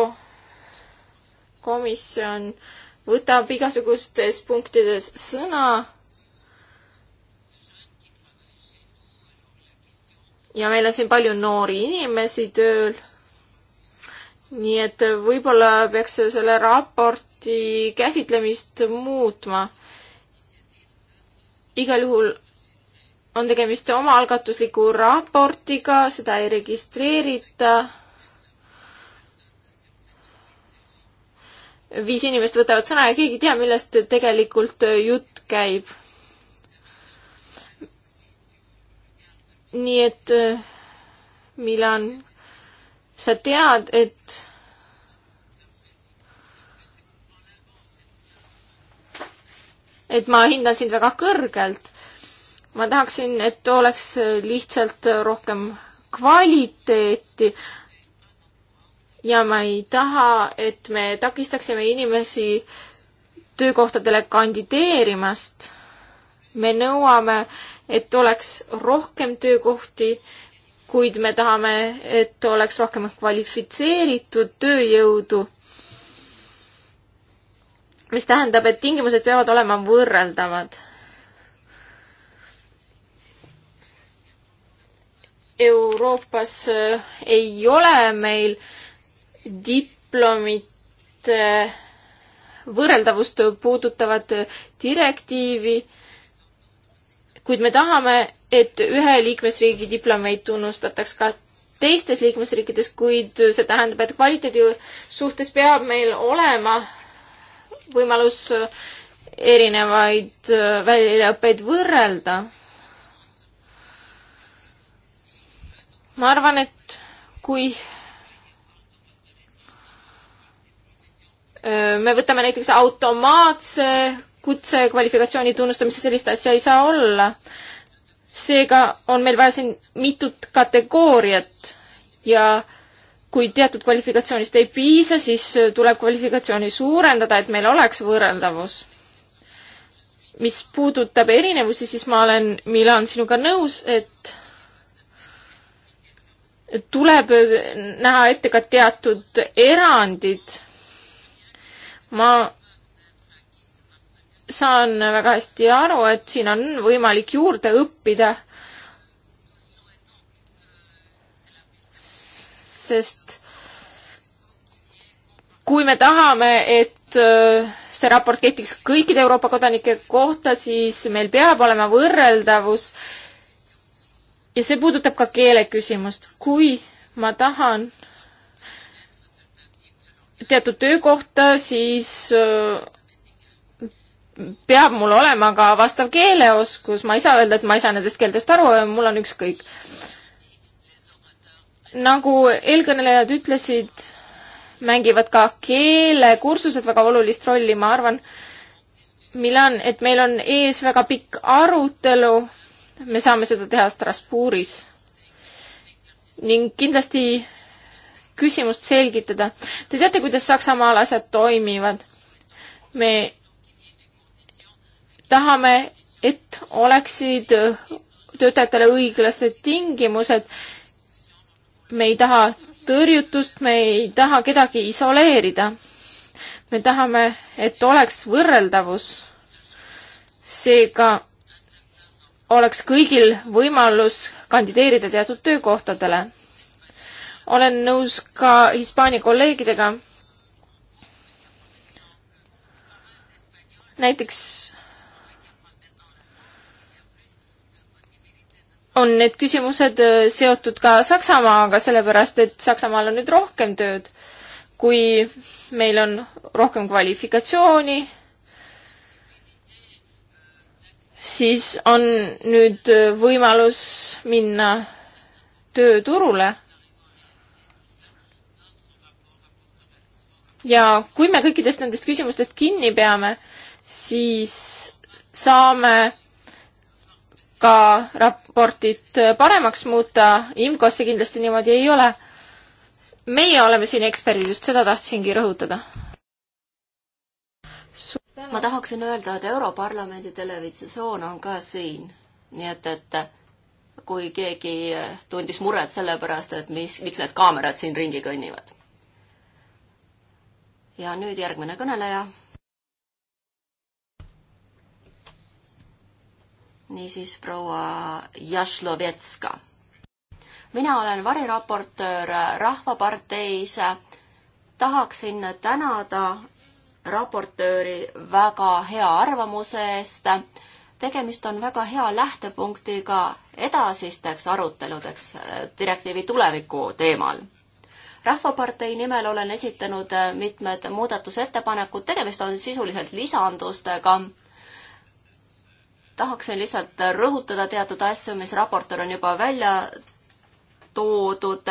komisjon äh, võtab igasugustes punktides sõna. ja meil on siin palju noori inimesi tööl. nii et võib-olla peaks selle raporti käsitlemist muutma. igal juhul on tegemist omaalgatusliku raportiga, seda ei registreerita viis inimest võtavad sõna ja keegi ei tea, millest tegelikult jutt käib. nii et Milan, sa tead, et et ma hindan sind väga kõrgelt. ma tahaksin, et oleks lihtsalt rohkem kvaliteeti, ja ma ei taha, et me takistaksime inimesi töökohtadele kandideerimast. me nõuame, et oleks rohkem töökohti, kuid me tahame, et oleks rohkem kvalifitseeritud tööjõudu. mis tähendab, et tingimused peavad olema võrreldavad Euroopas äh, ei ole meil diplomite äh, võrreldavust puudutavat direktiivi, kuid me tahame, et ühe liikmesriigi diplomeid tunnustataks ka teistes liikmesriikides, kuid see tähendab, et kvaliteedi suhtes peab meil olema võimalus erinevaid äh, väljaõppeid võrrelda. ma arvan, et kui me võtame näiteks automaatse kutse kvalifikatsiooni tunnustamist ja sellist asja ei saa olla. seega on meil vaja siin mitut kategooriat ja kui teatud kvalifikatsioonist ei piisa, siis tuleb kvalifikatsiooni suurendada, et meil oleks võrreldavus. mis puudutab erinevusi, siis ma olen, Milan, sinuga nõus, et tuleb näha ette ka teatud erandid ma saan väga hästi aru, et siin on võimalik juurde õppida. sest kui me tahame, et äh, see raport kehtiks kõikide Euroopa kodanike kohta, siis meil peab olema võrreldavus. ja see puudutab ka keele küsimust. kui ma tahan teatud töökohta, siis äh, peab mul olema ka vastav keeleoskus, ma ei saa öelda, et ma ei saa nendest keeltest aru, mul on ükskõik. nagu eelkõnelejad ütlesid, mängivad ka keelekursused väga olulist rolli, ma arvan, Milan, et meil on ees väga pikk arutelu, me saame seda teha Strasbourgis. ning kindlasti küsimust selgitada. Te teate, kuidas Saksamaal asjad toimivad? me tahame, et oleksid töötajatele õiglased tingimused. me ei taha tõrjutust, me ei taha kedagi isoleerida. me tahame, et oleks võrreldavus. seega oleks kõigil võimalus kandideerida teatud töökohtadele olen nõus ka Hispaania kolleegidega. näiteks on need küsimused äh, seotud ka Saksamaaga, sellepärast et Saksamaal on nüüd rohkem tööd, kui meil on rohkem kvalifikatsiooni, siis on nüüd äh, võimalus minna tööturule ja kui me kõikidest nendest küsimustest kinni peame, siis saame ka raportit paremaks muuta, IMCO-s see kindlasti niimoodi ei ole. meie oleme siin eksperdid, just seda tahtsingi rõhutada. ma tahaksin öelda, et Europarlamendi televisioon on ka siin, nii et, et kui keegi tundis muret selle pärast, et mis, miks need kaamerad siin ringi kõnnivad ja nüüd järgmine kõneleja. niisiis proua Jaslovetska. mina olen variraportöör Rahvaparteis. tahaksin tänada raportööri väga hea arvamuse eest. tegemist on väga hea lähtepunktiga edasisteks aruteludeks direktiivi tuleviku teemal rahvapartei nimel olen esitanud äh, mitmed muudatusettepanekud, tegemist on sisuliselt lisandustega. tahaksin lihtsalt rõhutada teatud asju, mis raportöör on juba välja toodud.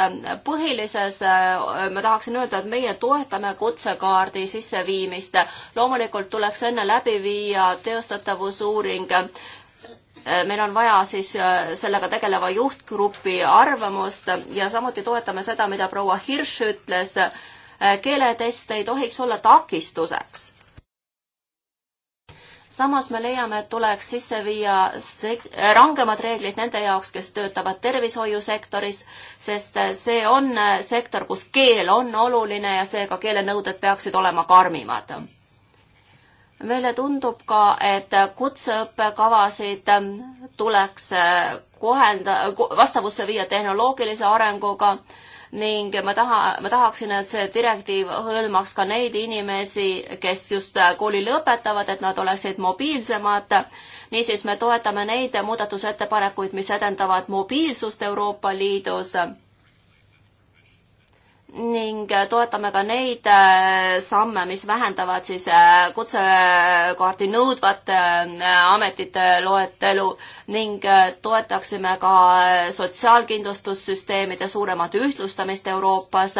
põhilises äh, ma tahaksin öelda, et meie toetame kutsekaardi sisseviimist. loomulikult tuleks enne läbi viia teostatavusuuring Äh, meil on vaja siis äh, sellega tegeleva juhtgrupi arvamust ja samuti toetame seda, mida proua Hirš ütles, äh, keeletest ei tohiks olla takistuseks. samas me leiame, et tuleks sisse viia rangemad reeglid nende jaoks, kes töötavad tervishoiusektoris, sest see on sektor, kus keel on oluline ja seega keelenõuded peaksid olema karmimad meile tundub ka, et kutseõppekavasid tuleks kohenda, vastavusse viia tehnoloogilise arenguga ning ma taha, ma tahaksin, et see direktiiv hõlmaks ka neid inimesi, kes just kooli lõpetavad, et nad oleksid mobiilsemad. niisiis me toetame neid muudatusettepanekuid, mis edendavad mobiilsust Euroopa Liidus ning toetame ka neid äh, samme, mis vähendavad siis äh, kutsekaardi nõudvate äh, ametite loetelu ning toetaksime ka sotsiaalkindlustussüsteemide suuremat ühtlustamist Euroopas.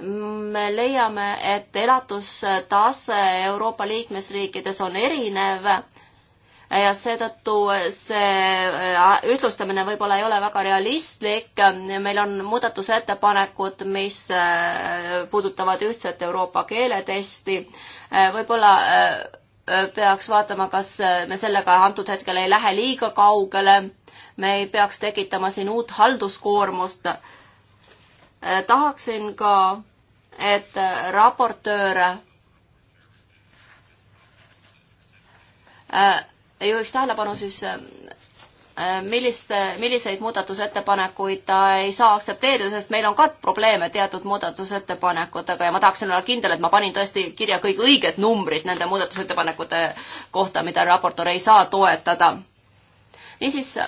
me leiame, et elatustase Euroopa liikmesriikides on erinev ja seetõttu see äh, ühtlustamine võib-olla ei ole väga realistlik. meil on muudatusettepanekud, mis äh, puudutavad ühtset Euroopa keeletesti. Äh, võib-olla peaks vaatama, kas me sellega antud hetkel ei lähe liiga kaugele. me ei peaks tekitama siin uut halduskoormust. tahaksin ka, et raportöör juhiks tähelepanu siis äh, millist, milliseid muudatusettepanekuid ta ei saa aktsepteerida, sest meil on ka probleeme teatud muudatusettepanekutega ja ma tahaksin olla kindel, et ma panin tõesti kirja kõik õiged numbrid nende muudatusettepanekute kohta, mida raportöör ei saa toetada. niisiis,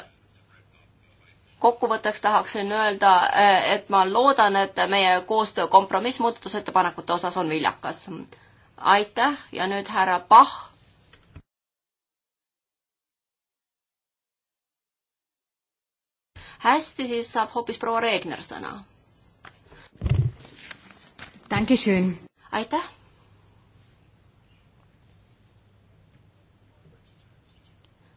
kokkuvõtteks tahaksin öelda, äh, et ma loodan, et meie koostöö kompromiss muudatusettepanekute osas on viljakas. aitäh ja nüüd härra Pahh hästi, siis saab hoopis proua Reegner sõna. aitäh!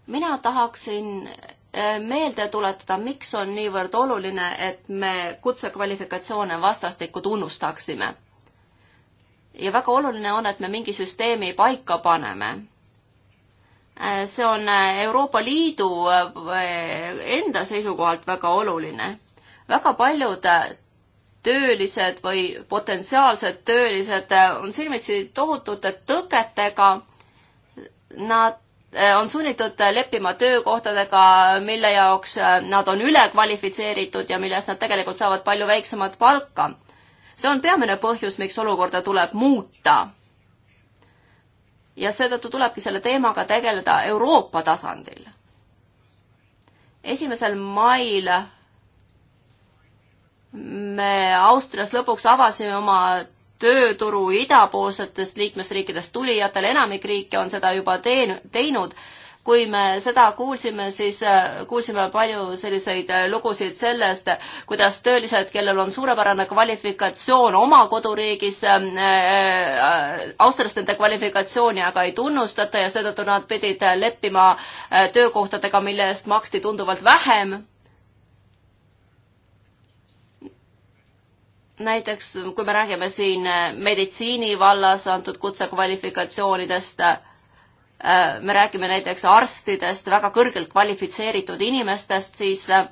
mina tahaksin äh, meelde tuletada, miks on niivõrd oluline, et me kutsekvalifikatsioone vastastikku tunnustaksime. ja väga oluline on, et me mingi süsteemi paika paneme Äh, see on äh, Euroopa Liidu äh, enda seisukohalt väga oluline. väga paljud töölised või potentsiaalsed töölised on silmitsi tohutute tõketega. Nad on sunnitud leppima töökohtadega, mille jaoks nad on ülekvalifitseeritud ja mille eest nad tegelikult saavad palju väiksemat palka. see on peamine põhjus, miks olukorda tuleb muuta ja seetõttu tulebki selle teemaga tegeleda Euroopa tasandil. esimesel mail me Austrias lõpuks avasime oma tööturu idapoolsetest liikmesriikidest tulijatel, enamik riike on seda juba teen-, teinud kui me seda kuulsime, siis äh, kuulsime palju selliseid äh, lugusid sellest, kuidas töölised, kellel on suurepärane kvalifikatsioon oma koduriigis äh,, äh austades nende kvalifikatsiooni, aga ei tunnustata ja seetõttu nad pidid leppima töökohtadega, mille eest maksti tunduvalt vähem näiteks kui me räägime siin meditsiini vallas antud kutsekvalifikatsioonidest äh,, Äh, me räägime näiteks arstidest, väga kõrgelt kvalifitseeritud inimestest, siis äh,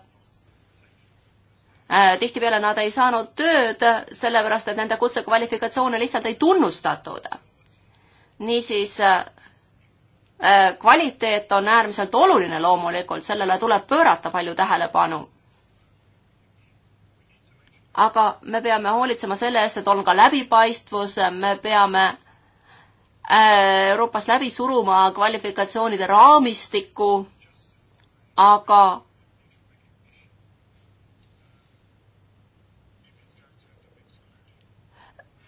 äh, tihtipeale nad ei saanud tööd, sellepärast et nende kutsekvalifikatsioone lihtsalt ei tunnustatud. niisiis kvaliteet on äärmiselt oluline loomulikult, sellele tuleb pöörata palju tähelepanu. aga me peame hoolitsema selle eest, et on ka läbipaistvus, me peame Äh, Euroopas läbi suruma kvalifikatsioonide raamistikku, aga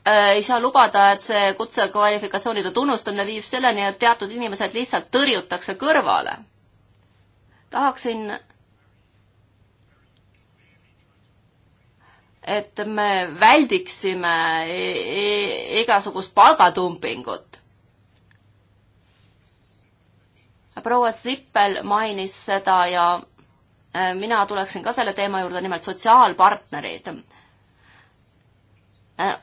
äh, ei saa lubada, et see kutsekvalifikatsioonide tunnustamine viib selleni, et teatud inimesed lihtsalt tõrjutakse kõrvale. tahaksin, et me väldiksime e-, e-, igasugust palgatumpingut proua Sippel mainis seda ja äh, mina tuleksin ka selle teema juurde, nimelt sotsiaalpartnerid äh,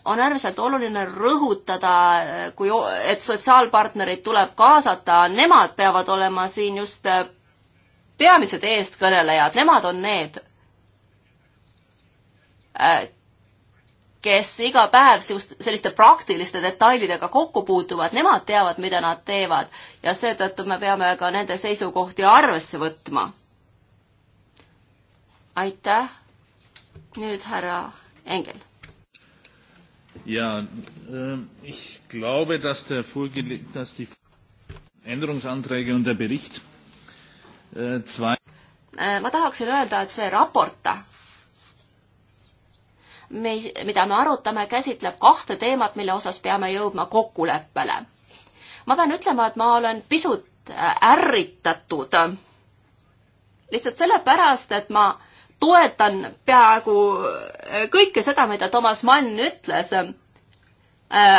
on äärmiselt oluline rõhutada, äh, kui, et sotsiaalpartnerid tuleb kaasata, nemad peavad olema siin just peamised eestkõnelejad, nemad on need, kes iga päev selliste praktiliste detailidega kokku puutuvad, nemad teavad, mida nad teevad ja seetõttu me peame ka nende seisukohti arvesse võtma. aitäh. nüüd härra Engel. ja ähm, ich glaube, dass der vorgele-, dass die Änderungsanträge und der Bericht äh, zwei äh, ma tahaksin öelda, et see raport me, mida me arutame, käsitleb kahte teemat, mille osas peame jõudma kokkuleppele. ma pean ütlema, et ma olen pisut äh, ärritatud lihtsalt sellepärast, et ma toetan peaaegu äh, kõike seda, mida Toomas Mann ütles. Äh,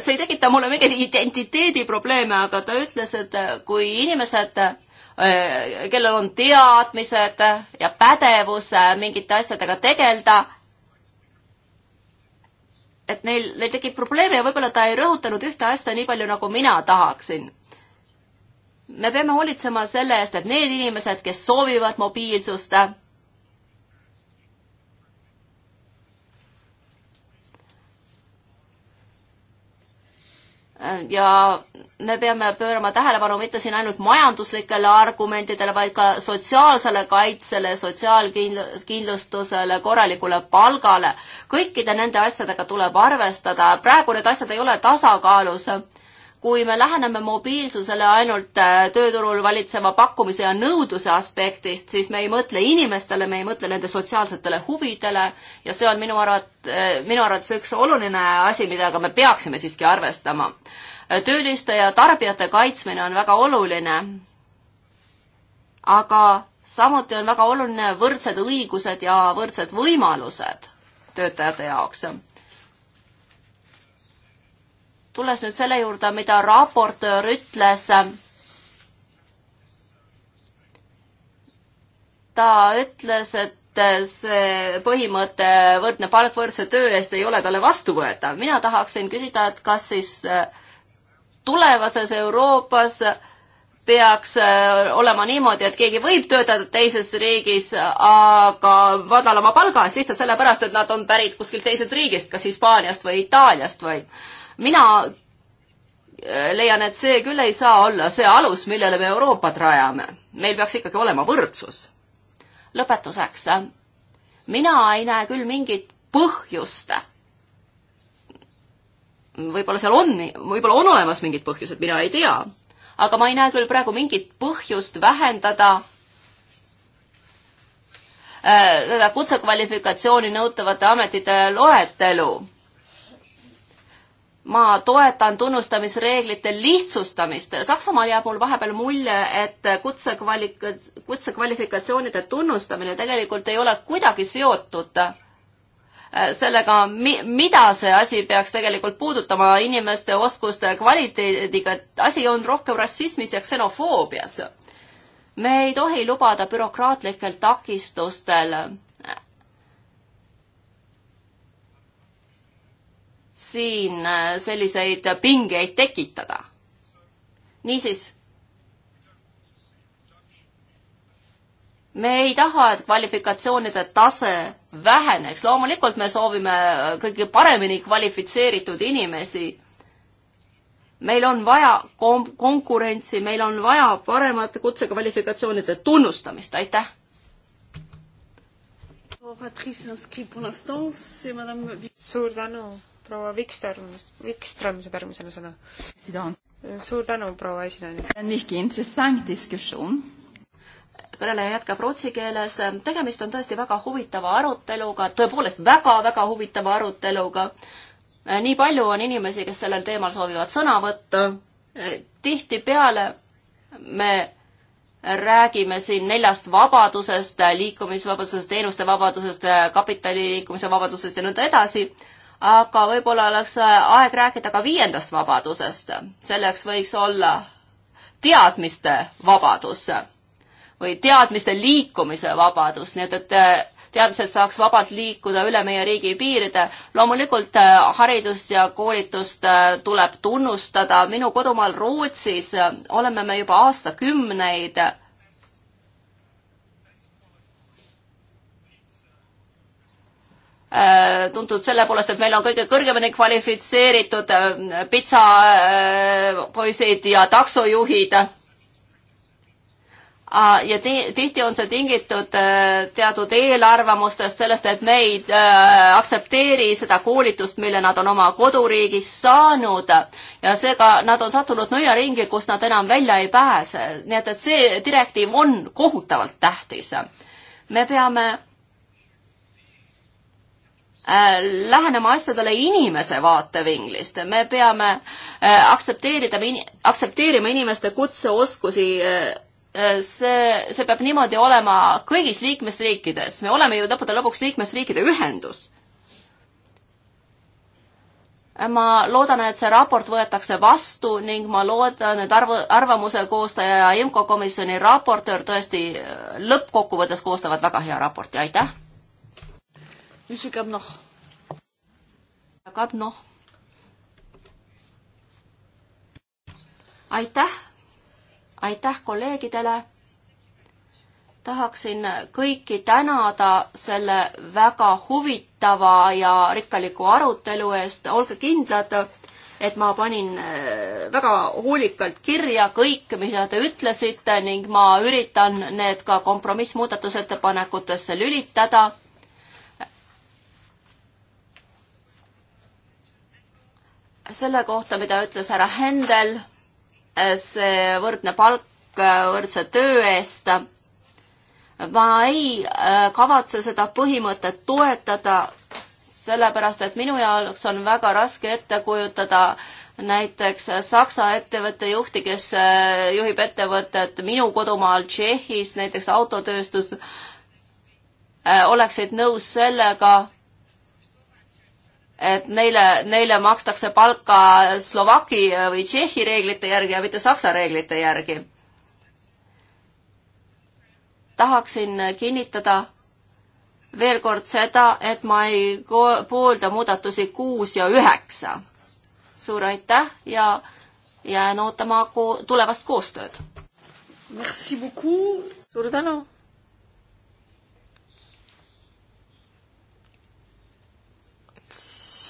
see ei tekita mulle mingeid identiteediprobleeme, aga ta ütles, et kui inimesed Äh, kellel on teadmised ja pädevus äh, mingite asjadega tegeleda, et neil, neil tekib probleeme ja võib-olla ta ei rõhutanud ühte asja nii palju, nagu mina tahaksin me peame hoolitsema selle eest, et need inimesed, kes soovivad mobiilsust, ja me peame pöörama tähelepanu mitte siin ainult majanduslikele argumentidele, vaid ka sotsiaalsele kaitsele, sotsiaalkindlustusele, korralikule palgale. kõikide nende asjadega tuleb arvestada, praegu need asjad ei ole tasakaalus kui me läheneme mobiilsusele ainult äh, tööturul valitseva pakkumise ja nõudluse aspektist, siis me ei mõtle inimestele, me ei mõtle nende sotsiaalsetele huvidele ja see on minu arvat-, äh, minu arvates üks oluline asi, millega me peaksime siiski arvestama. Äh, tööliste ja tarbijate kaitsmine on väga oluline, aga samuti on väga oluline võrdsed õigused ja võrdsed võimalused töötajate jaoks tulles nüüd selle juurde, mida raportöör ütles, ta ütles, et see põhimõte võrdne palk võrdse töö eest ei ole talle vastuvõetav. mina tahaksin küsida, et kas siis äh, tulevases Euroopas peaks äh, olema niimoodi, et keegi võib töötada teises riigis, aga madalama palga eest lihtsalt sellepärast, et nad on pärit kuskilt teisest riigist, kas Hispaaniast või Itaaliast või äh, mina äh, leian, et see küll ei saa olla see alus, millele me Euroopat rajame. meil peaks ikkagi olema võrdsus. lõpetuseks, mina ei näe küll mingit põhjust, võib-olla seal on, võib-olla on olemas mingid põhjused, mina ei tea, aga ma ei näe küll praegu mingit põhjust vähendada seda äh, kutsekvalifikatsiooni nõutavate ametite loetelu ma toetan tunnustamisreeglite lihtsustamist. Saksamaal jääb mul vahepeal mulje, et kutsekvalika-, kutsekvalifikatsioonide tunnustamine tegelikult ei ole kuidagi seotud äh, sellega, mi-, mida see asi peaks tegelikult puudutama inimeste oskuste kvaliteediga, et asi on rohkem rassismis ja ksenofoobias. me ei tohi lubada bürokraatlikel takistustel siin äh, selliseid pingeid tekitada. niisiis, me ei taha, et kvalifikatsioonide tase väheneks, loomulikult me soovime äh, kõige paremini kvalifitseeritud inimesi meil on vaja kom-, konkurentsi, meil on vaja paremat kutsekvalifikatsioonide tunnustamist, aitäh! suur tänu proua Vikström, Vikström saab järgmisena sõna. suur tänu, proua esinaine. kõneleja jätkab rootsi keeles. tegemist on tõesti väga huvitava aruteluga, tõepoolest väga-väga huvitava aruteluga. nii palju on inimesi, kes sellel teemal soovivad sõna võtta. tihtipeale me räägime siin neljast vabadusest, liikumisvabadusest, teenuste vabadusest, kapitali liikumise vabadusest ja nõnda edasi, aga võib-olla oleks aeg rääkida ka viiendast vabadusest. selleks võiks olla teadmiste vabadus või teadmiste liikumise vabadus, nii et, et äh, teadmised saaks vabalt liikuda üle meie riigi piiride. loomulikult äh, haridust ja koolitust äh, tuleb tunnustada. minu kodumaal Rootsis oleme me juba aastakümneid Äh, tuntud selle poolest, et meil on kõige kõrgemini kvalifitseeritud äh, pitsapoisid äh, ja taksojuhid. Ah, ja tihti on see tingitud teatud eelarvamustest, sellest, et me ei aktsepteeri seda koolitust, mille nad on oma koduriigis saanud ja seega nad on sattunud nõiaringi, kust nad enam välja ei pääse. nii et, et see direktiiv on kohutavalt tähtis. me peame Äh, lähenema asjadele inimese vaatevinglist, me peame äh, aktsepteerida, aktsepteerima inimeste kutseoskusi, äh, see, see peab niimoodi olema kõigis liikmesriikides, me oleme ju lõppude lõpuks liikmesriikide ühendus. ma loodan, et see raport võetakse vastu ning ma loodan, et arv-, arvamuse koostaja ja IMCO komisjoni raportöör tõesti lõppkokkuvõttes koostavad väga hea raporti, aitäh! Monsieur Cabnor. Cabnor. aitäh, aitäh kolleegidele. tahaksin kõiki tänada selle väga huvitava ja rikkaliku arutelu eest, olge kindlad, et ma panin äh, väga hoolikalt kirja kõik, mida te ütlesite ning ma üritan need ka kompromissmuudatusettepanekutesse lülitada selle kohta, mida ütles härra Händel, eh, see võrdne palk eh, võrdse töö eest. ma ei eh, kavatse seda põhimõtet toetada, sellepärast et minu jaoks on väga raske ette kujutada näiteks Saksa ettevõtte juhti, kes juhib ettevõtet minu kodumaal Tšehhis, näiteks autotööstus, oleksid nõus sellega, et neile, neile makstakse palka Slovaki või Tšehhi reeglite järgi ja mitte Saksa reeglite järgi. tahaksin kinnitada veel kord seda, et ma ei poolda muudatusi kuus ja üheksa. suur aitäh ja jään ootama ko tulevast koostööd. suur tänu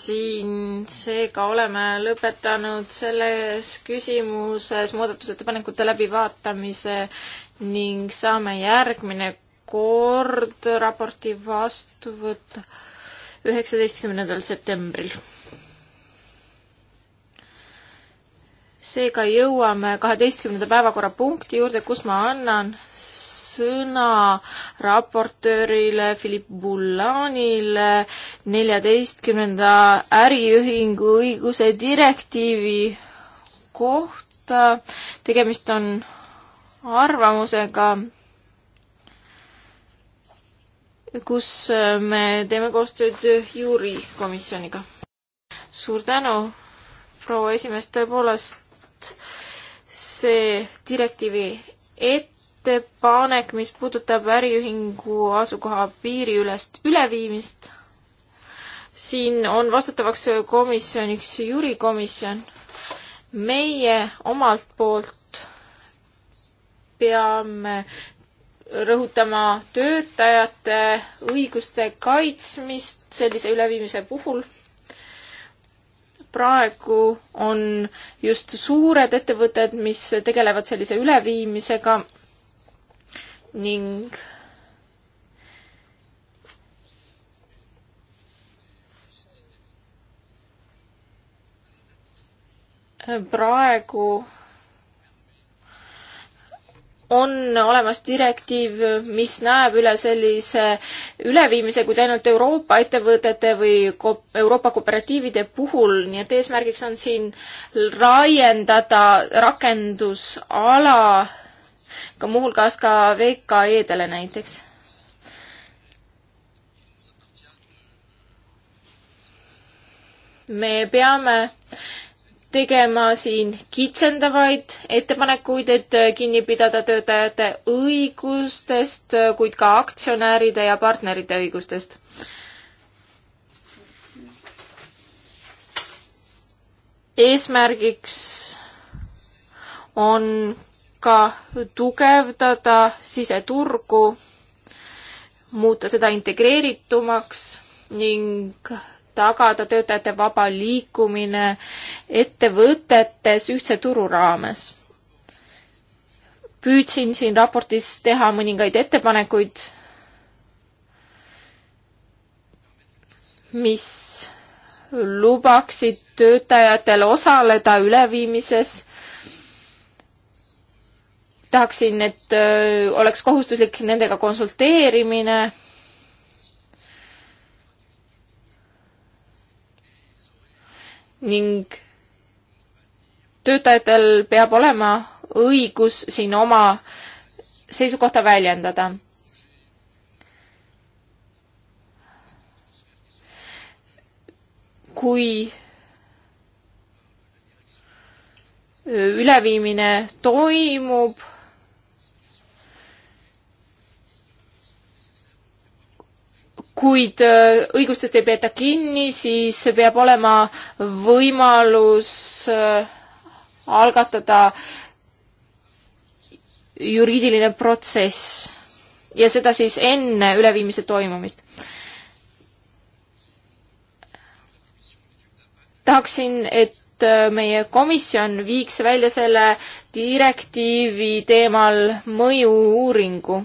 siin seega oleme lõpetanud selles küsimuses muudatusettepanekute läbivaatamise ning saame järgmine kord raporti vastu võtta üheksateistkümnendal septembril. seega jõuame kaheteistkümnenda päevakorrapunkti juurde, kus ma annan sõna raportöörile Philipp Bullanile neljateistkümnenda äriühingu õiguse direktiivi kohta. tegemist on arvamusega, kus me teeme koostööd juurikomisjoniga. suur tänu, proua esimees, tõepoolest see direktiivi et-, ettepanek, mis puudutab äriühingu asukoha piiriülest üleviimist. siin on vastutavaks komisjoniks juurikomisjon. meie omalt poolt peame rõhutama töötajate õiguste kaitsmist sellise üleviimise puhul praegu on just suured ettevõtted, mis tegelevad sellise üleviimisega ning praegu on olemas direktiiv, mis näeb üle sellise üleviimise, kuid ainult Euroopa ettevõtete või ko-, Euroopa kooperatiivide puhul, nii et eesmärgiks on siin laiendada rakendusala ka muuhulgas ka VKE-dele näiteks me peame tegema siin kitsendavaid ettepanekuid, et kinni pidada töötajate õigustest, kuid ka aktsionäride ja partnerite õigustest. eesmärgiks on ka tugevdada siseturgu, muuta seda integreeritumaks ning tagada töötajate vaba liikumine ettevõtetes ühtse turu raames. püüdsin siin raportis teha mõningaid ettepanekuid, mis lubaksid töötajatel osaleda üleviimises tahaksin, et äh, oleks kohustuslik nendega konsulteerimine. ning töötajatel peab olema õigus siin oma seisukohta väljendada kui äh, üleviimine toimub, kuid äh, õigustest ei peeta kinni, siis peab olema võimalus äh, algatada juriidiline protsess ja seda siis enne üleviimise toimumist. tahaksin, et äh, meie komisjon viiks välja selle direktiivi teemal mõju-uuringu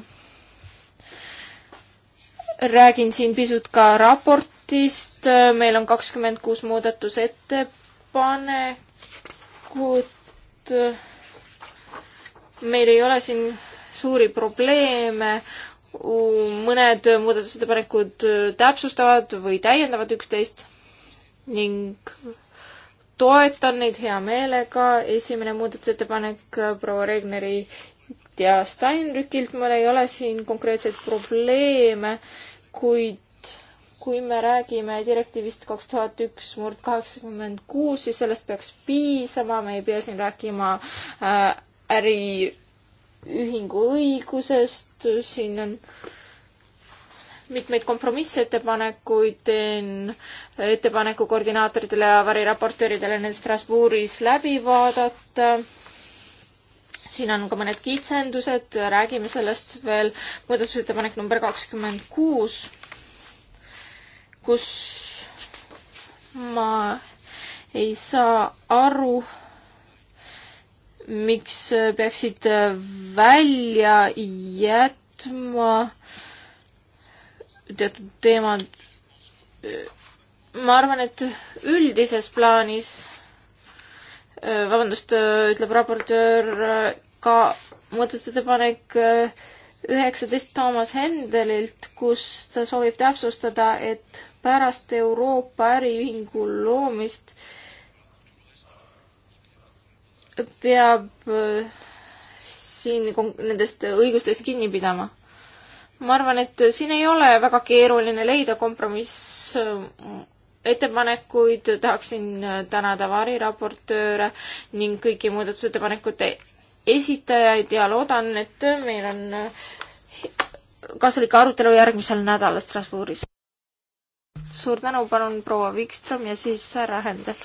räägin siin pisut ka raportist, meil on kakskümmend kuus muudatusettepanekut. meil ei ole siin suuri probleeme, mõned muudatusettepanekud täpsustavad või täiendavad üksteist ning toetan neid hea meelega. esimene muudatusettepanek proua Regneri ja Steinrückilt mul ei ole siin konkreetseid probleeme kuid kui me räägime direktiivist kaks tuhat üks murd kaheksakümmend kuus, siis sellest peaks piisama, me ei pea siin rääkima äh, äriühingu õigusest, siin on mitmeid kompromissettepanekuid, teen ettepaneku koordinaatoritele ja variraportööridele need Strasbourgis läbi vaadata siin on ka mõned kitsendused, räägime sellest veel. muudatusettepanek number kakskümmend kuus, kus ma ei saa aru, miks peaksid välja jätma teatud teemad. ma arvan, et üldises plaanis Äh, vabandust, äh, ütleb raportöör äh, ka muudatusettepanek üheksateist Toomas Hendelilt, kus ta soovib täpsustada, et pärast Euroopa äriühingu loomist peab siin nendest õigustest kinni pidama. ma arvan, et siin ei ole väga keeruline leida kompromiss ettepanekuid, tahaksin tänada variraportööre ning kõiki muudatusettepanekute esitajaid ja loodan, et meil on kasulik arutelu järgmisel nädalal Strasbourgis. suur tänu, palun proua Wikström ja siis härra Händel.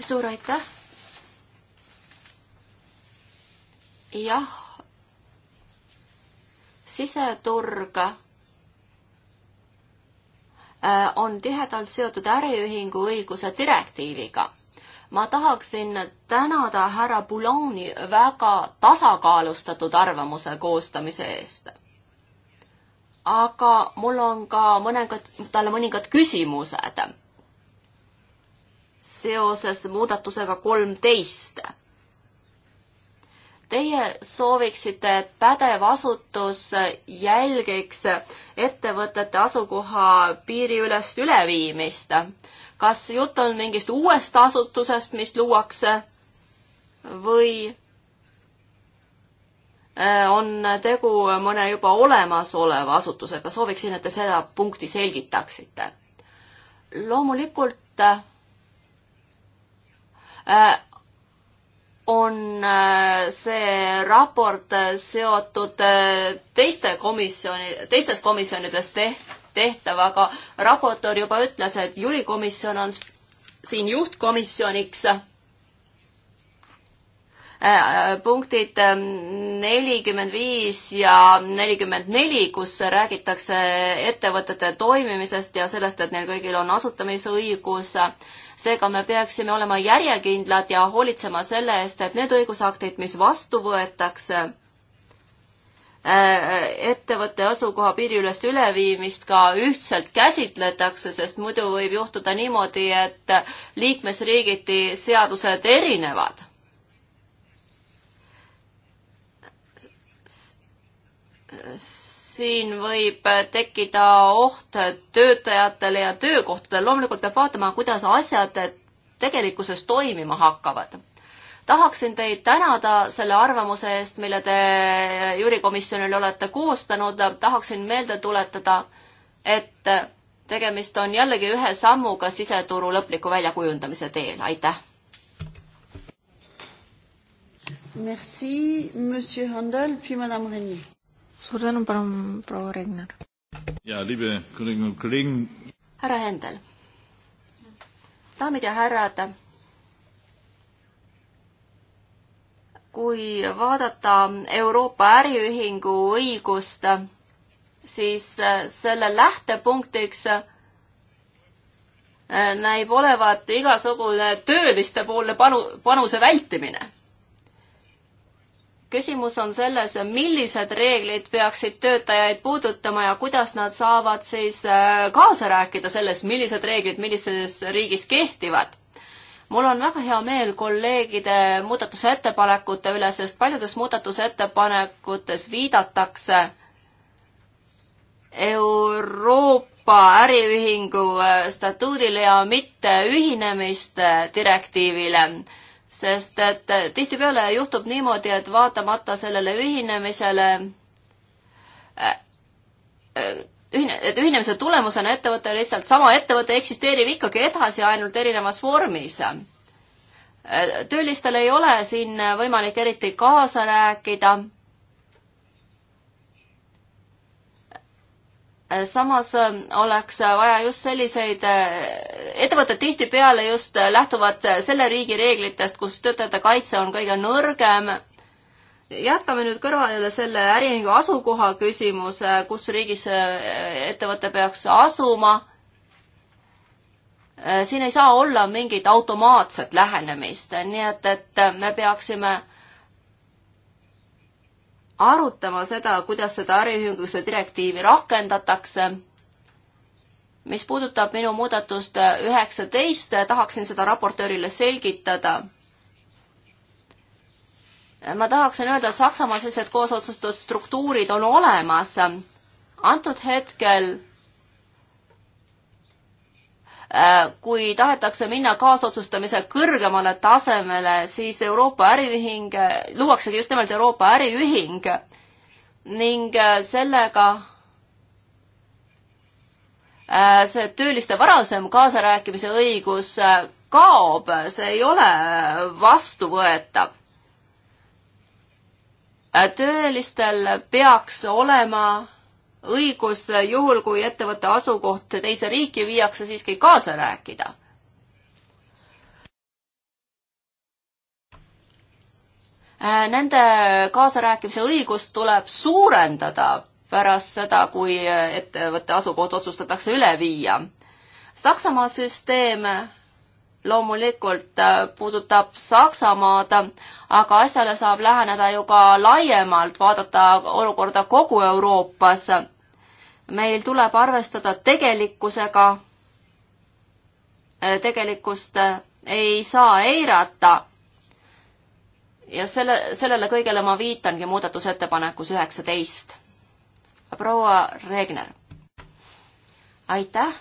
suur aitäh. jah, siseturg Äh, on tihedalt seotud äriühingu õiguse direktiiviga. ma tahaksin tänada härra Boulogne'i väga tasakaalustatud arvamuse koostamise eest. aga mul on ka mõningad, talle mõningad küsimused seoses muudatusega kolmteist Teie sooviksite, et pädev asutus jälgiks ettevõtete asukoha piiriülest üleviimist. kas jutt on mingist uuest asutusest, mis luuakse või äh, on tegu mõne juba olemasoleva asutusega, sooviksin, et te seda punkti selgitaksite. loomulikult äh, on äh, see raport äh, seotud äh, teiste komisjoni, teistes komisjonides teht-, tehtavaga. raportöör juba ütles, et jurikomisjon on siin juhtkomisjoniks Äh, äh, punktid ähm, nelikümmend viis ja nelikümmend neli, kus räägitakse ettevõtete toimimisest ja sellest, et neil kõigil on asutamisõigus. seega me peaksime olema järjekindlad ja hoolitsema selle eest, et need õigusaktid, mis vastu võetakse, äh, ettevõtte asukoha piiriülest üleviimist ka ühtselt käsitletakse, sest muidu võib juhtuda niimoodi, et liikmesriigiti seadused erinevad siin võib tekkida oht töötajatele ja töökohtadele. loomulikult peab vaatama, kuidas asjad tegelikkuses toimima hakkavad. tahaksin teid tänada selle arvamuse eest, mille te juurikomisjonile olete koostanud. tahaksin meelde tuletada, et tegemist on jällegi ühe sammuga siseturu lõpliku väljakujundamise teel. aitäh! Merci, Monsieur Handel, puis Madame Renier suur tänu, palun, proua Regner. ja, libe kolleegid, kolleegid. härra Hendel. daamid ja härrad. kui vaadata Euroopa äriühingu õigust, siis äh, selle lähtepunktiks äh, näib olevat igasugune tööliste poolne panu, panuse vältimine küsimus on selles, millised reeglid peaksid töötajaid puudutama ja kuidas nad saavad siis äh, kaasa rääkida selles, millised reeglid millises riigis kehtivad. mul on väga hea meel kolleegide muudatusettepanekute üle, sest paljudes muudatusettepanekutes viidatakse Euroopa äriühingu äh, statuudile ja mitteühinemiste direktiivile sest et tihtipeale juhtub niimoodi, et vaatamata sellele ühinemisele äh, äh, ühine, et ühinemise tulemusena ettevõte lihtsalt, sama ettevõte eksisteerib ikkagi edasi, ainult erinevas vormis. Äh, töölistel ei ole siin võimalik eriti kaasa rääkida Äh, samas äh, oleks äh, vaja just selliseid, ettevõtted tihtipeale just lähtuvad selle riigi reeglitest, kus töötajate kaitse on kõige nõrgem. jätkame nüüd kõrvale selle äriühingu asukoha küsimuse, kus riigis ettevõte peaks asuma. siin ei saa olla mingit automaatset lähenemist, nii et, et me peaksime arutama seda, kuidas seda äriühinguse direktiivi rakendatakse. mis puudutab minu muudatust üheksateist, tahaksin seda raportöörile selgitada. ma tahaksin öelda, et Saksamaal sellised koosotsustusstruktuurid on olemas. antud hetkel Äh, kui tahetakse minna kaasotsustamise kõrgemale tasemele, siis Euroopa äriühing, luuaksegi just nimelt Euroopa äriühing ning äh, sellega äh, see tööliste varasem kaasarääkimise õigus kaob, see ei ole vastuvõetav. töölistel peaks olema õigus juhul, kui ettevõtte asukoht teise riiki viiakse, siiski kaasa rääkida. Nende kaasarääkimise õigust tuleb suurendada pärast seda, kui ettevõtte asukoht otsustatakse üle viia. Saksamaa süsteem loomulikult puudutab Saksamaad, aga asjale saab läheneda ju ka laiemalt, vaadata olukorda kogu Euroopas meil tuleb arvestada tegelikkusega. Äh, tegelikkust äh, ei saa eirata. ja selle, sellele kõigele ma viitangi muudatusettepanekus üheksateist. proua Regner. aitäh.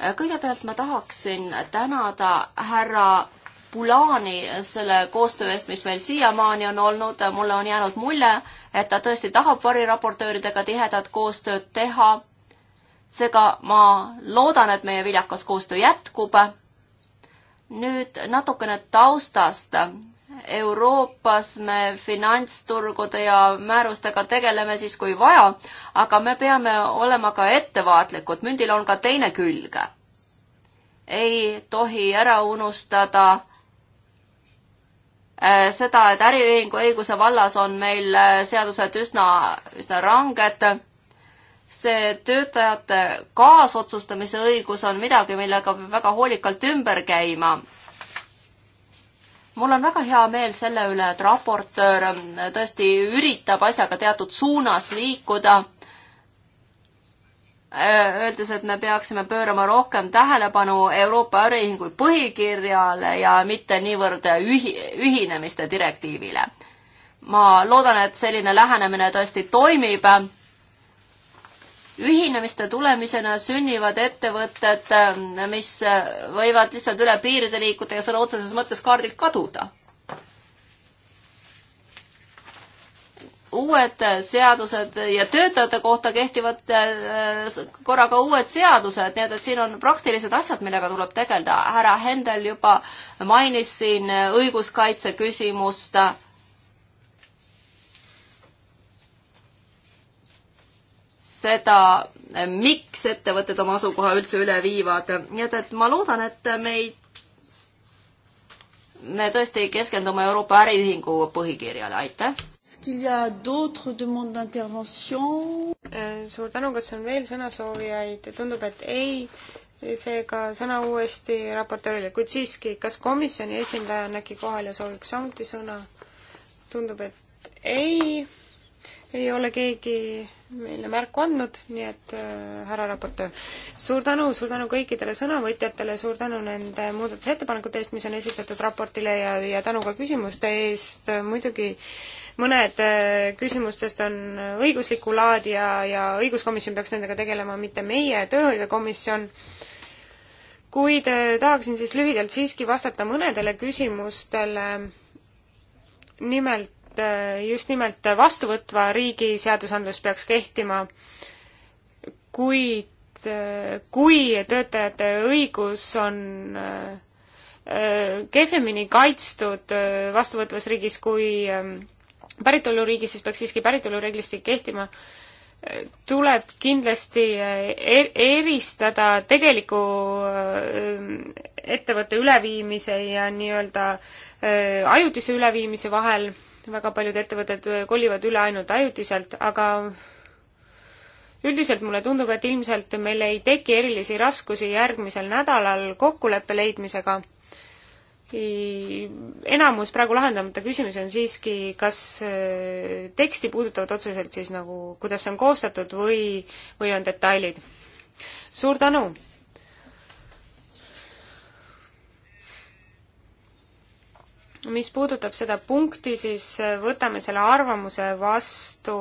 Äh, kõigepealt ma tahaksin tänada härra Pulaani selle koostöö eest, mis meil siiamaani on olnud, mulle on jäänud mulje, et ta tõesti tahab variraportööridega tihedat koostööd teha. seega ma loodan, et meie viljakas koostöö jätkub. nüüd natukene taustast. Euroopas me finantsturgude ja määrustega tegeleme siis, kui vaja, aga me peame olema ka ettevaatlikud, mündil on ka teine külg ei tohi ära unustada Äh, seda, et äriühingu õiguse vallas on meil äh, seadused üsna, üsna ranged. see töötajate kaasotsustamise õigus on midagi, millega peab väga hoolikalt ümber käima. mul on väga hea meel selle üle, et raportöör äh, tõesti üritab asjaga teatud suunas liikuda Äh, öeldes, et me peaksime pöörama rohkem tähelepanu Euroopa äriühingu põhikirjale ja mitte niivõrd ühi-, ühinemiste direktiivile. ma loodan, et selline lähenemine tõesti toimib. ühinemiste tulemisena sünnivad ettevõtted, mis võivad lihtsalt üle piiride liikuda ja sõna otseses mõttes kaardilt kaduda uued seadused ja töötajate kohta kehtivad äh, korraga uued seadused, nii et, et siin on praktilised asjad, millega tuleb tegeleda. härra Hendel juba mainis siin õiguskaitse küsimust. seda, miks ettevõtted oma asukoha üldse üle viivad, nii et, et ma loodan, et meid me tõesti keskendume Euroopa äriühingu põhikirjale, aitäh! qu'il y a d'autres demandes d'intervention? Eh, suur tänu, kas on veel sõnasoovijaid? tundub, et ei. seega sõna uuesti raportöörile, kuid siiski, kas komisjoni esindaja on äkki kohal ja sooviks samuti sõna? tundub, et ei, ei ole keegi meile märku andnud, nii et eh, härra äh, raportöör, suur tänu, suur tänu kõikidele sõnavõtjatele, suur tänu nende muudatusettepanekute eest, mis on esitatud raportile ja, ja tänu ka küsimuste eest, muidugi äh, mõned äh, küsimustest on õiguslikku laadi ja, ja õiguskomisjon peaks nendega tegelema, mitte meie, tööhõivekomisjon, kuid äh, tahaksin siis lühidalt siiski vastata mõnedele küsimustele, nimelt, äh, just nimelt vastuvõtva riigi seadusandlus peaks kehtima, kuid kui töötajate õigus on kehvemini kaitstud vastuvõtvas riigis kui ähm, päritoluriigis, siis peaks siiski päritolureeglistik kehtima tuleb kindlasti eh, er-, eristada tegeliku eh, ettevõtte üleviimise ja nii-öelda eh, ajutise üleviimise vahel, väga paljud ettevõtted kolivad üle ainult ajutiselt, aga üldiselt mulle tundub, et ilmselt meil ei teki erilisi raskusi järgmisel nädalal kokkuleppe leidmisega enamus praegu lahendamata küsimusi on siiski, kas äh, teksti puudutavad otseselt siis nagu, kuidas see on koostatud või, või on detailid. suur tänu! mis puudutab seda punkti, siis äh, võtame selle arvamuse vastu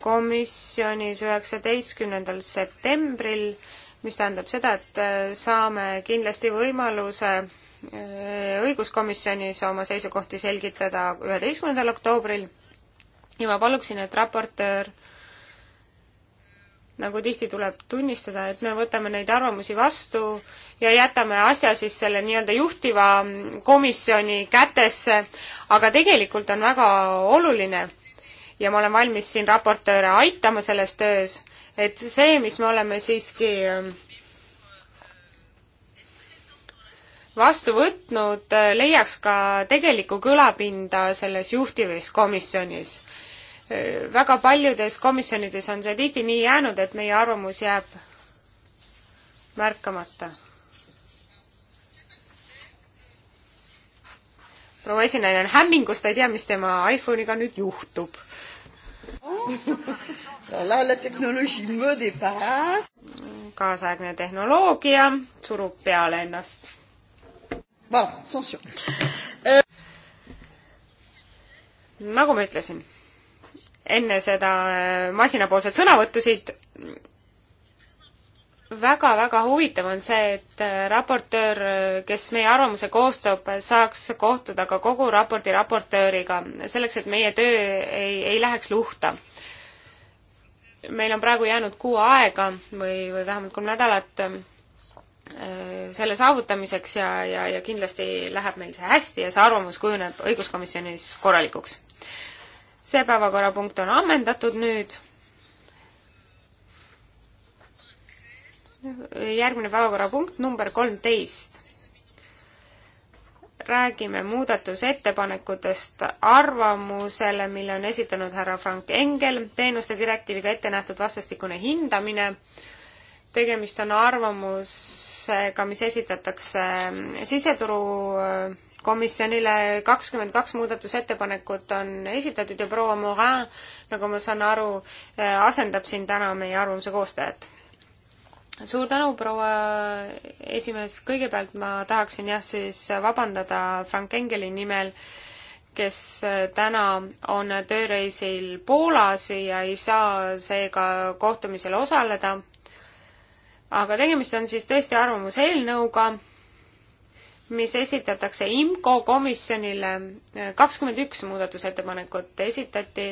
komisjonis üheksateistkümnendal septembril, mis tähendab seda, et äh, saame kindlasti võimaluse Äh, õiguskomisjonis oma seisukohti selgitada üheteistkümnendal oktoobril ja ma paluksin, et raportöör nagu tihti tuleb tunnistada, et me võtame neid arvamusi vastu ja jätame asja siis selle nii-öelda juhtiva komisjoni kätesse, aga tegelikult on väga oluline ja ma olen valmis siin raportööre aitama selles töös, et see, mis me oleme siiski ähm, vastu võtnud, äh, leiaks ka tegelikku kõlapinda selles juhtivas komisjonis. Äh, väga paljudes komisjonides on see tihti nii jäänud, et meie arvamus jääb märkamata. proua esinaine on hämmingus, ta ei tea, mis tema iPhone'iga nüüd juhtub kaasaegne tehnoloogia surub peale ennast Voilà, sanction. Äh, nagu ma ütlesin, enne seda äh, masinapoolset sõnavõttu siit väga-väga huvitav on see, et äh, raportöör, kes meie arvamuse koostab, saaks kohtuda ka kogu raporti raportööriga, selleks et meie töö ei, ei läheks luhta. meil on praegu jäänud kuu aega või, või vähemalt kolm nädalat Äh, selle saavutamiseks ja, ja, ja kindlasti läheb meil see hästi ja see arvamus kujuneb õiguskomisjonis korralikuks. see päevakorrapunkt on ammendatud nüüd. järgmine päevakorrapunkt, number kolmteist. räägime muudatusettepanekutest arvamusele, mille on esitanud härra Frank Engel, teenuste direktiiviga ette nähtud vastastikune hindamine äh, tegemist on arvamusega, mis esitatakse siseturu äh, komisjonile kakskümmend kaks muudatusettepanekut on esitatud ja proua Morin, nagu ma saan aru, äh, asendab siin täna meie arvamuse koostajat. suur tänu, proua esimees, kõigepealt ma tahaksin jah, siis vabandada Frank Engeli nimel, kes äh, täna on tööreisil Poolas ja ei saa seega kohtumisel osaleda aga tegemist on siis tõesti arvamuseelnõuga, mis esitatakse IMCO komisjonile, kakskümmend üks muudatusettepanekut esitati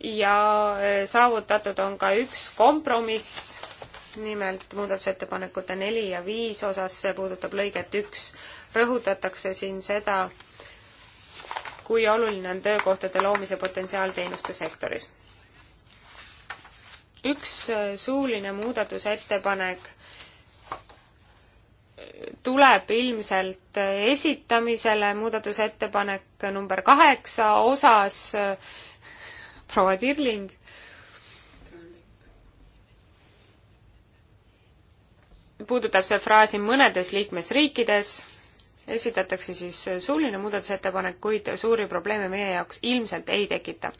ja e, saavutatud on ka üks kompromiss, nimelt muudatusettepanekute neli ja viis osas, see puudutab lõiget üks, rõhutatakse siin seda, kui oluline on töökohtade loomise potentsiaal teenuste sektoris üks suuline muudatusettepanek tuleb ilmselt esitamisele muudatusettepanek number kaheksa osas proua Tirling. puudutab see fraasi mõnedes liikmesriikides, esitatakse siis suuline muudatusettepanek, kuid suuri probleeme meie jaoks ilmselt ei tekita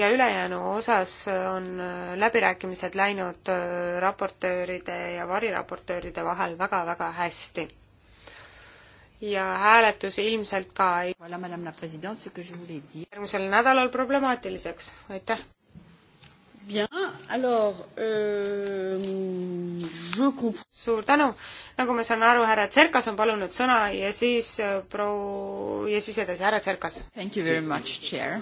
ja ülejäänu osas on äh, läbirääkimised läinud äh, raportööride ja variraportööride vahel väga-väga hästi. ja hääletus ilmselt ka ei järgmisel nädalal problemaatiliseks, aitäh! Bien, alors euh, je comprends. suur tänu, nagu ma saan aru, härra Tserkas on palunud sõna ja siis äh, proua ja siis edasi, härra Tserkas. Thank you very much, chair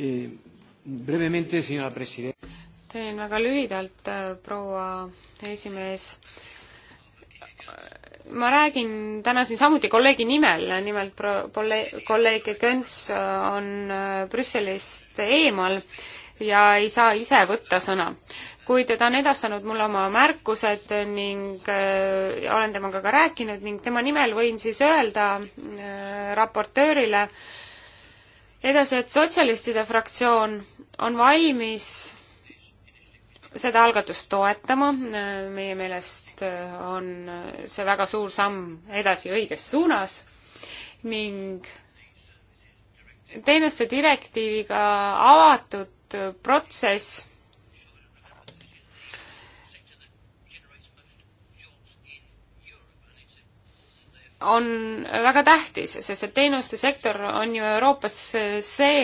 Eh, brevemente, senora president. teen väga lühidalt, äh, proua esimees. ma räägin täna siin samuti kolleegi nimel, nimelt pro-, kolleeg Könts äh, on äh, Brüsselist eemal ja ei saa ise võtta sõna. kuid ta on edastanud mulle oma märkused ning äh, olen temaga ka rääkinud ning tema nimel võin siis öelda äh, raportöörile äh, edasi, et sotsialistide fraktsioon on valmis seda algatust toetama, meie meelest on see väga suur samm edasi õiges suunas ning teenuste direktiiviga avatud protsess on väga tähtis, sest et teenuste sektor on ju Euroopas see,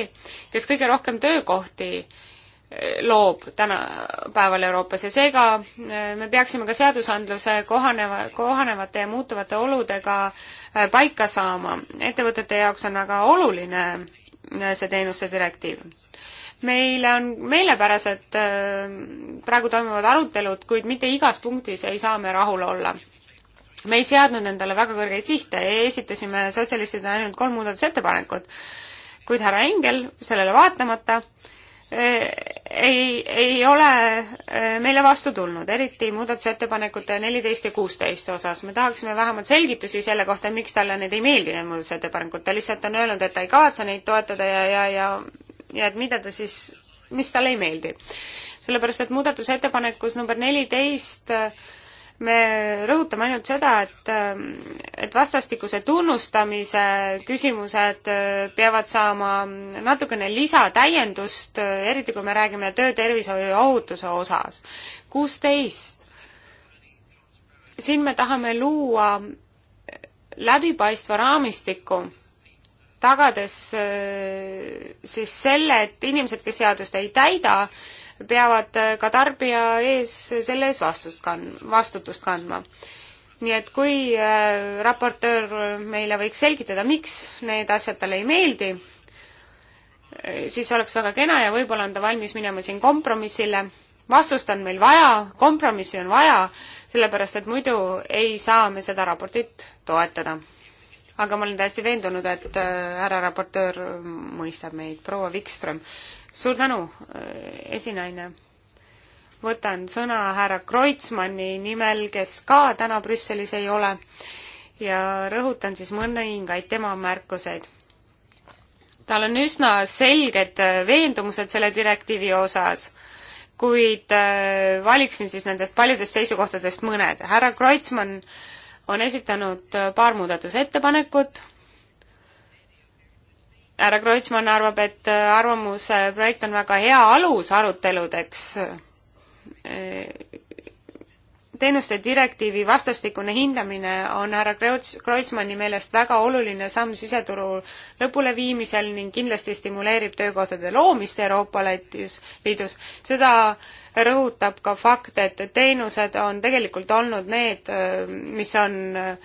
kes kõige rohkem töökohti eh, loob tänapäeval Euroopas ja seega eh, me peaksime ka seadusandluse kohaneva, kohanevate ja muutuvate oludega eh, paika saama. ettevõtete jaoks on väga oluline see teenuste direktiiv meile on meelepärased praegu toimuvad arutelud, kuid mitte igas punktis ei saa me rahul olla me ei seadnud endale väga kõrgeid sihte ja esitasime sotsialistidele ainult kolm muudatusettepanekut. kuid härra Engel sellele vaatamata eh, ei, ei ole eh, meile vastu tulnud, eriti muudatusettepanekute neliteist ja kuusteist osas. me tahaksime vähemalt selgitusi selle kohta, miks talle need ei meeldi, need muudatusettepanekud. ta lihtsalt on öelnud, et ta ei kavatse neid toetada ja, ja, ja, ja et mida ta siis, mis talle ei meeldi. sellepärast, et muudatusettepanekus number neliteist 14 eh, me rõhutame ainult seda, et, ähm, et vastastikuse tunnustamise küsimused äh, peavad saama natukene lisatäiendust, äh, eriti kui me räägime töötervishoiu ja ohutuse osas. kuusteist. siin me tahame luua läbipaistva raamistiku tagades äh, siis selle, et inimesed, kes seadust ei täida, peavad äh, ka tarbija ees, selle ees vastust kan-, vastutust kandma. nii et kui äh, raportöör meile võiks selgitada, miks need asjad talle ei meeldi, äh, siis oleks väga kena ja võib-olla on ta valmis minema siin kompromissile. vastust on meil vaja, kompromissi on vaja, sellepärast et muidu ei saa me seda raportit toetada. aga ma olen täiesti veendunud, et härra raportöör mõistab meid, proua Vikström suur tänu, äh, esinaine. võtan sõna härra Kreutzmanni nimel, kes ka täna Brüsselis ei ole ja rõhutan siis mõningaid tema märkuseid. tal on üsna selged äh, veendumused selle direktiivi osas kuid äh, valiksin siis nendest paljudest seisukohtadest mõned. härra Kreutzmann on esitanud paar muudatusettepanekut härra Kreutzmann arvab, et äh, arvamuse projekt on väga hea alus aruteludeks äh, teenuste direktiivi vastastikune hindamine on härra Kreutzmanni meelest väga oluline samm siseturu lõpuleviimisel ning kindlasti stimuleerib töökohtade loomist Euroopa Liidus. seda rõhutab ka fakt, et teenused on tegelikult olnud need, äh, mis on äh,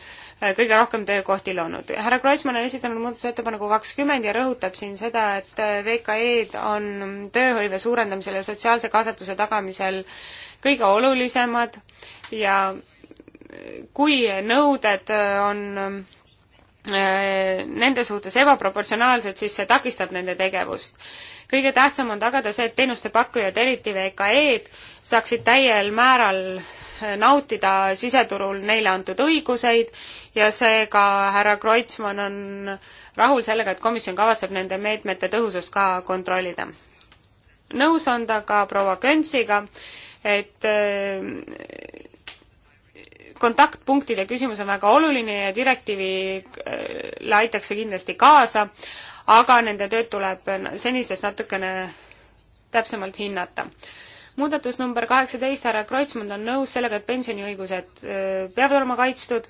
kõige rohkem töökohti loonud. härra Kreutzmann on esitanud muudatusettepaneku kakskümmend ja rõhutab siin seda, et VKE-d on tööhõive suurendamisel ja sotsiaalse kaasatuse tagamisel kõige olulisemad ja kui nõuded on äh, nende suhtes ebaproportsionaalsed, siis see takistab nende tegevust. kõige tähtsam on tagada see, et teenustepakkujad, eriti VKE-d, saaksid täiel määral nautida siseturul neile antud õiguseid ja seega härra Kreutzmann on rahul sellega, et komisjon kavatseb nende meetmete tõhusust ka kontrollida. nõus on ta ka proua Könsiga, et äh, kontaktpunktide küsimus on väga oluline ja direktiivile äh, aitakse kindlasti kaasa, aga nende tööd tuleb senisest natukene täpsemalt hinnata muudatus number kaheksateist, härra Kreutzmann on nõus sellega, et pensioniõigused äh, peavad olema kaitstud,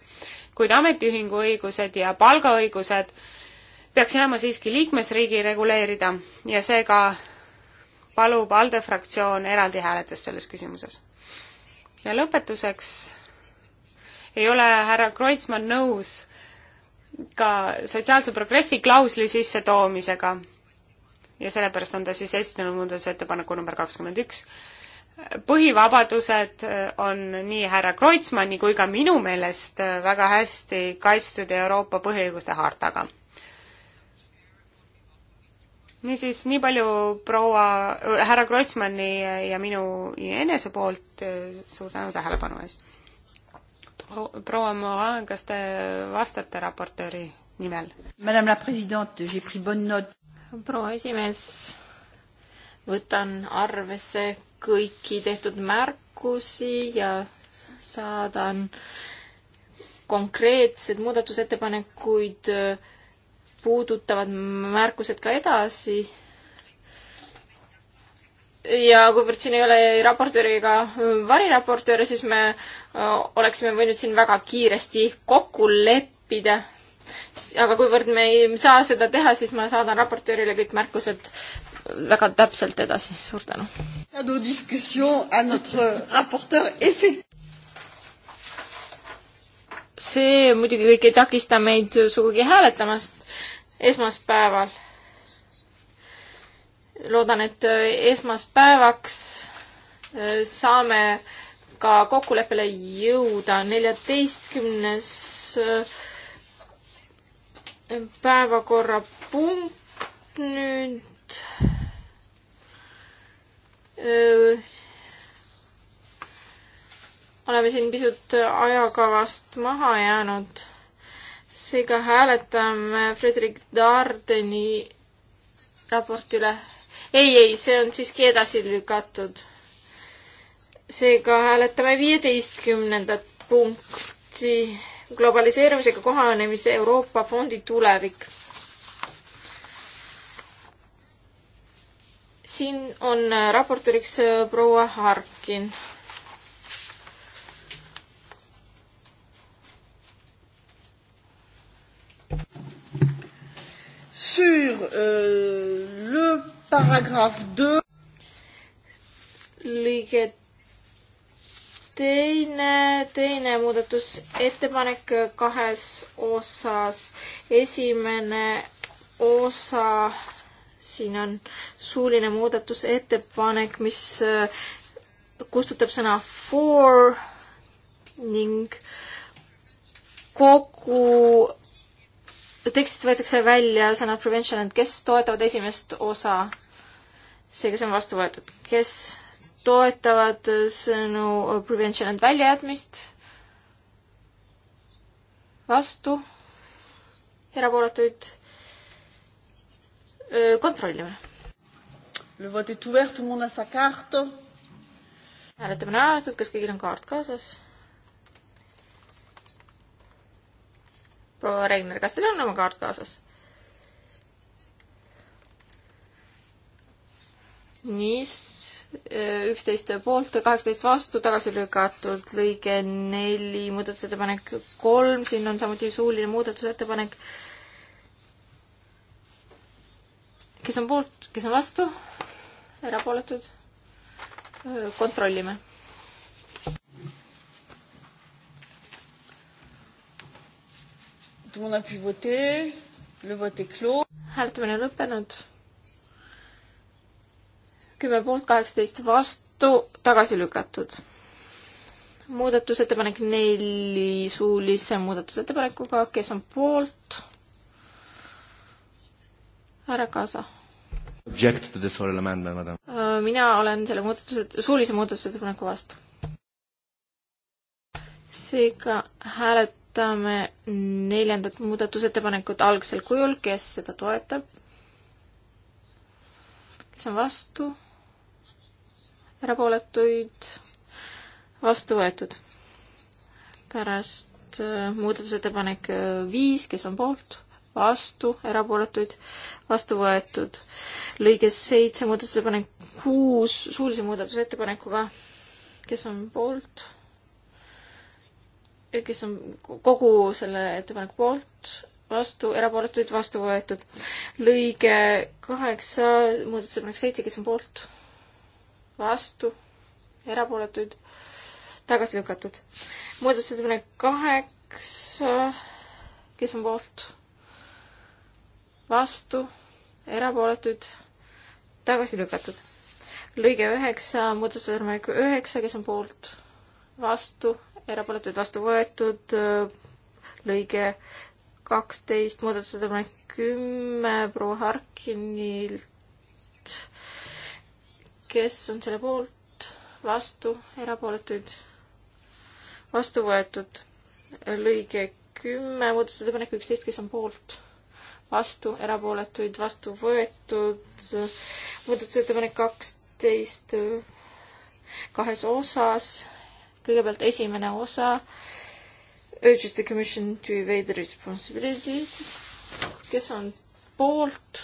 kuid ametiühingu õigused ja palgaõigused peaks jääma siiski liikmesriigi reguleerida ja seega palub ALDE fraktsioon eraldi hääletust selles küsimuses. ja lõpetuseks ei ole härra Kreutzmann nõus ka sotsiaalse progressi klausli sissetoomisega. ja sellepärast on ta siis esitanud muudatusettepaneku number kakskümmend üks põhivabadused äh, on nii härra Kreutzmanni kui ka minu meelest äh, väga hästi kaitstud Euroopa põhiõiguste hartaga. niisiis, nii palju proua äh,, härra Kreutzmanni ja minu enese poolt äh, suur tänu tähelepanu eest Pro,. proua Moran, kas te vastate raportööri nimel? proua esimees, võtan arvesse kõiki tehtud märkusi ja saadan konkreetsed muudatusettepanekuid puudutavad märkused ka edasi. ja kuivõrd siin ei ole raportööri ega variraportööre, siis me oleksime võinud siin väga kiiresti kokku leppida. aga kuivõrd me ei saa seda teha, siis ma saadan raportöörile kõik märkused väga täpselt edasi, suur tänu. see muidugi kõik ei takista meid sugugi hääletamast esmaspäeval. loodan, et esmaspäevaks äh, saame ka kokkuleppele jõuda. neljateistkümnes äh, päevakorrapunkt nüüd oleme siin pisut ajakavast maha jäänud. seega hääletame Fredrik Dardeni raporti üle. ei, ei, see on siiski edasi lükatud. seega hääletame viieteistkümnendat punkti globaliseerumisega kohanemise Euroopa Fondi tulevik siin on äh, raportööriks äh, proua Harkin. Sur euh, le paragraphe 2 lõige teine, teine muudatusettepanek kahes osas. esimene osa siin on suuline muudatusettepanek, mis äh, kustutab sõna for ning kogu tekstist võetakse välja sõnad prevention and kes toetavad esimest osa. seega see on vastu võetud. kes toetavad sõnu prevention and väljajätmist? vastu? erapooletuid kontrollime. hääletamine on avatud, kas kõigil on kaart kaasas? proua Regner, kas teil on oma kaart kaasas? niis, üksteist poolt, kaheksateist vastu, tagasi lükatud, lõige neli, muudatusettepanek kolm, siin on samuti suuline muudatusettepanek äh, kes on poolt, kes on vastu, erapooletud, kontrollime. hääletamine on lõppenud. kümme poolt, kaheksateist vastu, tagasi lükatud. muudatusettepanek neli suulise muudatusettepanekuga, kes on poolt? ära kaasa Äh, mina olen selle muudatuse, suulise muudatusettepaneku vastu. seega hääletame neljandat muudatusettepanekut algsel kujul, kes seda toetab? kes on vastu? erapooletuid? vastu võetud. pärast äh, muudatusettepanek äh, viis, kes on poolt? vastu, erapooletuid, vastu võetud. lõige seitse, muudatusettepanek kuus, suulise muudatusettepanekuga, kes on poolt, kes on kogu selle ettepaneku poolt, vastu, erapooletuid, vastu võetud. lõige kaheksa, muudatusettepanek seitse, kes on poolt, vastu, erapooletuid, tagasi lükatud. muudatusettepanek kaheksa, kes on poolt vastu, erapooletuid, tagasi lükatud. lõige üheksa, muudatusettepanek üheksa, kes on poolt, vastu, erapooletuid vastu võetud, lõige kaksteist, muudatusettepanek kümme proua Harkinilt. kes on selle poolt, vastu, erapooletuid? vastu võetud lõige kümme, muudatusettepanek üksteist, kes on poolt, vastu, erapooletuid vastu võetud. muudatusettepanek kaksteist äh, kahes osas. kõigepealt esimene osa. Urges the commission to evade the responsibilities. kes on poolt,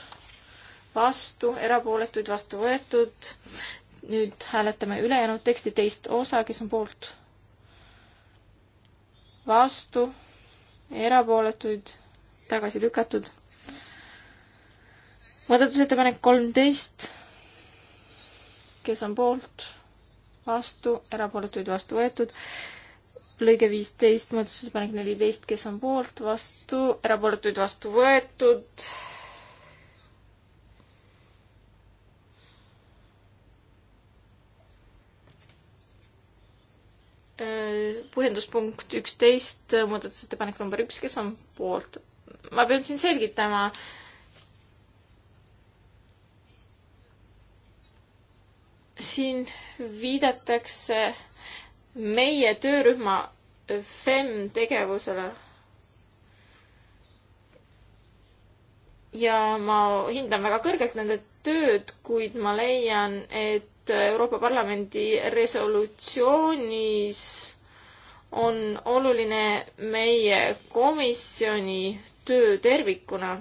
vastu, erapooletuid vastu võetud. nüüd hääletame ülejäänud teksti teist osa, kes on poolt, vastu, erapooletuid tagasi lükatud muudatusettepanek kolmteist, kes on poolt, vastu, erapooletuid vastu võetud. lõige viisteist, muudatusettepanek neliteist, kes on poolt, vastu, erapooletuid vastu võetud. Äh, põhjenduspunkt üksteist, muudatusettepanek number üks, kes on poolt? ma pean siin selgitama äh, siin viidatakse meie töörühma FEM tegevusele. ja ma hindan väga kõrgelt nende tööd, kuid ma leian, et Euroopa Parlamendi resolutsioonis on oluline meie komisjoni töö tervikuna.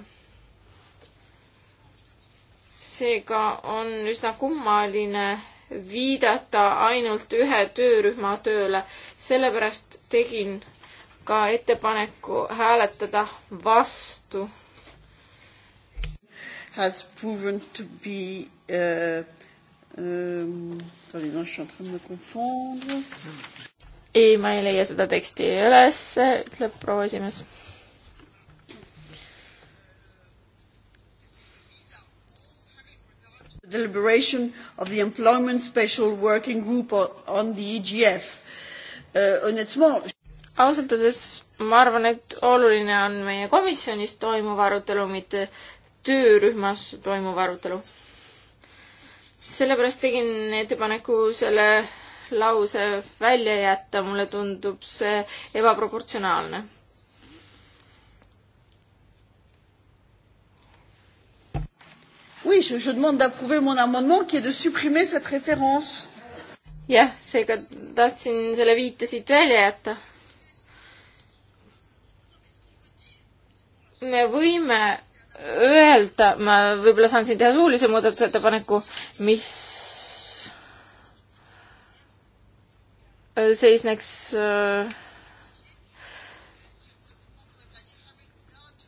seega on üsna kummaline viidata ainult ühe töörühma tööle, sellepärast tegin ka ettepaneku hääletada vastu. Has proven to be uh, um, Attendez, non, je suis en train de me confondre. ei, ma ei leia seda teksti ülesse, ütleb proua esimees deliberation of the Employment Special Working Group on the EGF. honnêtement. Uh, ausalt öeldes ma arvan, et oluline on meie komisjonis toimuv arutelu, mitte töörühmas toimuv arutelu. sellepärast tegin ettepaneku selle lause välja jätta, mulle tundub see ebaproportsionaalne oui, je, je demande d'approuver mon amendement qui est de supprimer cette référence. jah, seega tahtsin selle viite siit välja jätta. me võime öelda, ma võib-olla saan siin teha suulise muudatusettepaneku, mis seisneks äh,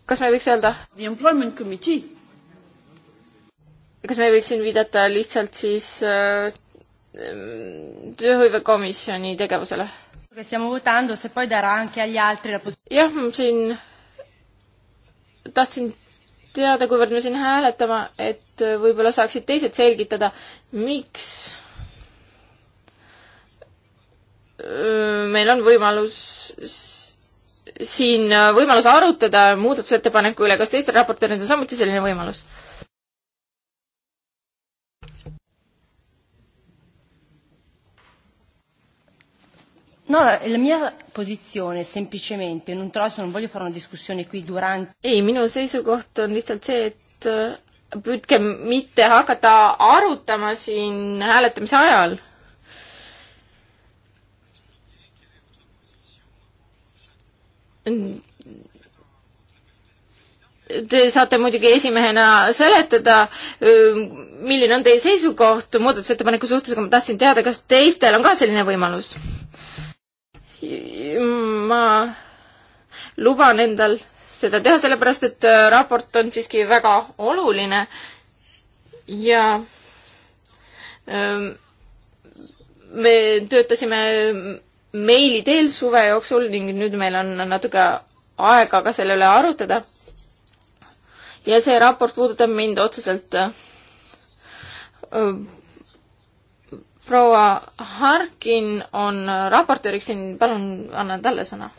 kas me võiks öelda? The employment committee kas me ei võiks siin viidata lihtsalt siis äh, tööhõivekomisjoni tegevusele? jah, siin tahtsin teada, kuivõrd me siin hääletame, et võib-olla saaksid teised selgitada, miks äh, meil on võimalus siin võimalus arutada muudatusettepaneku üle, kas teistel raportööridel on samuti selline võimalus? No, la mia positsioone semplicemente, non trovo, non voglio fare una discussione qui durante. ei, minu seisukoht on lihtsalt see, et äh, püüdke mitte hakata arutama siin hääletamise ajal. Te saate muidugi esimehena seletada, äh, milline on teie seisukoht muudatusettepaneku suhtes, aga ma tahtsin teada, kas teistel on ka selline võimalus? ma luban endal seda teha, sellepärast et äh, raport on siiski väga oluline ja ähm, me töötasime meili teel suve jooksul ning nüüd meil on natuke aega ka selle üle arutada. ja see raport puudutab mind otseselt äh, proua Harkin on raportööriks siin, palun annan talle sõna.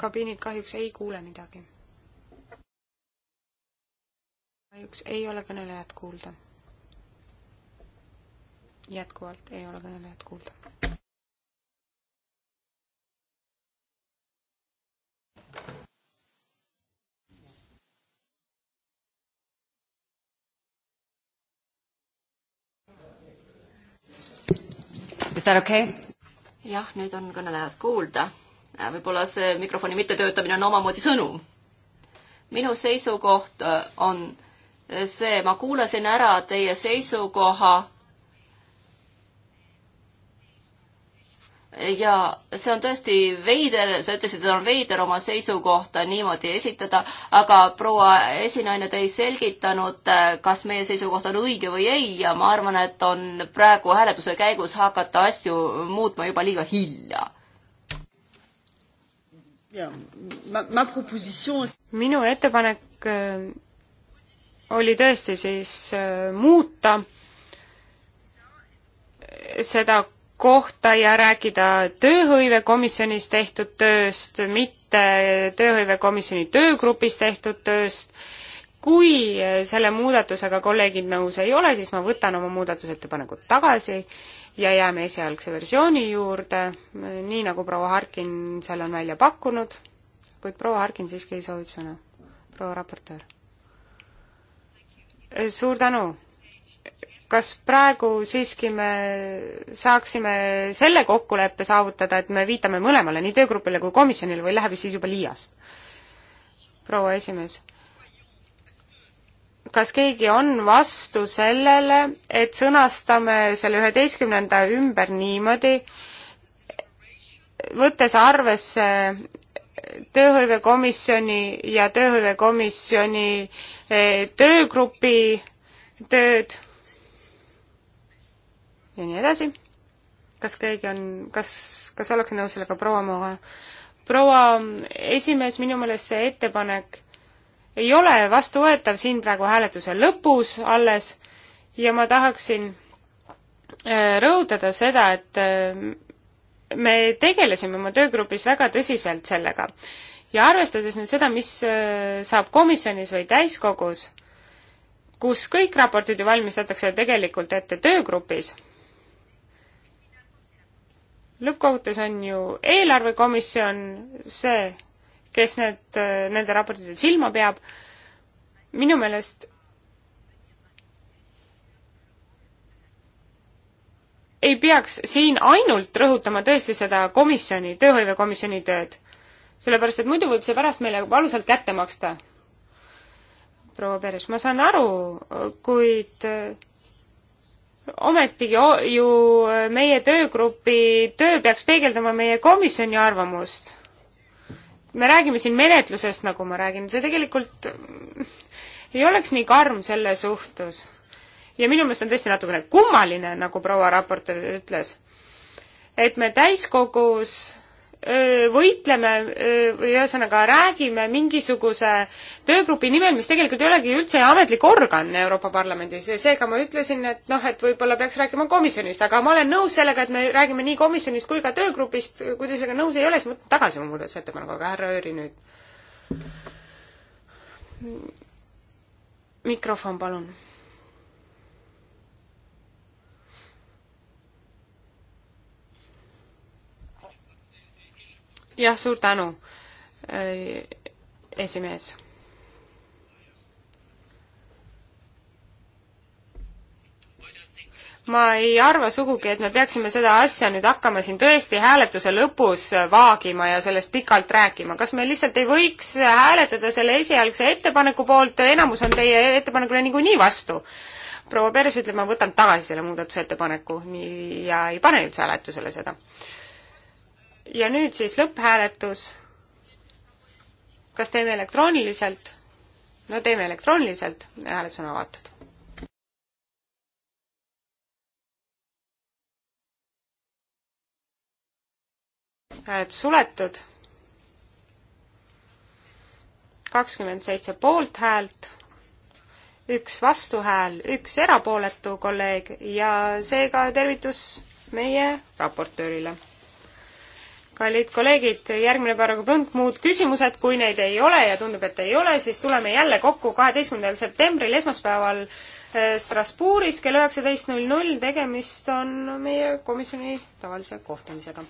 kabiinid kahjuks ei kuule midagi. kahjuks ei ole kõnelejat kuulda. jätkuvalt ei ole kõnelejat kuulda Is that okay? jah, nüüd on kõnelejad kuulda. Äh, võib-olla see mikrofoni mittetöötamine on omamoodi sõnum. minu seisukoht äh, on äh, see, ma kuulasin ära teie seisukoha ja see on tõesti veider, sa ütlesid, et on veider oma seisukohta niimoodi esitada, aga proua esinaine, te ei selgitanud, kas meie seisukoht on õige või ei ja ma arvan, et on praegu hääletuse käigus hakata asju muutma juba liiga hilja. minu ettepanek äh, oli tõesti siis äh, muuta seda kohta ja rääkida tööhõivekomisjonis tehtud tööst, mitte tööhõivekomisjoni töögrupis tehtud tööst. kui selle muudatusega kolleegid nõus ei ole, siis ma võtan oma muudatusettepanekud tagasi ja jääme esialgse versiooni juurde, nii nagu proua Harkin seal on välja pakkunud, kuid proua Harkin siiski soovib sõna. proua raportöör. suur tänu kas praegu siiski me saaksime selle kokkuleppe saavutada, et me viitame mõlemale, nii töögrupile kui komisjonile või läheb siis juba liiast? proua esimees. kas keegi on vastu sellele, et sõnastame selle üheteistkümnenda ümber niimoodi, võttes arvesse tööhõivekomisjoni ja tööhõivekomisjoni eh, töögrupi tööd ja nii edasi. kas keegi on, kas, kas ollakse nõus sellega proua Moa? proua esimees, minu meelest see ettepanek ei ole vastuvõetav siin praegu hääletuse lõpus alles ja ma tahaksin äh, rõhutada seda, et äh, me tegelesime oma töögrupis väga tõsiselt sellega. ja arvestades nüüd seda, mis äh, saab komisjonis või täiskogus, kus kõik raportid ju valmistatakse tegelikult ette töögrupis lõppkokkuvõttes on ju eelarvekomisjon see, kes need, nende raportite silma peab. minu meelest ei peaks siin ainult rõhutama tõesti seda komisjoni, tööhõivekomisjoni tööd. sellepärast, et muidu võib see pärast meile valusalt kätte maksta. proua Peres, ma saan aru, kuid ometigi ju meie töögrupi töö peaks peegeldama meie komisjoni arvamust. me räägime siin menetlusest, nagu ma räägin, see tegelikult ei oleks nii karm selle suhtes. ja minu meelest on tõesti natukene kummaline, nagu proua raportöör ütles, et me täiskogus võitleme või ühesõnaga räägime mingisuguse töögrupi nimel, mis tegelikult ei olegi üldse ametlik organ Euroopa Parlamendis ja seega ma ütlesin, et noh, et võib-olla peaks rääkima komisjonist, aga ma olen nõus sellega, et me räägime nii komisjonist kui ka töögrupist, kui te sellega nõus ei ole, siis ma tagasi oma muudatusettepaneku, aga härra Ööri nüüd. mikrofon, palun jah, suur tänu, e, esimees ma ei arva sugugi, et me peaksime seda asja nüüd hakkama siin tõesti hääletuse lõpus vaagima ja sellest pikalt rääkima. kas me lihtsalt ei võiks hääletada selle esialgse ettepaneku poolt, enamus on teie ettepanekule niikuinii vastu? proua Peres ütleb, ma võtan tagasi selle muudatusettepaneku nii ja ei pane üldse hääletusele seda ja nüüd siis lõpphääletus. kas teeme elektrooniliselt? no teeme elektrooniliselt, hääletus on avatud. hääletus suletud. kakskümmend seitse poolthäält, üks vastuhääl, üks erapooletu kolleeg ja seega tervitus meie raportöörile kallid kolleegid, järgmine päevakorrapunkt, muud küsimused, kui neid ei ole ja tundub, et ei ole, siis tuleme jälle kokku kaheteistkümnendal septembril, esmaspäeval äh, Strasbourgis kell üheksateist null null, tegemist on meie komisjoni tavalise kohtumisega.